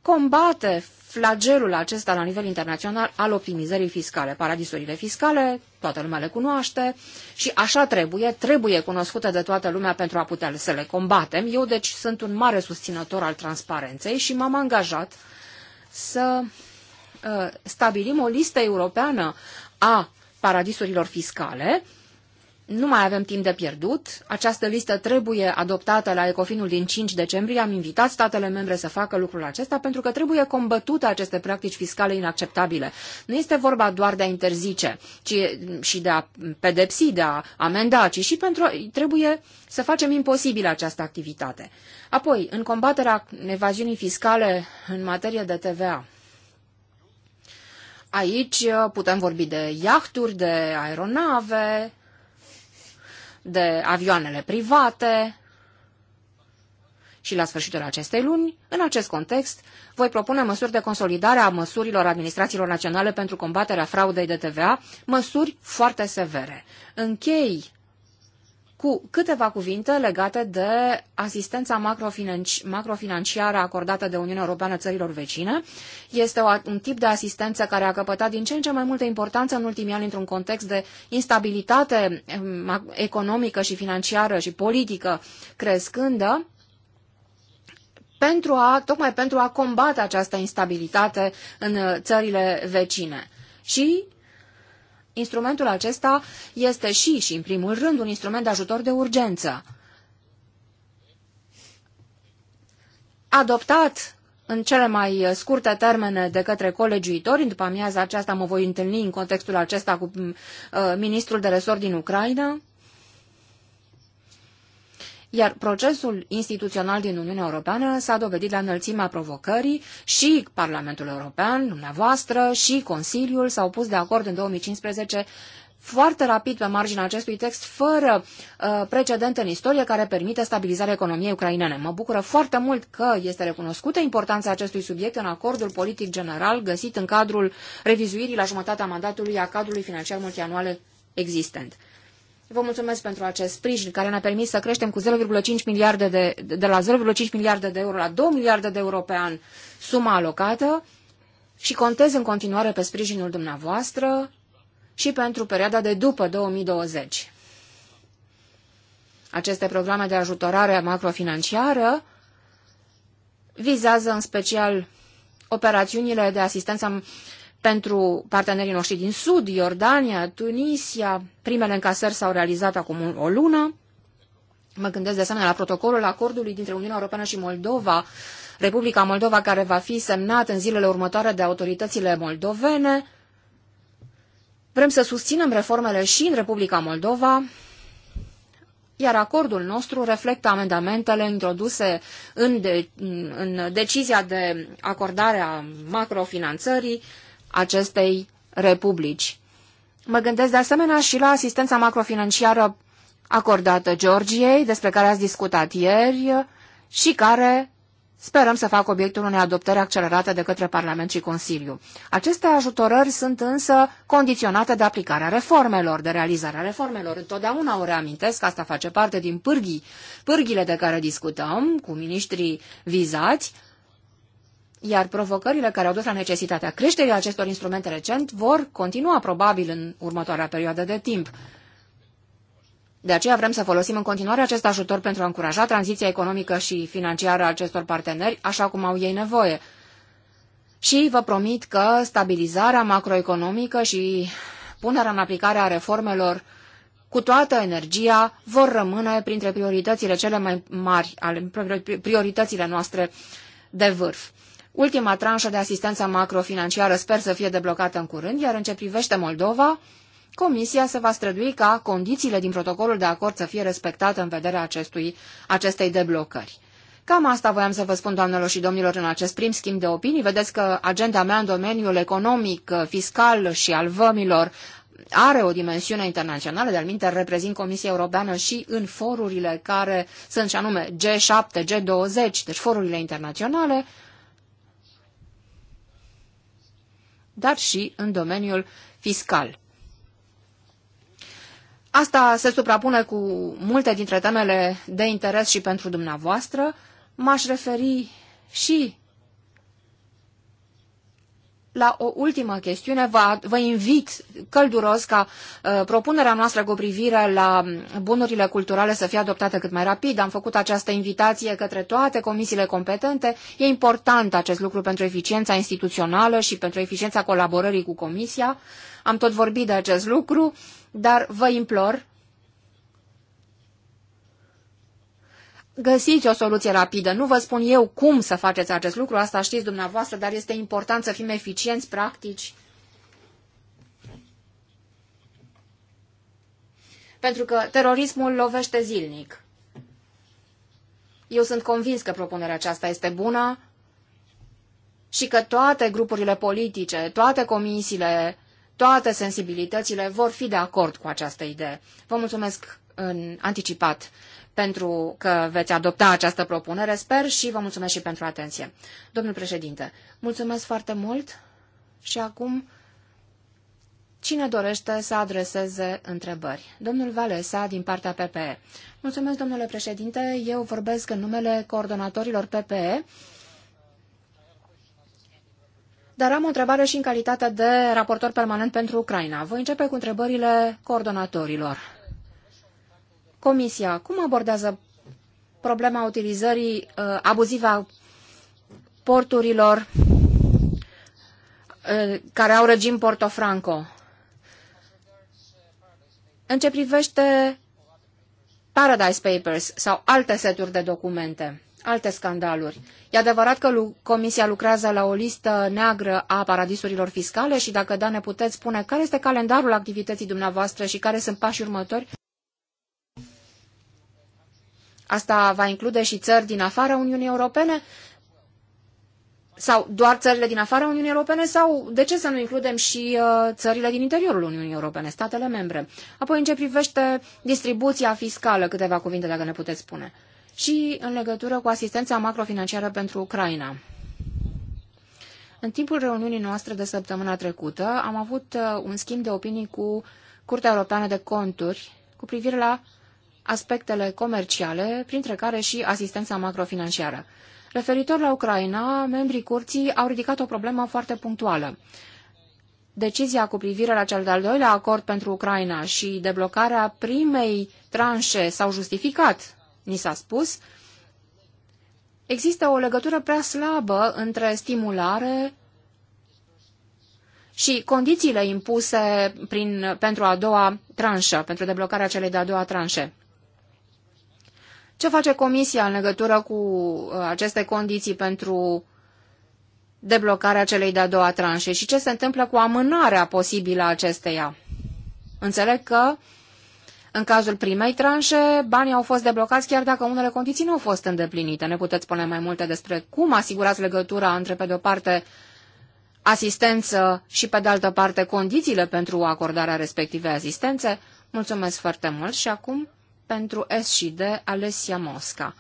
combate flagelul acesta la nivel internațional al optimizării fiscale. Paradisurile fiscale, toată lumea le cunoaște și așa trebuie, trebuie cunoscută de toată lumea pentru a putea să le combatem. Eu deci sunt un mare susținător al transparenței și m-am angajat să uh, stabilim o listă europeană a paradisurilor fiscale, uh, nu mai avem timp de pierdut. Această listă trebuie adoptată la Ecofinul din 5 decembrie. Am invitat statele membre să facă lucrul acesta pentru că trebuie combătute aceste practici fiscale inacceptabile. Nu este vorba doar de a interzice ci și de a pedepsi, de a amenda, ci și pentru trebuie să facem imposibilă această activitate. Apoi, în combaterea evaziunii fiscale în materie de TVA, Aici putem vorbi de iahturi, de aeronave, de avioanele private și la sfârșitul acestei luni, în acest context, voi propune măsuri de consolidare a măsurilor administrațiilor naționale pentru combaterea fraudei de TVA, măsuri foarte severe. Închei cu câteva cuvinte legate de asistența macrofinanciară acordată de Uniunea Europeană țărilor vecine. Este un tip de asistență care a căpătat din ce în ce mai multă importanță în ultimii ani într-un context de instabilitate economică și financiară și politică crescândă pentru a, tocmai pentru a combate această instabilitate în uh, țările vecine. Și instrumentul acesta este și, și în primul rând, un instrument de ajutor de urgență. Adoptat în cele mai scurte termene de către colegiuitori, după amiaza aceasta mă voi întâlni în contextul acesta cu uh, ministrul de resort din Ucraina, iar procesul instituțional din Uniunea Europeană s-a dovedit la înălțimea provocării și Parlamentul European, dumneavoastră, și Consiliul s-au pus de acord în 2015 foarte rapid pe marginea acestui text, fără uh, precedent în istorie, care permite stabilizarea economiei ucrainene. Mă bucură foarte mult că este recunoscută importanța acestui subiect în acordul politic general găsit în cadrul revizuirii la jumătatea mandatului a cadrului financiar multianual existent. Vă mulțumesc pentru acest sprijin care ne-a permis să creștem cu 0,5 miliarde de, de la 0,5 miliarde de euro la 2 miliarde de euro pe an suma alocată și contez în continuare pe sprijinul dumneavoastră și pentru perioada de după 2020. Aceste programe de ajutorare macrofinanciară vizează în special operațiunile de asistență pentru partenerii noștri din Sud, Iordania, Tunisia, primele încasări s-au realizat acum o lună. Mă gândesc de asemenea la protocolul acordului dintre Uniunea Europeană și Moldova, Republica Moldova, care va fi semnat în zilele următoare de autoritățile moldovene. Vrem să susținem reformele și în Republica Moldova, iar acordul nostru reflectă amendamentele introduse în, de, în decizia de acordare a macrofinanțării acestei republici. Mă gândesc de asemenea și la asistența macrofinanciară acordată Georgiei, despre care ați discutat ieri și care sperăm să facă obiectul unei adoptări accelerate de către Parlament și Consiliu. Aceste ajutorări sunt însă condiționate de aplicarea reformelor, de realizarea reformelor. Întotdeauna o reamintesc, asta face parte din pârghii, pârghile de care discutăm cu miniștrii vizați, iar provocările care au dus la necesitatea creșterii acestor instrumente recent vor continua probabil în următoarea perioadă de timp. De aceea vrem să folosim în continuare acest ajutor pentru a încuraja tranziția economică și financiară a acestor parteneri, așa cum au ei nevoie. Și vă promit că stabilizarea macroeconomică și punerea în aplicare a reformelor cu toată energia vor rămâne printre prioritățile cele mai mari, ale prioritățile noastre de vârf. Ultima tranșă de asistență macrofinanciară sper să fie deblocată în curând, iar în ce privește Moldova, Comisia se va strădui ca condițiile din protocolul de acord să fie respectate în vederea acestui, acestei deblocări. Cam asta voiam să vă spun, doamnelor și domnilor, în acest prim schimb de opinii. Vedeți că agenda mea în domeniul economic, fiscal și al vămilor are o dimensiune internațională, de-al minte reprezint Comisia Europeană și în forurile care sunt și anume G7, G20, deci forurile internaționale, dar și în domeniul fiscal. Asta se suprapune cu multe dintre temele de interes și pentru dumneavoastră. M-aș referi și la o ultimă chestiune, vă, vă invit călduros ca uh, propunerea noastră cu privire la mm, bunurile culturale să fie adoptată cât mai rapid. Am făcut această invitație către toate comisiile competente. E important acest lucru pentru eficiența instituțională și pentru eficiența colaborării cu comisia. Am tot vorbit de acest lucru, dar vă implor Găsiți o soluție rapidă. Nu vă spun eu cum să faceți acest lucru, asta știți dumneavoastră, dar este important să fim eficienți, practici. Pentru că terorismul lovește zilnic. Eu sunt convins că propunerea aceasta este bună și că toate grupurile politice, toate comisiile, toate sensibilitățile vor fi de acord cu această idee. Vă mulțumesc în anticipat pentru că veți adopta această propunere, sper, și vă mulțumesc și pentru atenție. Domnul președinte, mulțumesc foarte mult și acum cine dorește să adreseze întrebări. Domnul Valesa, din partea PPE. Mulțumesc, domnule președinte, eu vorbesc în numele coordonatorilor PPE, dar am o întrebare și în calitate de raportor permanent pentru Ucraina. Voi începe cu întrebările coordonatorilor. Comisia, cum abordează problema utilizării uh, abuzive a porturilor uh, care au regim Portofranco? În ce privește Paradise Papers sau alte seturi de documente, alte scandaluri. E adevărat că Comisia lucrează la o listă neagră a paradisurilor fiscale și dacă da, ne puteți spune care este calendarul activității dumneavoastră și care sunt pașii următori? Asta va include și țări din afara Uniunii Europene? Sau doar țările din afara Uniunii Europene? Sau de ce să nu includem și uh, țările din interiorul Uniunii Europene, statele membre? Apoi, în ce privește distribuția fiscală, câteva cuvinte, dacă ne puteți spune. Și în legătură cu asistența macrofinanciară pentru Ucraina. În timpul reuniunii noastre de săptămâna trecută am avut uh, un schimb de opinii cu Curtea Europeană de Conturi cu privire la aspectele comerciale, printre care și asistența macrofinanciară. Referitor la Ucraina, membrii curții au ridicat o problemă foarte punctuală. Decizia cu privire la cel de-al doilea acord pentru Ucraina și deblocarea primei tranșe s-au justificat, ni s-a spus. Există o legătură prea slabă între stimulare și condițiile impuse prin, pentru a doua tranșă, pentru deblocarea celei de-a doua tranșe. Ce face Comisia în legătură cu uh, aceste condiții pentru deblocarea celei de-a doua tranșe și ce se întâmplă cu amânarea posibilă a acesteia? Înțeleg că în cazul primei tranșe, banii au fost deblocați chiar dacă unele condiții nu au fost îndeplinite. Ne puteți spune mai multe despre cum asigurați legătura între, pe de-o parte, asistență și, pe de altă parte, condițiile pentru acordarea respectivei asistențe? Mulțumesc foarte mult și acum pentru S și D, Alessia Mosca.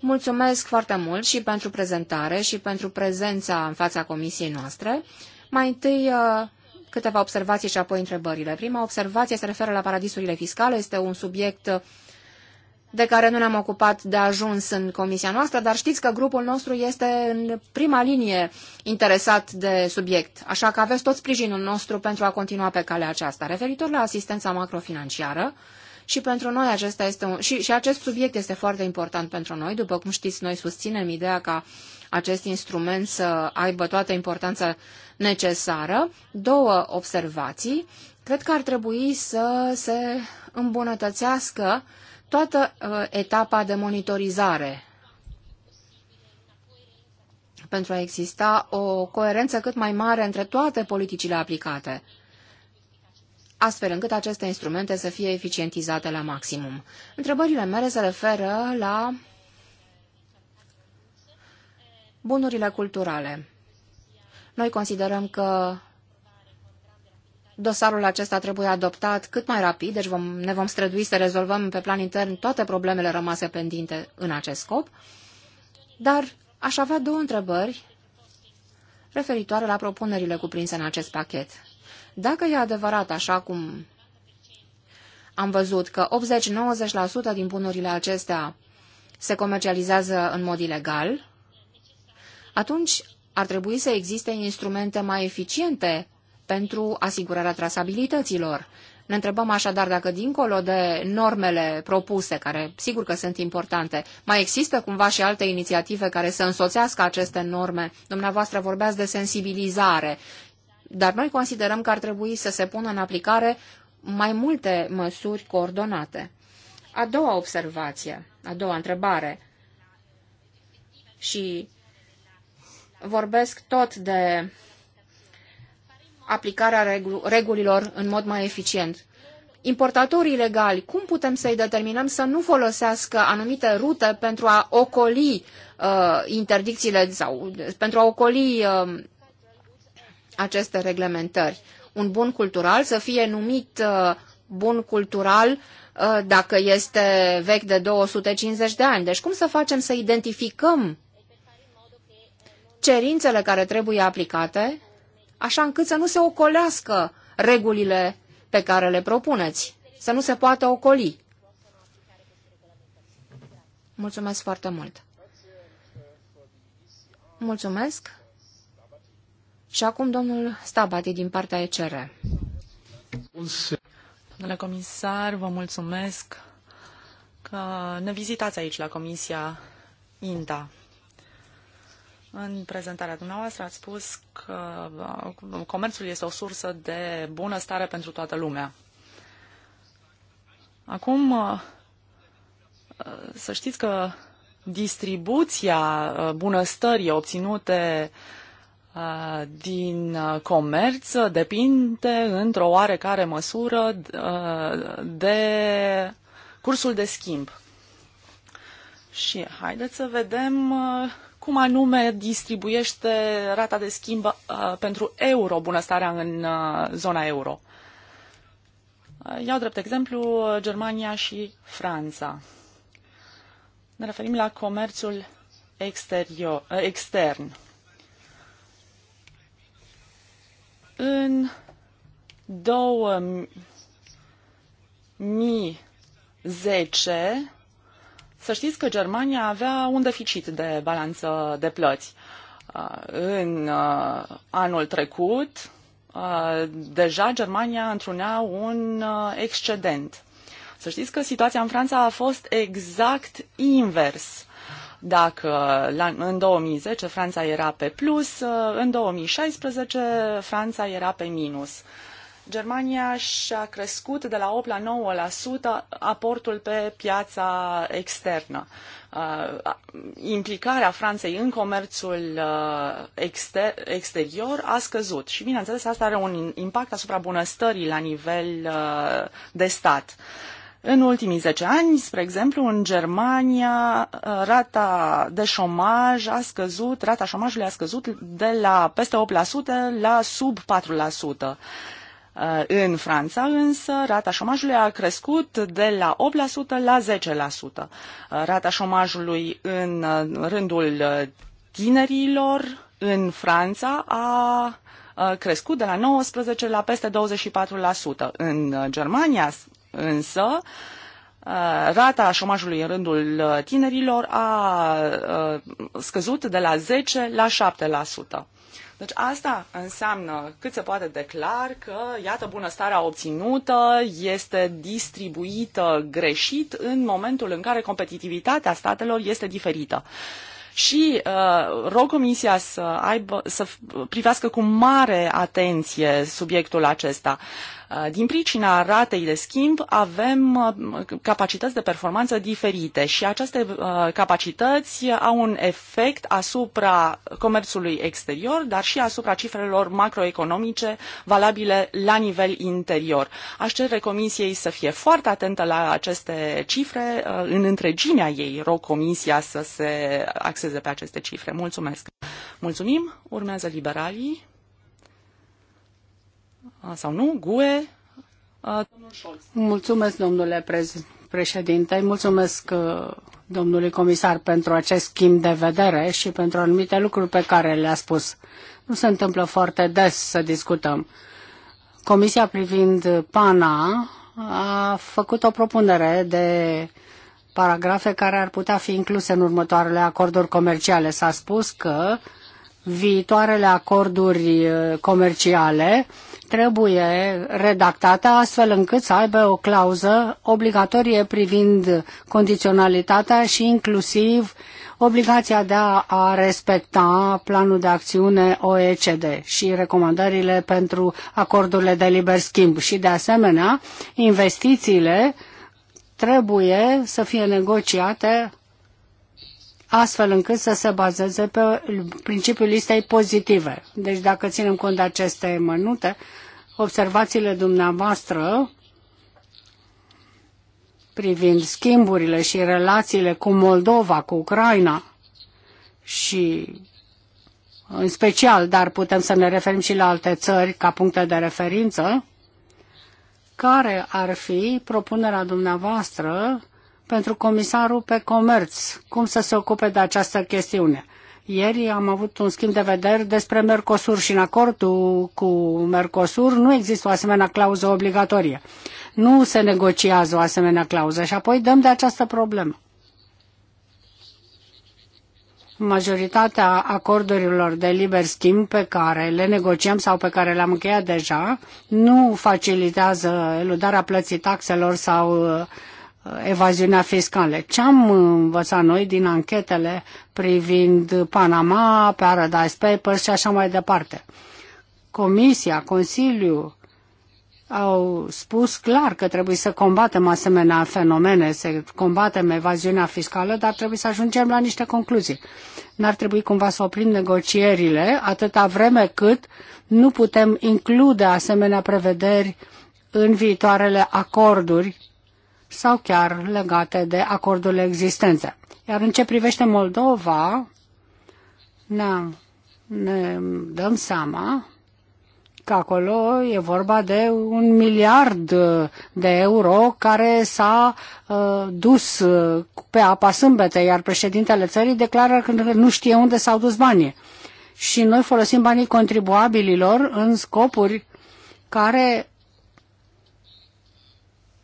Mulțumesc foarte mult și pentru prezentare și pentru prezența în fața comisiei noastre. Mai întâi uh, câteva observații și apoi întrebările. Prima observație se referă la paradisurile fiscale. Este un subiect de care nu ne-am ocupat de ajuns în comisia noastră, dar știți că grupul nostru este în prima linie interesat de subiect, așa că aveți tot sprijinul nostru pentru a continua pe calea aceasta. Referitor la asistența macrofinanciară, și pentru noi acesta este un, și, și acest subiect este foarte important pentru noi. După cum știți, noi susținem ideea ca acest instrument să aibă toată importanța necesară. Două observații. Cred că ar trebui să se îmbunătățească toată uh, etapa de monitorizare pentru a exista o coerență cât mai mare între toate politicile aplicate astfel încât aceste instrumente să fie eficientizate la maximum. Întrebările mele se referă la bunurile culturale. Noi considerăm că dosarul acesta trebuie adoptat cât mai rapid, deci vom, ne vom strădui să rezolvăm pe plan intern toate problemele rămase pendinte în acest scop, dar aș avea două întrebări referitoare la propunerile cuprinse în acest pachet. Dacă e adevărat așa cum am văzut că 80-90% din bunurile acestea se comercializează în mod ilegal, atunci ar trebui să existe instrumente mai eficiente pentru asigurarea trasabilităților. Ne întrebăm așadar dacă dincolo de normele propuse, care sigur că sunt importante, mai există cumva și alte inițiative care să însoțească aceste norme. Dumneavoastră vorbeați de sensibilizare. Dar noi considerăm că ar trebui să se pună în aplicare mai multe măsuri coordonate. A doua observație, a doua întrebare, și vorbesc tot de aplicarea regulilor în mod mai eficient. Importatorii legali, cum putem să-i determinăm să nu folosească anumite rute pentru a ocoli uh, interdicțiile sau pentru a ocoli uh, aceste reglementări. Un bun cultural să fie numit uh, bun cultural uh, dacă este vechi de 250 de ani. Deci cum să facem să identificăm cerințele care trebuie aplicate, așa încât să nu se ocolească regulile pe care le propuneți, să nu se poată ocoli. Mulțumesc foarte mult! Mulțumesc! Și acum domnul Stabati din partea ECR. Domnule comisar, vă mulțumesc că ne vizitați aici la Comisia INTA. În prezentarea dumneavoastră ați spus că uh, comerțul este o sursă de bunăstare pentru toată lumea. Acum, uh, să știți că distribuția uh, bunăstării obținute din comerț depinde într-o oarecare măsură de cursul de schimb. Și haideți să vedem cum anume distribuiește rata de schimb pentru euro bunăstarea în zona euro. Iau drept exemplu Germania și Franța. Ne referim la comerțul exterior, extern. În 2010, să știți că Germania avea un deficit de balanță de plăți. Uh, în uh, anul trecut, uh, deja Germania întrunea un excedent. Să știți că situația în Franța a fost exact invers. Dacă la, în 2010 Franța era pe plus, în 2016 Franța era pe minus. Germania și-a crescut de la 8 la 9% aportul pe piața externă. Uh, implicarea Franței în comerțul uh, exter exterior a scăzut și, bineînțeles, asta are un impact asupra bunăstării la nivel uh, de stat. În ultimii 10 ani, spre exemplu, în Germania, uh, rata de șomaj a scăzut, rata șomajului a scăzut de la peste 8% la sub 4%. Uh, în Franța însă rata șomajului a crescut de la 8% la 10%. Uh, rata șomajului în rândul tinerilor în Franța a crescut de la 19 la peste 24%. În Germania Însă, uh, rata șomajului în rândul uh, tinerilor a uh, scăzut de la 10 la 7%. Deci asta înseamnă cât se poate de clar că, iată, bunăstarea obținută este distribuită greșit în momentul în care competitivitatea statelor este diferită. Și uh, rog Comisia să, aibă, să privească cu mare atenție subiectul acesta. Uh, Uh, din pricina ratei de schimb avem uh, capacități de performanță diferite și aceste uh, capacități au un efect asupra comerțului exterior, dar și asupra cifrelor macroeconomice valabile la nivel interior. Aș cere Comisiei să fie foarte atentă la aceste cifre. În întregimea ei rog Comisia să se axeze pe aceste cifre. Mulțumesc! Mulțumim! Urmează liberalii sau nu, GUE. Mulțumesc, domnule președinte, mulțumesc uh, domnului comisar pentru acest schimb de vedere și pentru anumite lucruri pe care le-a spus. Nu se întâmplă foarte des să discutăm. Comisia privind PANA a făcut o propunere de paragrafe care ar putea fi incluse în următoarele acorduri comerciale. S-a spus că viitoarele acorduri uh, comerciale trebuie redactată astfel încât să aibă o clauză obligatorie privind condiționalitatea și inclusiv obligația de a respecta planul de acțiune OECD și recomandările pentru acordurile de liber schimb și de asemenea investițiile trebuie să fie negociate astfel încât să se bazeze pe principiul listei pozitive. Deci dacă ținem cont de aceste mănute, observațiile dumneavoastră privind schimburile și relațiile cu Moldova, cu Ucraina și în special, dar putem să ne referim și la alte țări ca puncte de referință, care ar fi propunerea dumneavoastră pentru comisarul pe comerț cum să se ocupe de această chestiune. Ieri am avut un schimb de vederi despre Mercosur și în acordul cu Mercosur nu există o asemenea clauză obligatorie. Nu se negociază o asemenea clauză și apoi dăm de această problemă. Majoritatea acordurilor de liber schimb pe care le negociem sau pe care le-am încheiat deja nu facilitează eludarea plății taxelor sau uh, Uh, evaziunea fiscală. Ce am învățat noi din anchetele privind Panama, Paradise Papers și așa mai departe? Comisia, Consiliu au spus clar că trebuie să combatem asemenea fenomene, să combatem evaziunea fiscală, dar trebuie să ajungem la niște concluzii. N-ar trebui cumva să oprim negocierile atâta vreme cât nu putem include asemenea prevederi în viitoarele acorduri sau chiar legate de acordurile existente. Iar în ce privește Moldova, ne, ne dăm seama că acolo e vorba de un miliard de euro care s-a uh, dus uh, pe apa sâmbete, iar președintele țării declară că nu știe unde s-au dus banii. Și noi folosim banii contribuabililor în scopuri care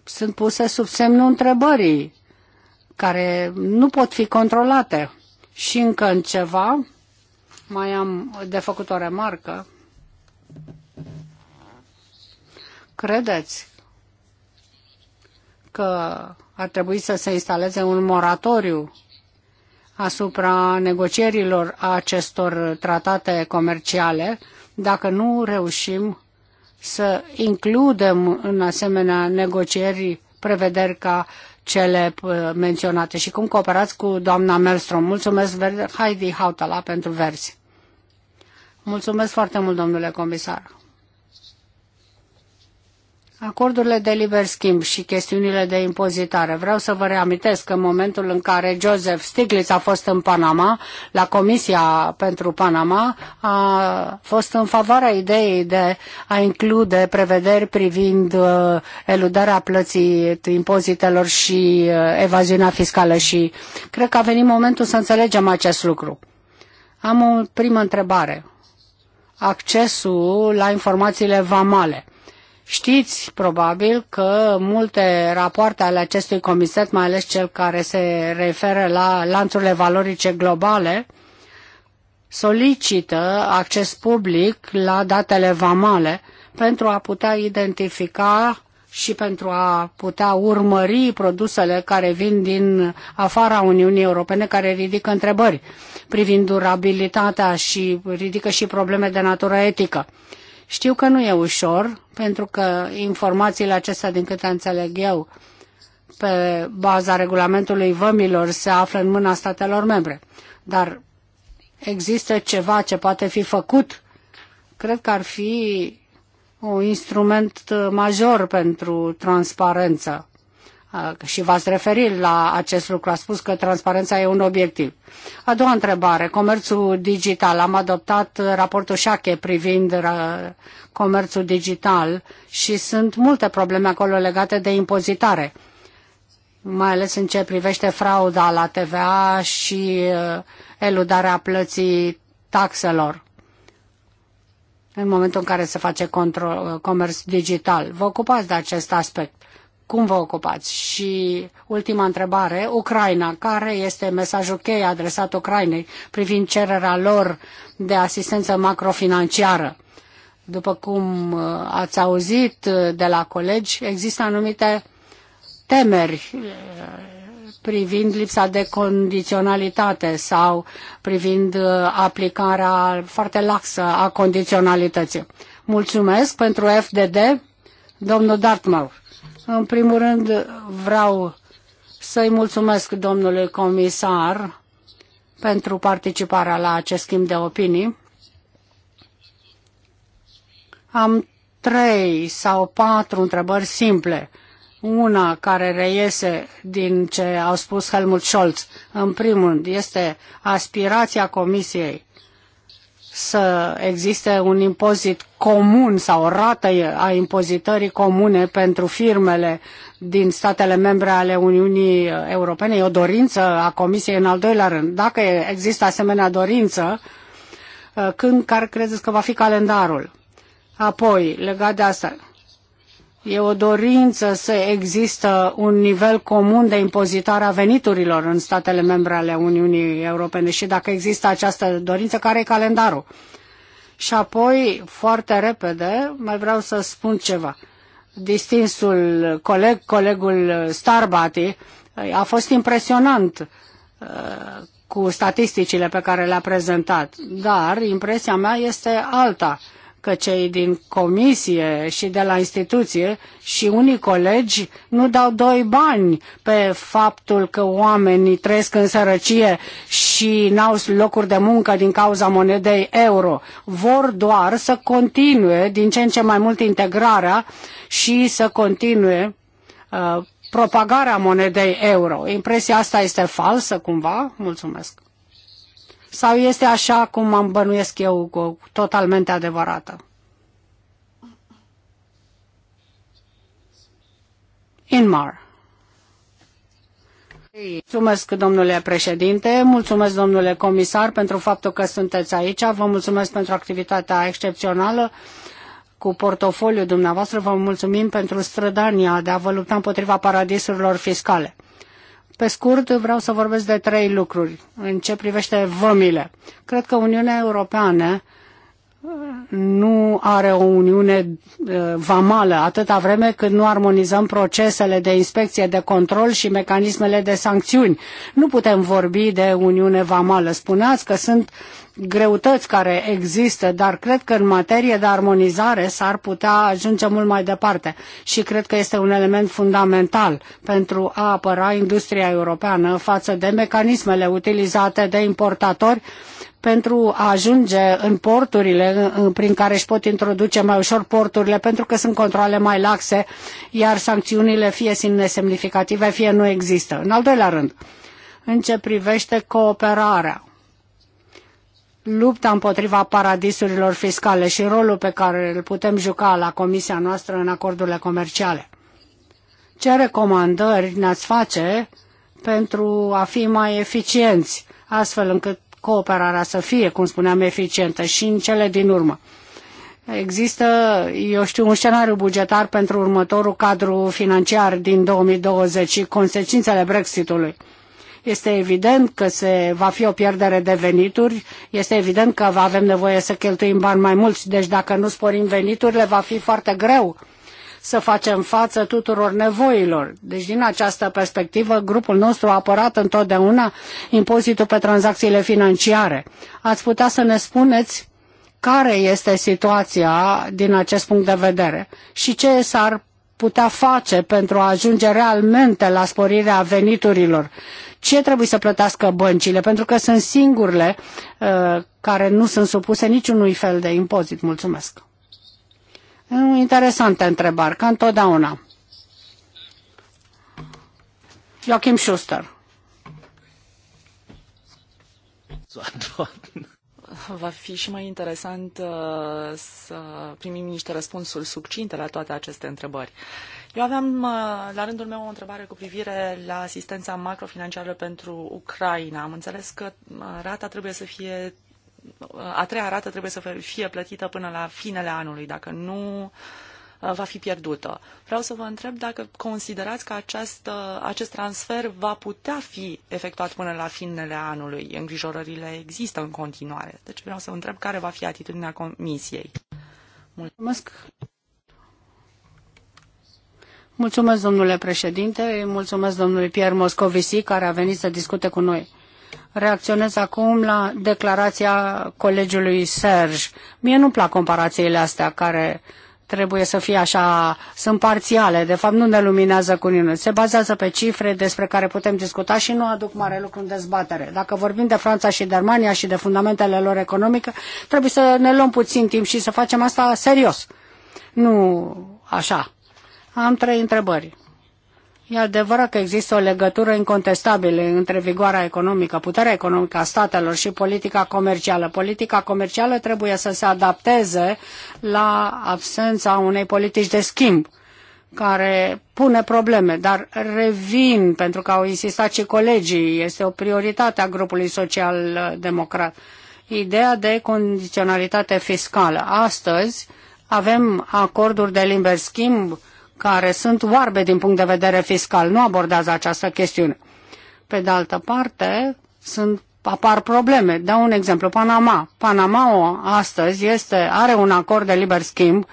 sunt puse sub semnul întrebării, care nu pot fi controlate. Și încă în ceva, mai am de făcut o remarcă. Credeți că ar trebui să se instaleze un moratoriu asupra negocierilor acestor tratate comerciale dacă nu reușim să includem în asemenea negocieri prevederi ca cele uh, menționate și cum cooperați cu doamna Melstrom. Mulțumesc Heidi Hautala pentru verzi. Mulțumesc foarte mult, domnule comisar. Acordurile de liber schimb și chestiunile de impozitare. Vreau să vă reamintesc că în momentul în care Joseph Stiglitz a fost în Panama, la Comisia pentru Panama, a fost în favoarea ideii de a include prevederi privind uh, eludarea plății impozitelor și uh, evaziunea fiscală și cred că a venit momentul să înțelegem acest lucru. Am o primă întrebare. Accesul la informațiile vamale Știți probabil că multe rapoarte ale acestui comitet, mai ales cel care se referă la lanțurile valorice globale, solicită acces public la datele vamale pentru a putea identifica și pentru a putea urmări produsele care vin din afara Uniunii Europene, care ridică întrebări privind durabilitatea și ridică și probleme de natură etică. Știu că nu e ușor, pentru că informațiile acestea, din câte înțeleg eu, pe baza regulamentului vămilor se află în mâna statelor membre. Dar există ceva ce poate fi făcut? Cred că ar fi un instrument major pentru transparență și v-ați referit la acest lucru, a spus că transparența e un obiectiv. A doua întrebare, comerțul digital. Am adoptat raportul Șache privind uh, comerțul digital și sunt multe probleme acolo legate de impozitare, mai ales în ce privește frauda la TVA și uh, eludarea plății taxelor în momentul în care se face control, uh, comerț digital. Vă ocupați de acest aspect cum vă ocupați? Și ultima întrebare, Ucraina, care este mesajul cheie adresat Ucrainei privind cererea lor de asistență macrofinanciară? După cum uh, ați auzit uh, de la colegi, există anumite temeri uh, privind lipsa de condiționalitate sau privind aplicarea foarte laxă a condiționalității. Mulțumesc pentru FDD, domnul Dartmouth. În primul rând vreau să-i mulțumesc domnului comisar pentru participarea la acest schimb de opinii. Am trei sau patru întrebări simple. Una care reiese din ce au spus Helmut Scholz, în primul rând, este aspirația Comisiei să existe un impozit comun sau o rată a impozitării comune pentru firmele din statele membre ale Uniunii Europene. E o dorință a Comisiei în al doilea rând. Dacă există asemenea dorință, uh, când care credeți că va fi calendarul? Apoi, legat de asta, E o dorință să există un nivel comun de impozitare a veniturilor în statele membre ale Uniunii Europene și dacă există această dorință, care e calendarul? Și apoi, foarte repede, mai vreau să spun ceva. Distinsul coleg, colegul Starbati, a fost impresionant uh, cu statisticile pe care le-a prezentat, dar impresia mea este alta că cei din comisie și de la instituție și unii colegi nu dau doi bani pe faptul că oamenii trăiesc în sărăcie și n-au locuri de muncă din cauza monedei euro. Vor doar să continue din ce în ce mai mult integrarea și să continue uh, propagarea monedei euro. Impresia asta este falsă cumva? Mulțumesc. Sau este așa cum am bănuiesc eu, totalmente adevărată? Inmar. Mulțumesc, domnule președinte, mulțumesc, domnule comisar, pentru faptul că sunteți aici. Vă mulțumesc pentru activitatea excepțională cu portofoliul dumneavoastră. Vă mulțumim pentru strădania de a vă lupta împotriva paradisurilor fiscale. Pe scurt, vreau să vorbesc de trei lucruri în ce privește vămile. Cred că Uniunea Europeană nu are o uniune eh, vamală atâta vreme cât nu armonizăm procesele de inspecție, de control și mecanismele de sancțiuni. Nu putem vorbi de uniune vamală. Spuneați că sunt greutăți care există, dar cred că în materie de armonizare s-ar putea ajunge mult mai departe și cred că este un element fundamental pentru a apăra industria europeană față de mecanismele utilizate de importatori uh, pentru a ajunge în porturile prin care își pot introduce mai ușor porturile, pentru că sunt controle mai laxe, iar sancțiunile fie sunt nesemnificative, fie nu există. În al doilea rând, în ce privește cooperarea, lupta împotriva paradisurilor fiscale și rolul pe care îl putem juca la comisia noastră în acordurile comerciale. Ce recomandări ne-ați face pentru a fi mai eficienți, astfel încât cooperarea să fie, cum spuneam, eficientă și în cele din urmă. Există, eu știu, un scenariu bugetar pentru următorul cadru financiar din 2020 și consecințele Brexitului. Este evident că se va fi o pierdere de venituri, este evident că avem nevoie să cheltuim bani mai mulți, deci dacă nu sporim veniturile, va fi foarte greu uh, să facem față tuturor nevoilor. Deci din această perspectivă, grupul nostru a apărat întotdeauna impozitul pe tranzacțiile financiare. Ați putea să ne spuneți care este situația din acest punct de vedere și ce s-ar putea face pentru a ajunge realmente la sporirea veniturilor? Ce trebuie să plătească băncile? Pentru că sunt singurile uh, care nu sunt supuse niciunui fel de impozit. Mulțumesc! Interesante întrebări, ca întotdeauna. Joachim Schuster. Va fi și mai interesant uh, să primim niște răspunsuri succinte la toate aceste întrebări. Eu aveam uh, la rândul meu o întrebare cu privire la asistența macrofinanciară pentru Ucraina. Am înțeles că uh, rata trebuie să fie a treia rată trebuie să fie plătită până la finele anului, dacă nu uh, va fi pierdută. Vreau să vă întreb dacă considerați că acest, acest transfer va putea fi efectuat până la finele anului. Îngrijorările există în continuare. Deci vreau să vă întreb care va fi atitudinea Comisiei. Mulțumesc. Mulțumesc, domnule președinte, mulțumesc domnului Pierre Moscovici care a venit să discute cu noi reacționez acum la declarația colegiului Serge. Mie nu-mi plac comparațiile astea care trebuie să fie așa, sunt parțiale, de fapt nu ne luminează cu nimeni. Se bazează pe cifre despre care putem discuta și nu aduc mare lucru în dezbatere. Dacă vorbim de Franța și de Germania și de fundamentele lor economice, trebuie să ne luăm puțin timp și să facem asta serios. Nu așa. Am trei întrebări. E adevărat că există o legătură incontestabilă între vigoarea economică, puterea economică a statelor și politica comercială. Politica comercială trebuie să se adapteze la absența unei politici de schimb care pune probleme, dar revin pentru că au insistat și colegii, este o prioritate a grupului social-democrat. Ideea de condiționalitate fiscală. Astăzi avem acorduri de liber schimb care sunt oarbe din punct de vedere fiscal. Nu abordează această chestiune. Pe de altă parte, sunt apar probleme. Dau un exemplu, Panama. Panama astăzi este, are un acord de liber schimb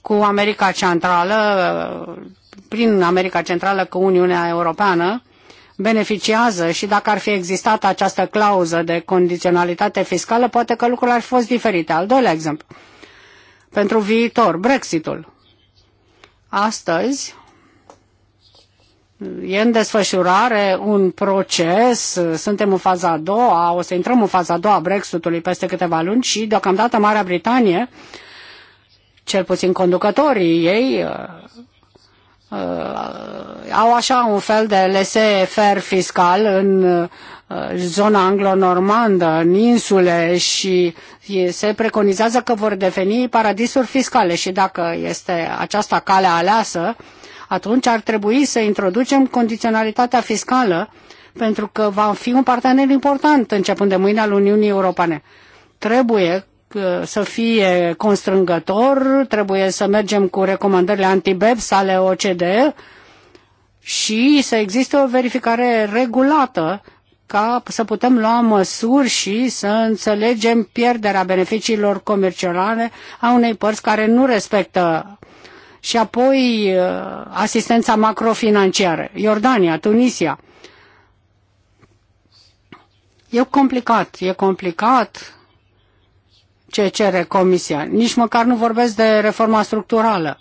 cu America Centrală, prin America Centrală cu Uniunea Europeană, beneficiază și dacă ar fi existat această clauză de condiționalitate fiscală, poate că lucrurile ar fi fost diferite. Al doilea exemplu, pentru viitor, Brexitul. Astăzi e în desfășurare un proces, suntem în faza a doua, o să intrăm în faza a doua a Brexitului peste câteva luni și deocamdată Marea Britanie, cel puțin conducătorii ei, Uh, au așa un fel de laissez-faire fiscal în uh, zona anglo-normandă, în insule și se preconizează că vor deveni paradisuri fiscale și dacă este aceasta calea aleasă, atunci ar trebui să introducem condiționalitatea fiscală pentru că va fi un partener important începând de mâine al Uniunii Europene. Trebuie să fie constrângător, trebuie să mergem cu recomandările antibeps ale OCDE și să existe o verificare regulată ca să putem lua măsuri și să înțelegem pierderea beneficiilor comerciale a unei părți care nu respectă și apoi uh, asistența macrofinanciară. Iordania, Tunisia. E complicat, e complicat ce cere Comisia. Nici măcar nu vorbesc de reforma structurală,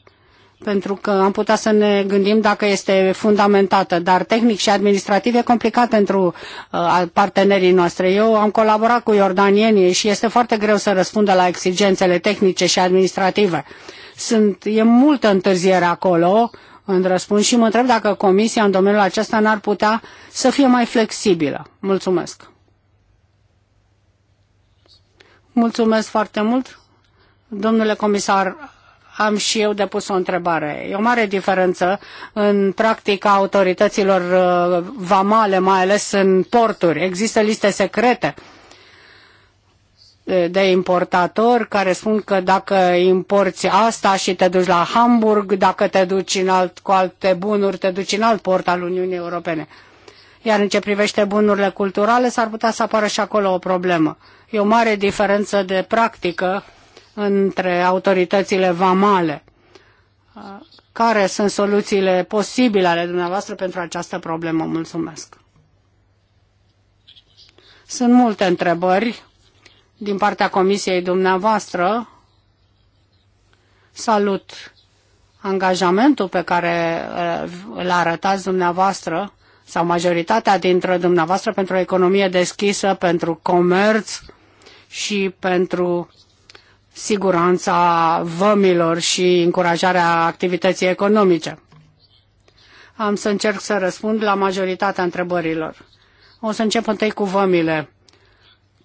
pentru că am putea să ne gândim dacă este fundamentată, dar tehnic și administrativ e complicat pentru uh, partenerii noștri. Eu am colaborat cu iordanienii și este foarte greu să răspundă la exigențele tehnice și administrative. Sunt, e multă întârziere acolo în răspuns și mă întreb dacă Comisia în domeniul acesta n-ar putea să fie mai flexibilă. Mulțumesc! Mulțumesc foarte mult. Domnule comisar, am și eu depus o întrebare. E o mare diferență în practica autorităților uh, vamale, mai ales în porturi. Există liste secrete uh, de importatori care spun că dacă importi asta și te duci la Hamburg, dacă te duci în alt, cu alte bunuri, te duci în alt port al Uniunii Europene. Iar în ce privește bunurile culturale, s-ar putea să apară și acolo o problemă. E o mare diferență de practică între autoritățile vamale. Care sunt soluțiile posibile ale dumneavoastră pentru această problemă? Mulțumesc! Sunt multe întrebări din partea comisiei dumneavoastră. Salut angajamentul pe care îl arătați dumneavoastră sau majoritatea dintre dumneavoastră pentru o economie deschisă, pentru comerț și pentru siguranța vămilor și încurajarea activității economice. Am să încerc să răspund la majoritatea întrebărilor. O să încep întâi cu vămile.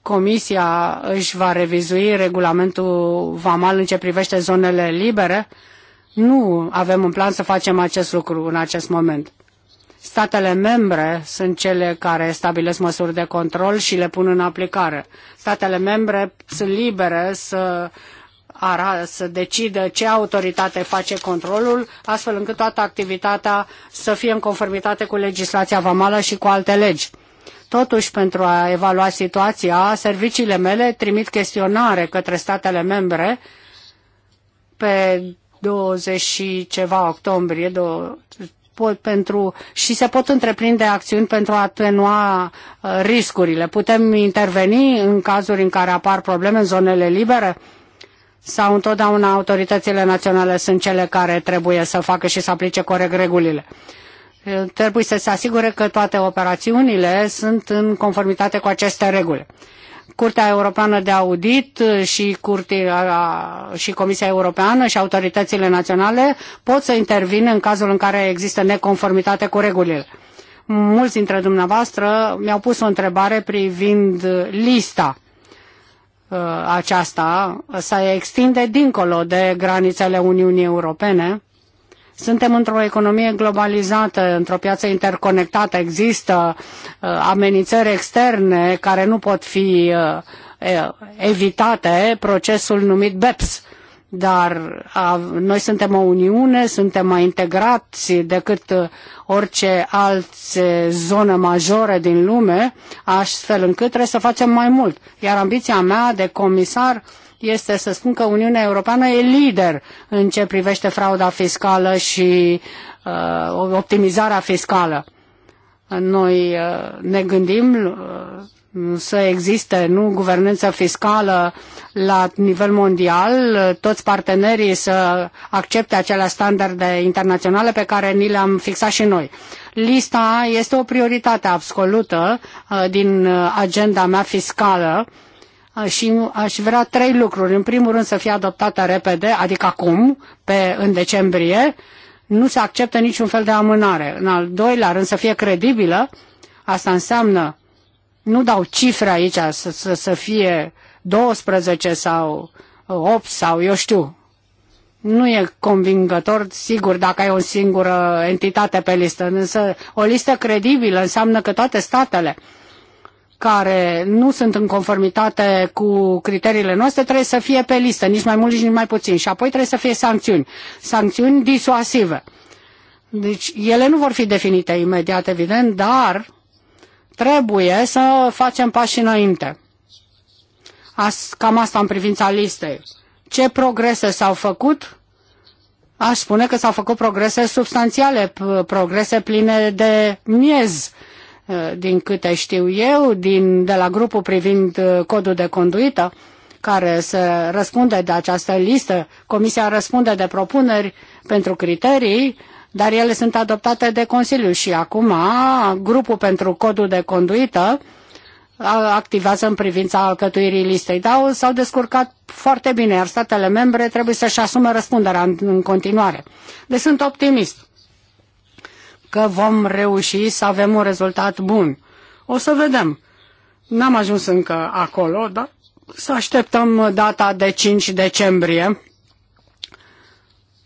Comisia își va revizui regulamentul VAMAL în ce privește zonele libere. Nu avem în plan să facem acest lucru în acest moment. Statele membre sunt cele care stabilesc măsuri de control și le pun în aplicare. Statele membre sunt libere să ara, să decidă ce autoritate face controlul, astfel încât toată activitatea să fie în conformitate cu legislația vamală și cu alte legi. Totuși, pentru a evalua situația, serviciile mele trimit chestionare către statele membre pe 20 și ceva octombrie, pot pentru, și se pot întreprinde acțiuni pentru a atenua uh, riscurile. Putem interveni în cazuri în care apar probleme în zonele libere? sau întotdeauna autoritățile naționale sunt cele care trebuie să facă și să aplice corect regulile. Uh, trebuie să se asigure că toate operațiunile sunt în conformitate cu aceste reguli. Curtea Europeană de Audit și, Curtea, și Comisia Europeană și autoritățile naționale pot să intervină în cazul în care există neconformitate cu regulile. Mulți dintre dumneavoastră mi-au pus o întrebare privind lista uh, aceasta să extinde dincolo de granițele Uniunii Europene suntem într-o economie globalizată, într-o piață interconectată. Există uh, amenințări externe care nu pot fi uh, evitate, procesul numit BEPS dar uh, noi suntem o uniune, suntem mai integrați decât orice altă zonă majoră din lume, astfel încât trebuie să facem mai mult. Iar ambiția mea de comisar este să spun că Uniunea Europeană e lider în ce privește frauda fiscală și uh, optimizarea fiscală. Noi uh, ne gândim uh, să existe nu guvernanță fiscală la nivel mondial, toți partenerii să accepte acele standarde internaționale pe care ni le-am fixat și noi. Lista este o prioritate absolută uh, din uh, agenda mea fiscală și aș vrea trei lucruri. În primul rând să fie adoptată repede, adică acum, pe, în decembrie, nu se acceptă niciun fel de amânare. În al doilea rând să fie credibilă, asta înseamnă, nu dau cifre aici, să, să, să fie 12 sau 8 uh, sau eu știu, nu e convingător, sigur, dacă ai o singură entitate pe listă, însă o listă credibilă înseamnă că toate statele care nu sunt în conformitate cu criteriile noastre trebuie să fie pe listă, nici mai mult, nici mai puțin. Și apoi trebuie să fie sancțiuni, sancțiuni disuasive. Deci ele nu vor fi definite imediat, evident, dar trebuie să facem pași înainte. As, cam asta în privința listei. Ce progrese s-au făcut? Aș spune că s-au făcut progrese substanțiale, progrese pline de miez Eh, din câte știu eu, din, de la grupul privind eh, codul de conduită, care să răspunde de această listă. Comisia răspunde de propuneri pentru criterii, dar ele sunt adoptate de Consiliu și acum grupul pentru codul de conduită activează în privința alcătuirii listei. Dar s-au descurcat foarte bine, iar statele membre trebuie să-și asume răspunderea în, în continuare. Deci sunt optimist că vom reuși să avem un rezultat bun. O să vedem. N-am ajuns încă acolo, dar să așteptăm data de 5 decembrie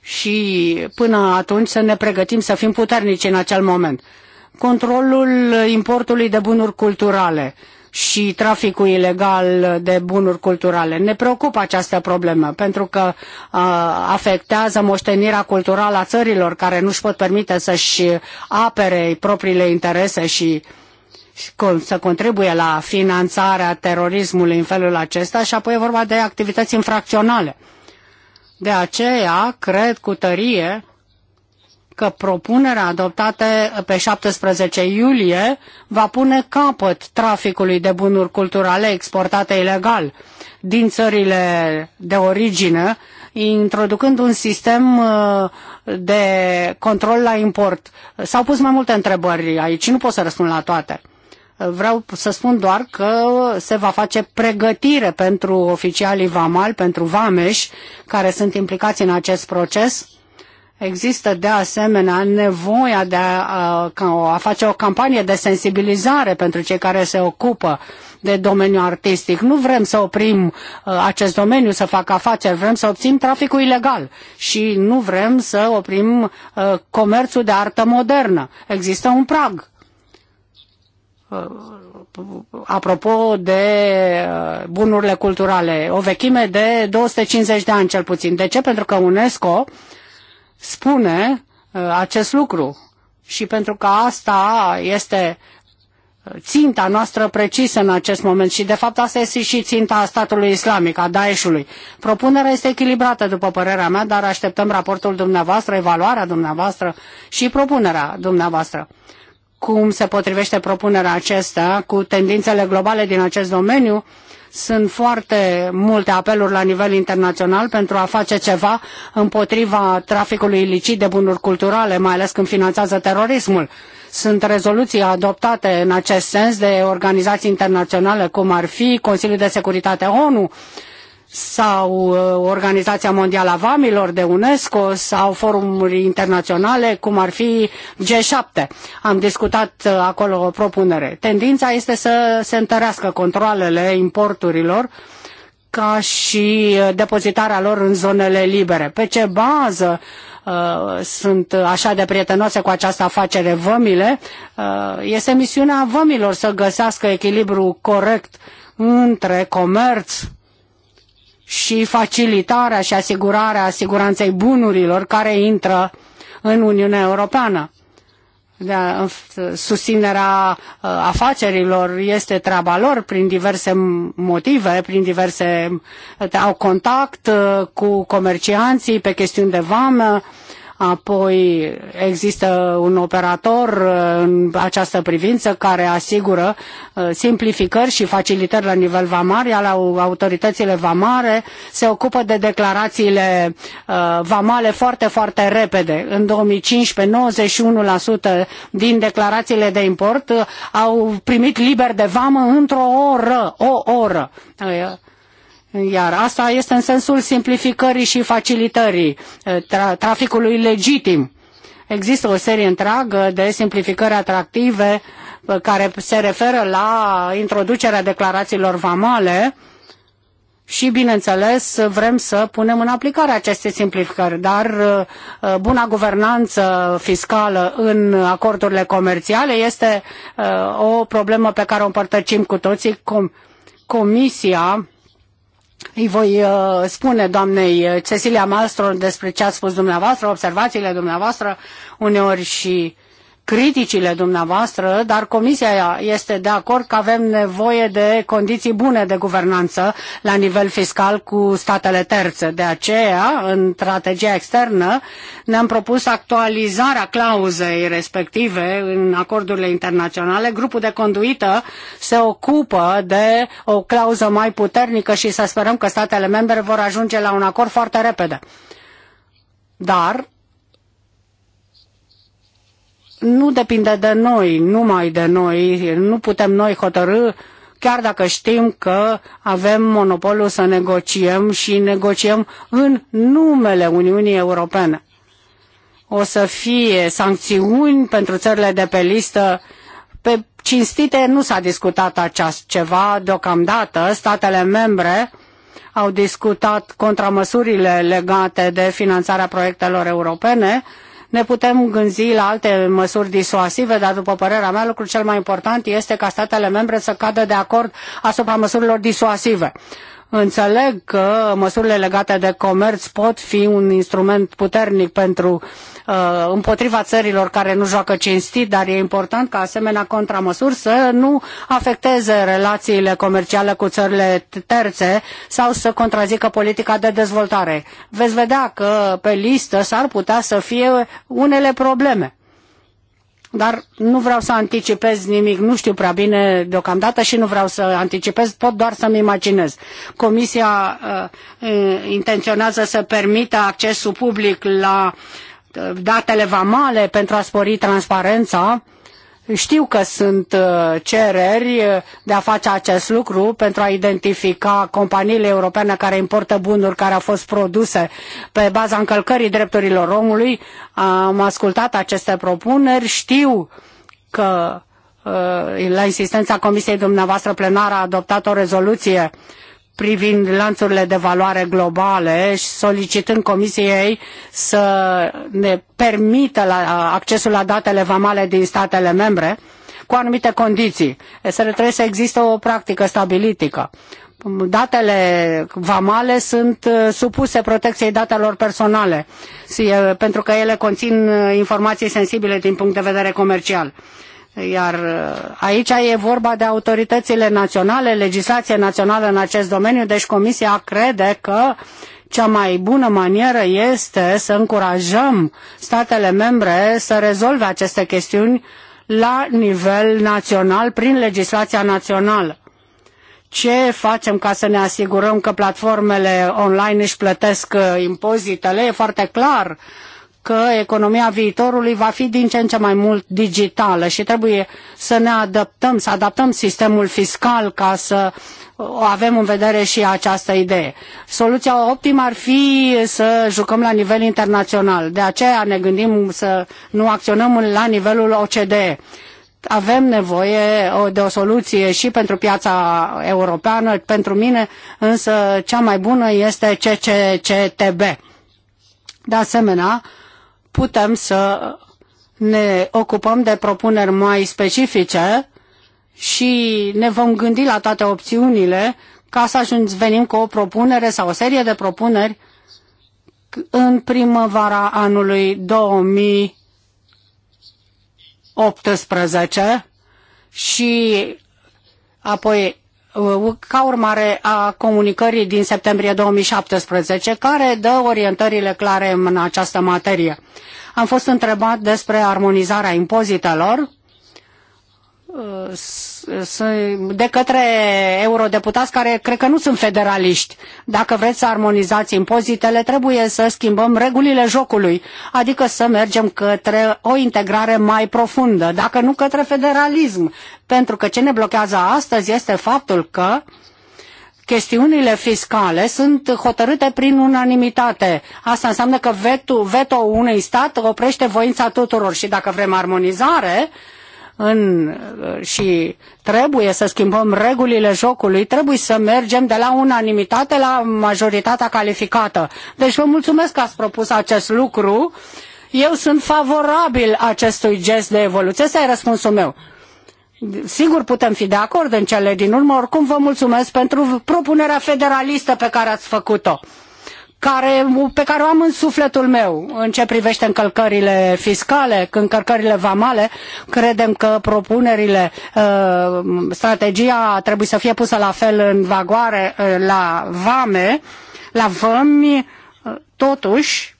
și până atunci să ne pregătim să fim puternici în acel moment. Controlul importului de bunuri culturale și traficul ilegal de bunuri culturale. Ne preocupă această problemă pentru că afectează moștenirea culturală a țărilor care nu își pot permite să-și apere propriile interese și să contribuie la finanțarea terorismului în felul acesta și apoi e vorba de activități infracționale. De aceea, cred cu tărie că propunerea adoptată pe 17 iulie va pune capăt traficului de bunuri culturale exportate ilegal din țările de origine, introducând un sistem uh, de control la import. S-au pus mai multe întrebări aici, nu pot să răspund la toate. Vreau să spun doar că se va face pregătire pentru oficialii VAMAL, pentru VAMEș, care sunt implicați în acest proces Există de asemenea nevoia de a, a, a face o campanie de sensibilizare pentru cei care se ocupă de domeniul artistic. Nu vrem să oprim a, acest domeniu să facă afaceri, vrem să oprim traficul ilegal și nu vrem să oprim a, comerțul de artă modernă. Există un prag. A, apropo de bunurile culturale, o vechime de 250 de ani cel puțin. De ce? Pentru că UNESCO spune uh, acest lucru și pentru că asta este ținta noastră precisă în acest moment și de fapt asta este și ținta statului islamic, a Daeshului. Propunerea este echilibrată după părerea mea, dar așteptăm raportul dumneavoastră, evaluarea dumneavoastră și propunerea dumneavoastră. Cum se potrivește propunerea acesta cu tendințele globale din acest domeniu, uh, sunt foarte multe apeluri la nivel internațional pentru a face ceva împotriva traficului ilicit de bunuri culturale, mai ales când finanțează terorismul. Sunt rezoluții adoptate în acest sens de organizații internaționale, cum ar fi Consiliul de Securitate ONU, sau uh, Organizația Mondială a Vamilor de UNESCO sau forumuri internaționale, cum ar fi G7. Am discutat uh, acolo o propunere. Tendința este să se întărească controlele importurilor ca și uh, depozitarea lor în zonele libere. Pe ce bază uh, sunt așa de prietenoase cu această afacere vămile? Uh, este misiunea vămilor să găsească echilibru corect între comerț, și facilitarea și asigurarea siguranței bunurilor care intră în Uniunea Europeană. De a, susținerea uh, afacerilor este treaba lor prin diverse motive, prin diverse... Uh, au contact uh, cu comercianții pe chestiuni de vamă, Apoi există un operator uh, în această privință care asigură uh, simplificări și facilitări la nivel vamar, iar autoritățile vamare se ocupă de declarațiile uh, vamale foarte, foarte repede. În 2015, 91% din declarațiile de import au primit liber de vamă într-o oră, o oră. Iar asta este în sensul simplificării și facilitării eh, tra- traficului legitim. Există o serie întreagă de simplificări atractive eh, care se referă la introducerea declarațiilor vamale și, bineînțeles, vrem să punem în aplicare aceste simplificări, dar eh, buna guvernanță fiscală în acordurile comerciale este o problemă pe care o împărtăcim cu toții. Comisia îi voi uh, spune doamnei uh, Cecilia Malmström despre ce a spus dumneavoastră, observațiile dumneavoastră uneori și criticile dumneavoastră, dar Comisia este de acord că avem nevoie de condiții bune de guvernanță la nivel fiscal cu statele terțe. De aceea, în strategia externă, ne-am propus actualizarea clauzei respective în acordurile internaționale. Grupul de conduită se ocupă de o clauză mai puternică și să sperăm că statele membre vor ajunge la un acord foarte repede. Dar nu depinde de noi, numai de noi, nu putem noi hotărâ, chiar dacă știm că avem monopolul să negociem și negociem în numele Uniunii Europene. O să fie sancțiuni pentru țările de pe listă. Pe cinstite nu s-a discutat acest ceva deocamdată. Statele membre au discutat contramăsurile legate de finanțarea proiectelor europene, ne putem gândi la alte măsuri disuasive, dar după părerea mea, lucrul cel mai important este ca statele membre să cadă de acord asupra măsurilor disuasive. Înțeleg că măsurile legate de comerț pot fi un instrument puternic pentru uh, împotriva țărilor care nu joacă cinstit, dar e important ca asemenea contramăsuri să nu afecteze relațiile comerciale cu țările terțe sau să contrazică politica de dezvoltare. Veți vedea că pe listă s-ar putea să fie unele probleme. Dar nu vreau să anticipez nimic, nu știu prea bine deocamdată și nu vreau să anticipez, pot doar să-mi imaginez. Comisia uh, uh intenționează să permită accesul public la uh, datele vamale pentru a spori transparența uh, știu că sunt uh, cereri uh, de a face acest lucru pentru a identifica companiile europene care importă bunuri care au fost produse pe baza încălcării drepturilor omului. Am ascultat aceste propuneri, știu că uh, la insistența Comisiei dumneavoastră plenară a adoptat o rezoluție uh, privind lanțurile de valoare globale și solicitând Comisiei să ne permită la, accesul la datele vamale din statele membre cu anumite condiții. Să trebuie să existe o practică stabilitică. Datele vamale sunt uh, supuse protecției datelor personale, uh, pentru că ele conțin uh, informații sensibile din punct de vedere comercial iar uh, aici e vorba de autoritățile naționale, legislație națională în acest domeniu, deci Comisia crede că cea mai bună manieră este să încurajăm statele membre să rezolve aceste chestiuni la nivel național, prin legislația națională. Ce facem ca să ne asigurăm că platformele online își plătesc uh, impozitele? E foarte clar că economia viitorului va fi din ce în ce mai mult digitală și trebuie să ne adaptăm, să adaptăm sistemul fiscal ca să avem în vedere și această idee. Soluția optimă ar fi să jucăm la nivel internațional. De aceea ne gândim să nu acționăm la nivelul OCDE avem nevoie de o soluție și pentru piața europeană. Pentru mine însă cea mai bună este CCCTB. De asemenea, putem să ne ocupăm de propuneri mai specifice și ne vom gândi la toate opțiunile ca să ajungem, venim cu o propunere sau o serie de propuneri în primăvara anului 2018 și apoi Uh, ca urmare a comunicării din septembrie 2017, care dă orientările clare în această materie. Am fost întrebat despre armonizarea impozitelor Uh, de către eurodeputați care cred că nu sunt federaliști. Dacă vreți să armonizați impozitele, trebuie să schimbăm regulile jocului, adică să mergem către o integrare mai profundă, dacă nu către federalism. Pentru că ce ne blochează astăzi este faptul că chestiunile fiscale sunt hotărâte prin unanimitate. Asta înseamnă că veto, veto unui stat oprește voința tuturor și dacă vrem armonizare, uh, în, și trebuie să schimbăm regulile jocului, trebuie să mergem de la unanimitate la majoritatea calificată. Deci vă mulțumesc că ați propus acest lucru. Eu sunt favorabil acestui gest de evoluție. Asta e răspunsul meu. Sigur putem fi de acord în cele din urmă, oricum vă mulțumesc pentru propunerea federalistă pe care ați făcut-o care, pe care o am în sufletul meu în ce privește încălcările fiscale, încălcările vamale. Credem că propunerile, uh, strategia trebuie să fie pusă la fel în vagoare uh, la vame, la vămi, uh, totuși,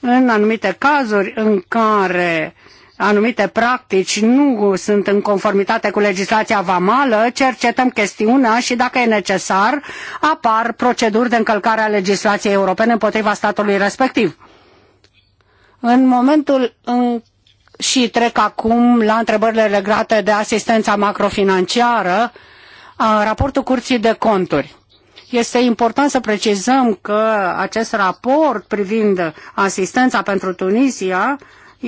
în anumite cazuri în care anumite practici nu sunt în conformitate cu legislația vamală, cercetăm chestiunea și dacă e necesar, apar proceduri de încălcare a legislației europene împotriva statului respectiv. În momentul în și trec acum la întrebările legate de asistența macrofinanciară, raportul Curții de Conturi. Este important să precizăm că acest raport privind asistența pentru Tunisia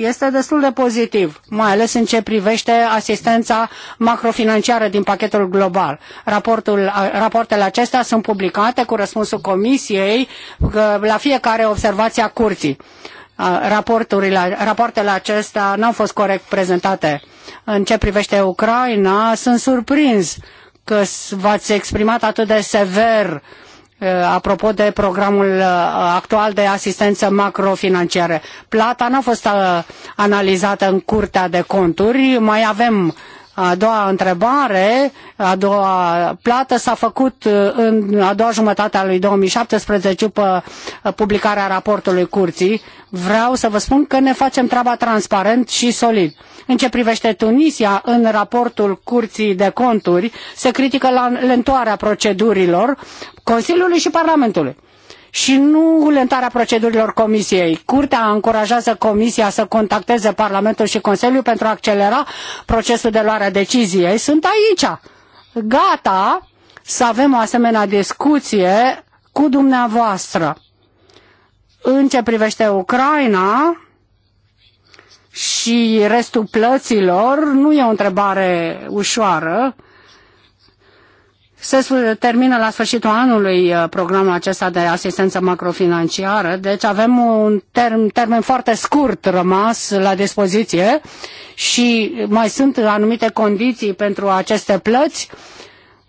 este destul de pozitiv, mai ales în ce privește asistența macrofinanciară din pachetul global. Raportul, rapoartele acestea sunt publicate cu răspunsul Comisiei la fiecare observație a curții raporturile, rapoartele acestea n-au fost corect prezentate. În ce privește Ucraina, sunt surprins că v-ați exprimat atât de sever Eh, apropo de programul eh, actual de asistență macrofinanciară. Plata n-a fost eh, analizată în Curtea de Conturi, mai avem a doua întrebare, a doua plată s-a făcut uh, în a doua jumătate a lui 2017 după uh, publicarea raportului curții. Vreau să vă spun că ne facem treaba transparent și solid. În ce privește Tunisia, în raportul curții de conturi se critică la lentoarea procedurilor Consiliului și Parlamentului și nu lentarea procedurilor comisiei. Curtea încurajează comisia să contacteze Parlamentul și Consiliul pentru a accelera procesul de luare a deciziei. Sunt aici, gata să avem o asemenea discuție cu dumneavoastră. În ce privește Ucraina, și restul plăților nu e o întrebare ușoară se termină la sfârșitul anului uh, programul acesta de asistență macrofinanciară, deci avem un term, termen foarte scurt rămas la dispoziție și mai sunt anumite condiții pentru aceste plăți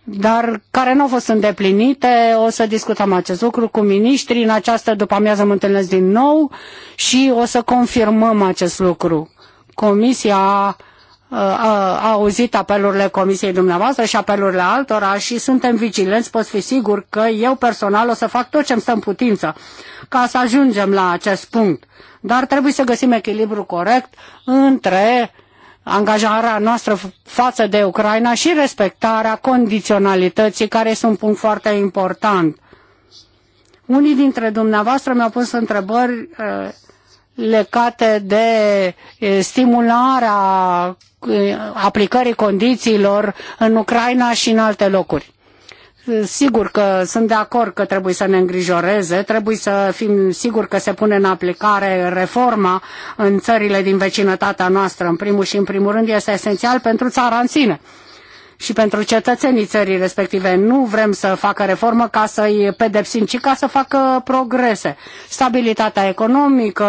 dar care nu au fost îndeplinite. O să discutăm acest lucru cu miniștrii. În această după-amiază mă întâlnesc din nou și o să confirmăm acest lucru. Comisia Uh, a auzit apelurile comisiei dumneavoastră și apelurile altora și suntem vigilenți, pot fi sigur că eu personal o să fac tot ce îmi stă în putință ca să ajungem la acest punct. Dar trebuie să găsim echilibru corect între angajarea noastră față de Ucraina și respectarea condiționalității, care este un punct foarte important. Unii dintre dumneavoastră mi-au pus întrebări uh, legate de stimularea aplicării condițiilor în Ucraina și în alte locuri. Sigur că sunt de acord că trebuie să ne îngrijoreze, trebuie să fim siguri că se pune în aplicare reforma în țările din vecinătatea noastră, în primul și în primul rând, este esențial pentru țara în sine și pentru cetățenii țării respective. Nu vrem să facă reformă ca să-i pedepsim, ci ca să facă progrese. Stabilitatea economică,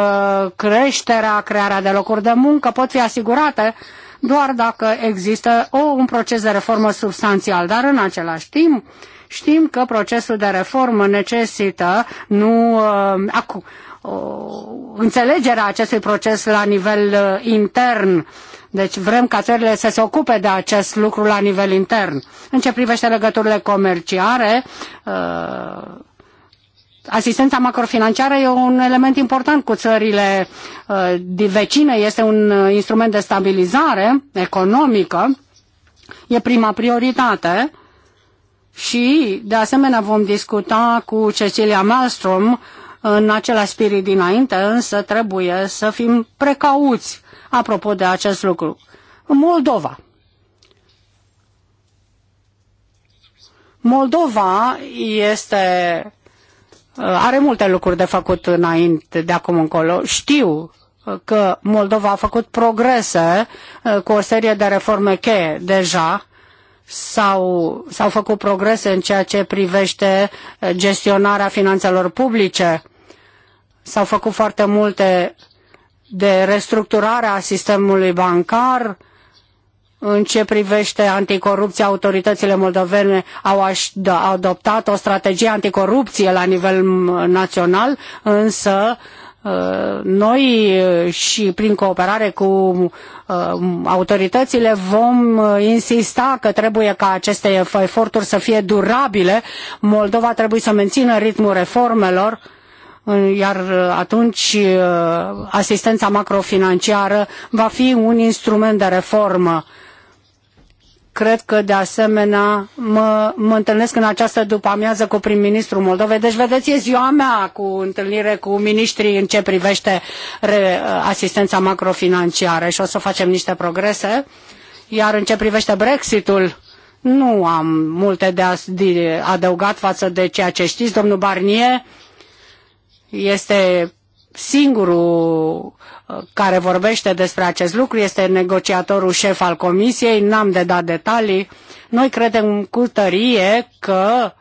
creșterea, crearea de locuri de muncă pot fi asigurate doar dacă există o, un proces de reformă substanțial. Dar în același timp, Știm că procesul de reformă necesită nu uh, acu, uh, înțelegerea acestui proces la nivel uh, intern deci vrem ca țările să se ocupe de acest lucru la nivel intern. În ce privește legăturile comerciare, uh, asistența macrofinanciară e un element important cu țările uh, vecine, este un uh, instrument de stabilizare economică, e prima prioritate. Și, de asemenea, vom discuta cu Cecilia Malmström în același spirit dinainte, însă trebuie să fim precauți apropo de acest lucru. Moldova. Moldova este, are multe lucruri de făcut înainte, de acum încolo. Știu că Moldova a făcut progrese uh, cu o serie de reforme cheie deja, s-au, s-au făcut progrese în ceea ce privește uh, gestionarea finanțelor publice, s-au făcut foarte multe de restructurare a sistemului bancar, în ce privește anticorupția, autoritățile moldovene au da, adoptat o strategie anticorupție la nivel național, însă ă, noi și prin cooperare cu ă, autoritățile vom insista că trebuie ca aceste eforturi să fie durabile. Moldova trebuie să mențină ritmul reformelor iar uh, atunci uh, asistența macrofinanciară va fi un instrument de reformă. Cred că, de asemenea, mă, mă întâlnesc în această după-amiază cu prim-ministrul Moldovei. Deci, vedeți, e ziua mea cu întâlnire cu ministrii în ce privește re, uh, asistența macrofinanciară și o să facem niște progrese. Iar în ce privește Brexitul, nu am multe de adăugat față de ceea ce știți, domnul Barnier este singurul uh, care vorbește despre acest lucru, este negociatorul șef al comisiei, n-am de dat detalii. Noi credem cu tărie că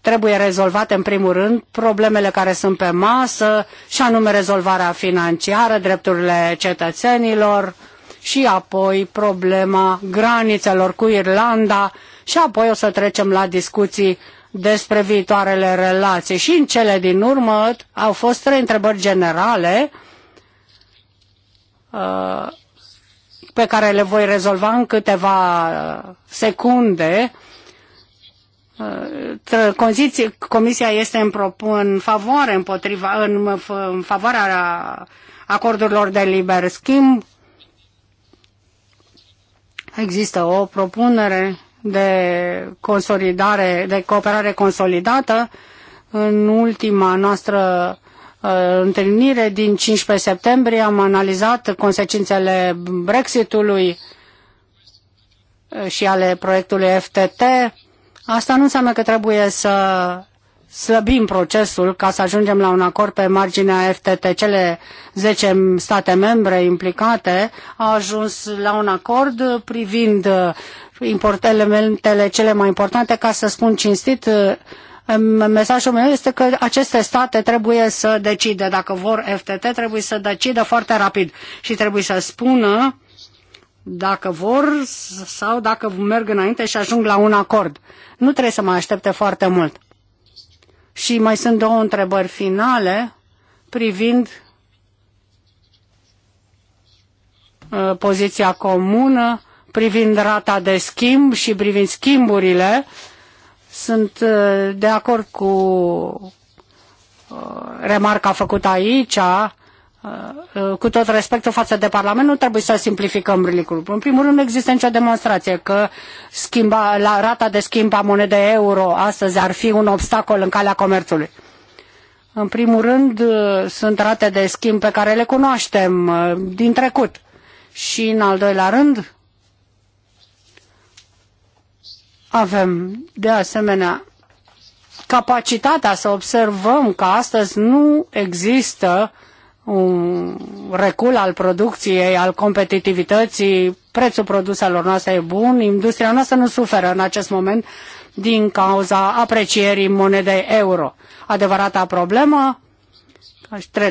trebuie rezolvate în primul rând problemele care sunt pe masă și anume rezolvarea financiară, drepturile cetățenilor și apoi problema granițelor cu Irlanda și apoi o să trecem la discuții despre viitoarele relații. Și în cele din urmă au fost trei întrebări generale uh, pe care le voi rezolva în câteva uh, secunde. Uh, comisia este în, propun, în favoare împotriva, în, în favoarea acordurilor de liber schimb. Există o propunere de consolidare, de cooperare consolidată. În ultima noastră uh, întâlnire din 15 septembrie am analizat consecințele Brexitului uh, și ale proiectului FTT. Asta nu înseamnă că trebuie să slăbim procesul ca să ajungem la un acord pe marginea FTT. Cele 10 state membre implicate au ajuns la un acord privind uh, elementele cele mai importante, ca să spun cinstit, eh, mesajul meu este că aceste state trebuie să decide. Dacă vor FTT, trebuie să decidă foarte rapid și trebuie să spună dacă vor sau dacă merg înainte și ajung la un acord. Nu trebuie să mai aștepte foarte mult. Și mai sunt două întrebări finale privind eh, poziția comună privind rata de schimb și privind schimburile. Sunt uh, de acord cu uh, remarca făcută aici, uh, cu tot respectul față de Parlament, nu trebuie să simplificăm lucrurile. În primul rând, nu există nicio demonstrație că schimba, la rata de schimb a monedei euro astăzi ar fi un obstacol în calea comerțului. În primul rând, sunt rate de schimb pe care le cunoaștem din trecut. Și în al doilea rând, Avem, de asemenea, capacitatea să observăm că astăzi nu există un recul al producției, al competitivității, prețul produselor noastre e bun, industria noastră nu suferă în acest moment din cauza aprecierii monedei euro. Adevărata problemă,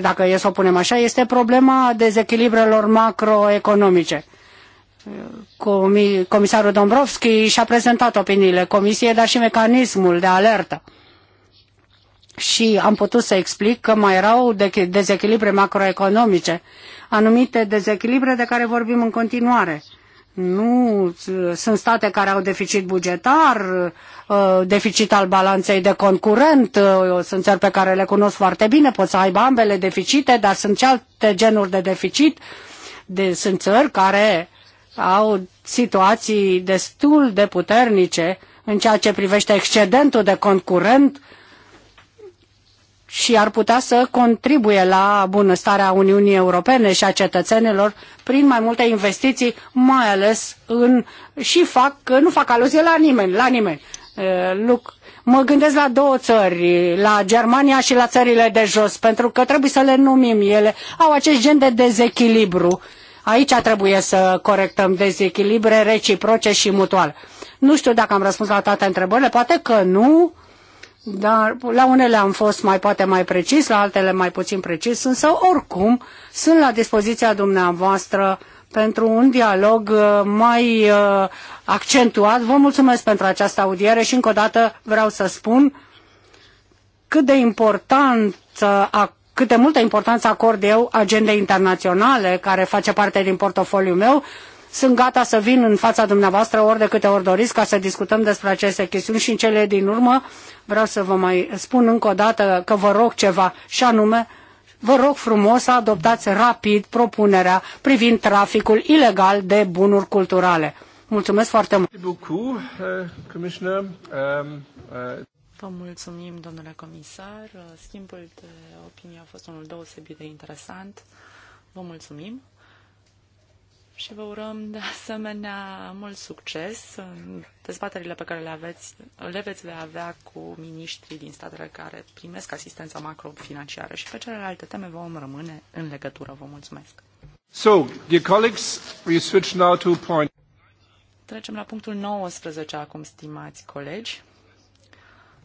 dacă e să o punem așa, este problema dezechilibrelor macroeconomice comisarul Dombrovski și-a prezentat opiniile comisiei, dar și mecanismul de alertă. Și am putut să explic că mai erau dezechilibre macroeconomice, anumite dezechilibre de care vorbim în continuare. Nu sunt state care au deficit bugetar, uh, deficit al balanței de concurent, uh, sunt țări pe care le cunosc foarte bine, pot să aibă ambele deficite, dar sunt și alte genuri de deficit. De, sunt țări care au situații destul de puternice în ceea ce privește excedentul de concurent și ar putea să contribuie la bunăstarea Uniunii Europene și a cetățenilor prin mai multe investiții, mai ales în... și fac, nu fac aluzie la nimeni, la nimeni. Luc, mă gândesc la două țări, la Germania și la țările de jos, pentru că trebuie să le numim ele. Au acest gen de dezechilibru Aici trebuie să corectăm dezechilibre reciproce și mutual. Nu știu dacă am răspuns la toate întrebările, poate că nu, dar la unele am fost mai poate mai precis, la altele mai puțin precis, însă oricum sunt la dispoziția dumneavoastră pentru un dialog uh, mai uh, accentuat. Vă mulțumesc pentru această audiere și încă o dată vreau să spun cât de important cât de multă importanță acord eu agendei internaționale, care face parte din portofoliul meu, sunt gata să vin în fața dumneavoastră ori de câte ori doriți ca să discutăm despre aceste chestiuni și în cele din urmă vreau să vă mai spun încă o dată că vă rog ceva și anume vă rog frumos să adoptați rapid propunerea privind traficul ilegal de bunuri culturale. Mulțumesc foarte mult! Uh, um, uh, vă mulțumim, domnule comisar. Uh, schimbul de Martini a fost unul deosebit de interesant. Vă mulțumim și vă urăm de asemenea mult succes în dezbaterile pe care le, aveți, le veți le avea cu miniștrii din statele care primesc asistența macrofinanciară și pe celelalte teme vom rămâne în legătură. Vă mulțumesc! So, dear colleagues, we switch now to point... Trecem la punctul 19 acum, stimați colegi.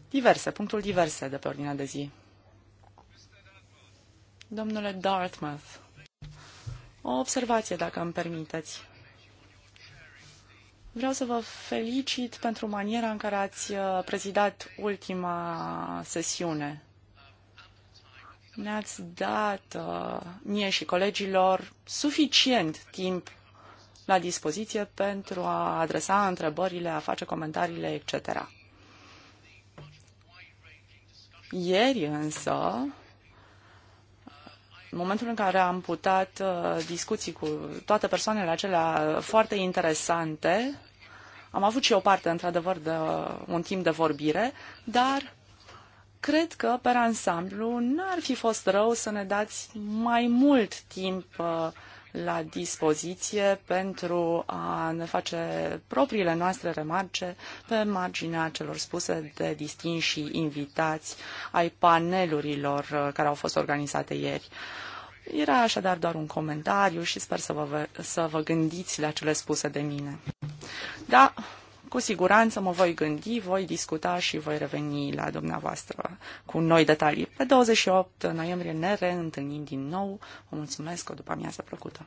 Diverse, punctul diverse de pe ordinea de zi. Domnule Dartmouth, o observație, dacă îmi permiteți. Vreau să vă felicit pentru maniera în care ați uh, prezidat ultima sesiune. Ne-ați dat uh, mie și colegilor suficient timp la dispoziție pentru a adresa întrebările, a face comentariile, etc. Ieri însă în momentul în care am putat uh, discuții cu toate persoanele acelea foarte interesante, am avut și o parte, într-adevăr, de uh, un timp de vorbire, dar cred că, pe ansamblu, n-ar fi fost rău să ne dați mai mult timp uh, la dispoziție pentru a ne face propriile noastre remarce pe marginea celor spuse de distinși invitați ai panelurilor uh, care au fost organizate ieri. Era așadar doar un comentariu și sper să vă, să vă gândiți la cele spuse de mine. Da, cu siguranță mă voi gândi, voi discuta și voi reveni la dumneavoastră cu noi detalii. Pe 28 noiembrie ne reîntâlnim din nou. Vă mulțumesc, o după amiază plăcută!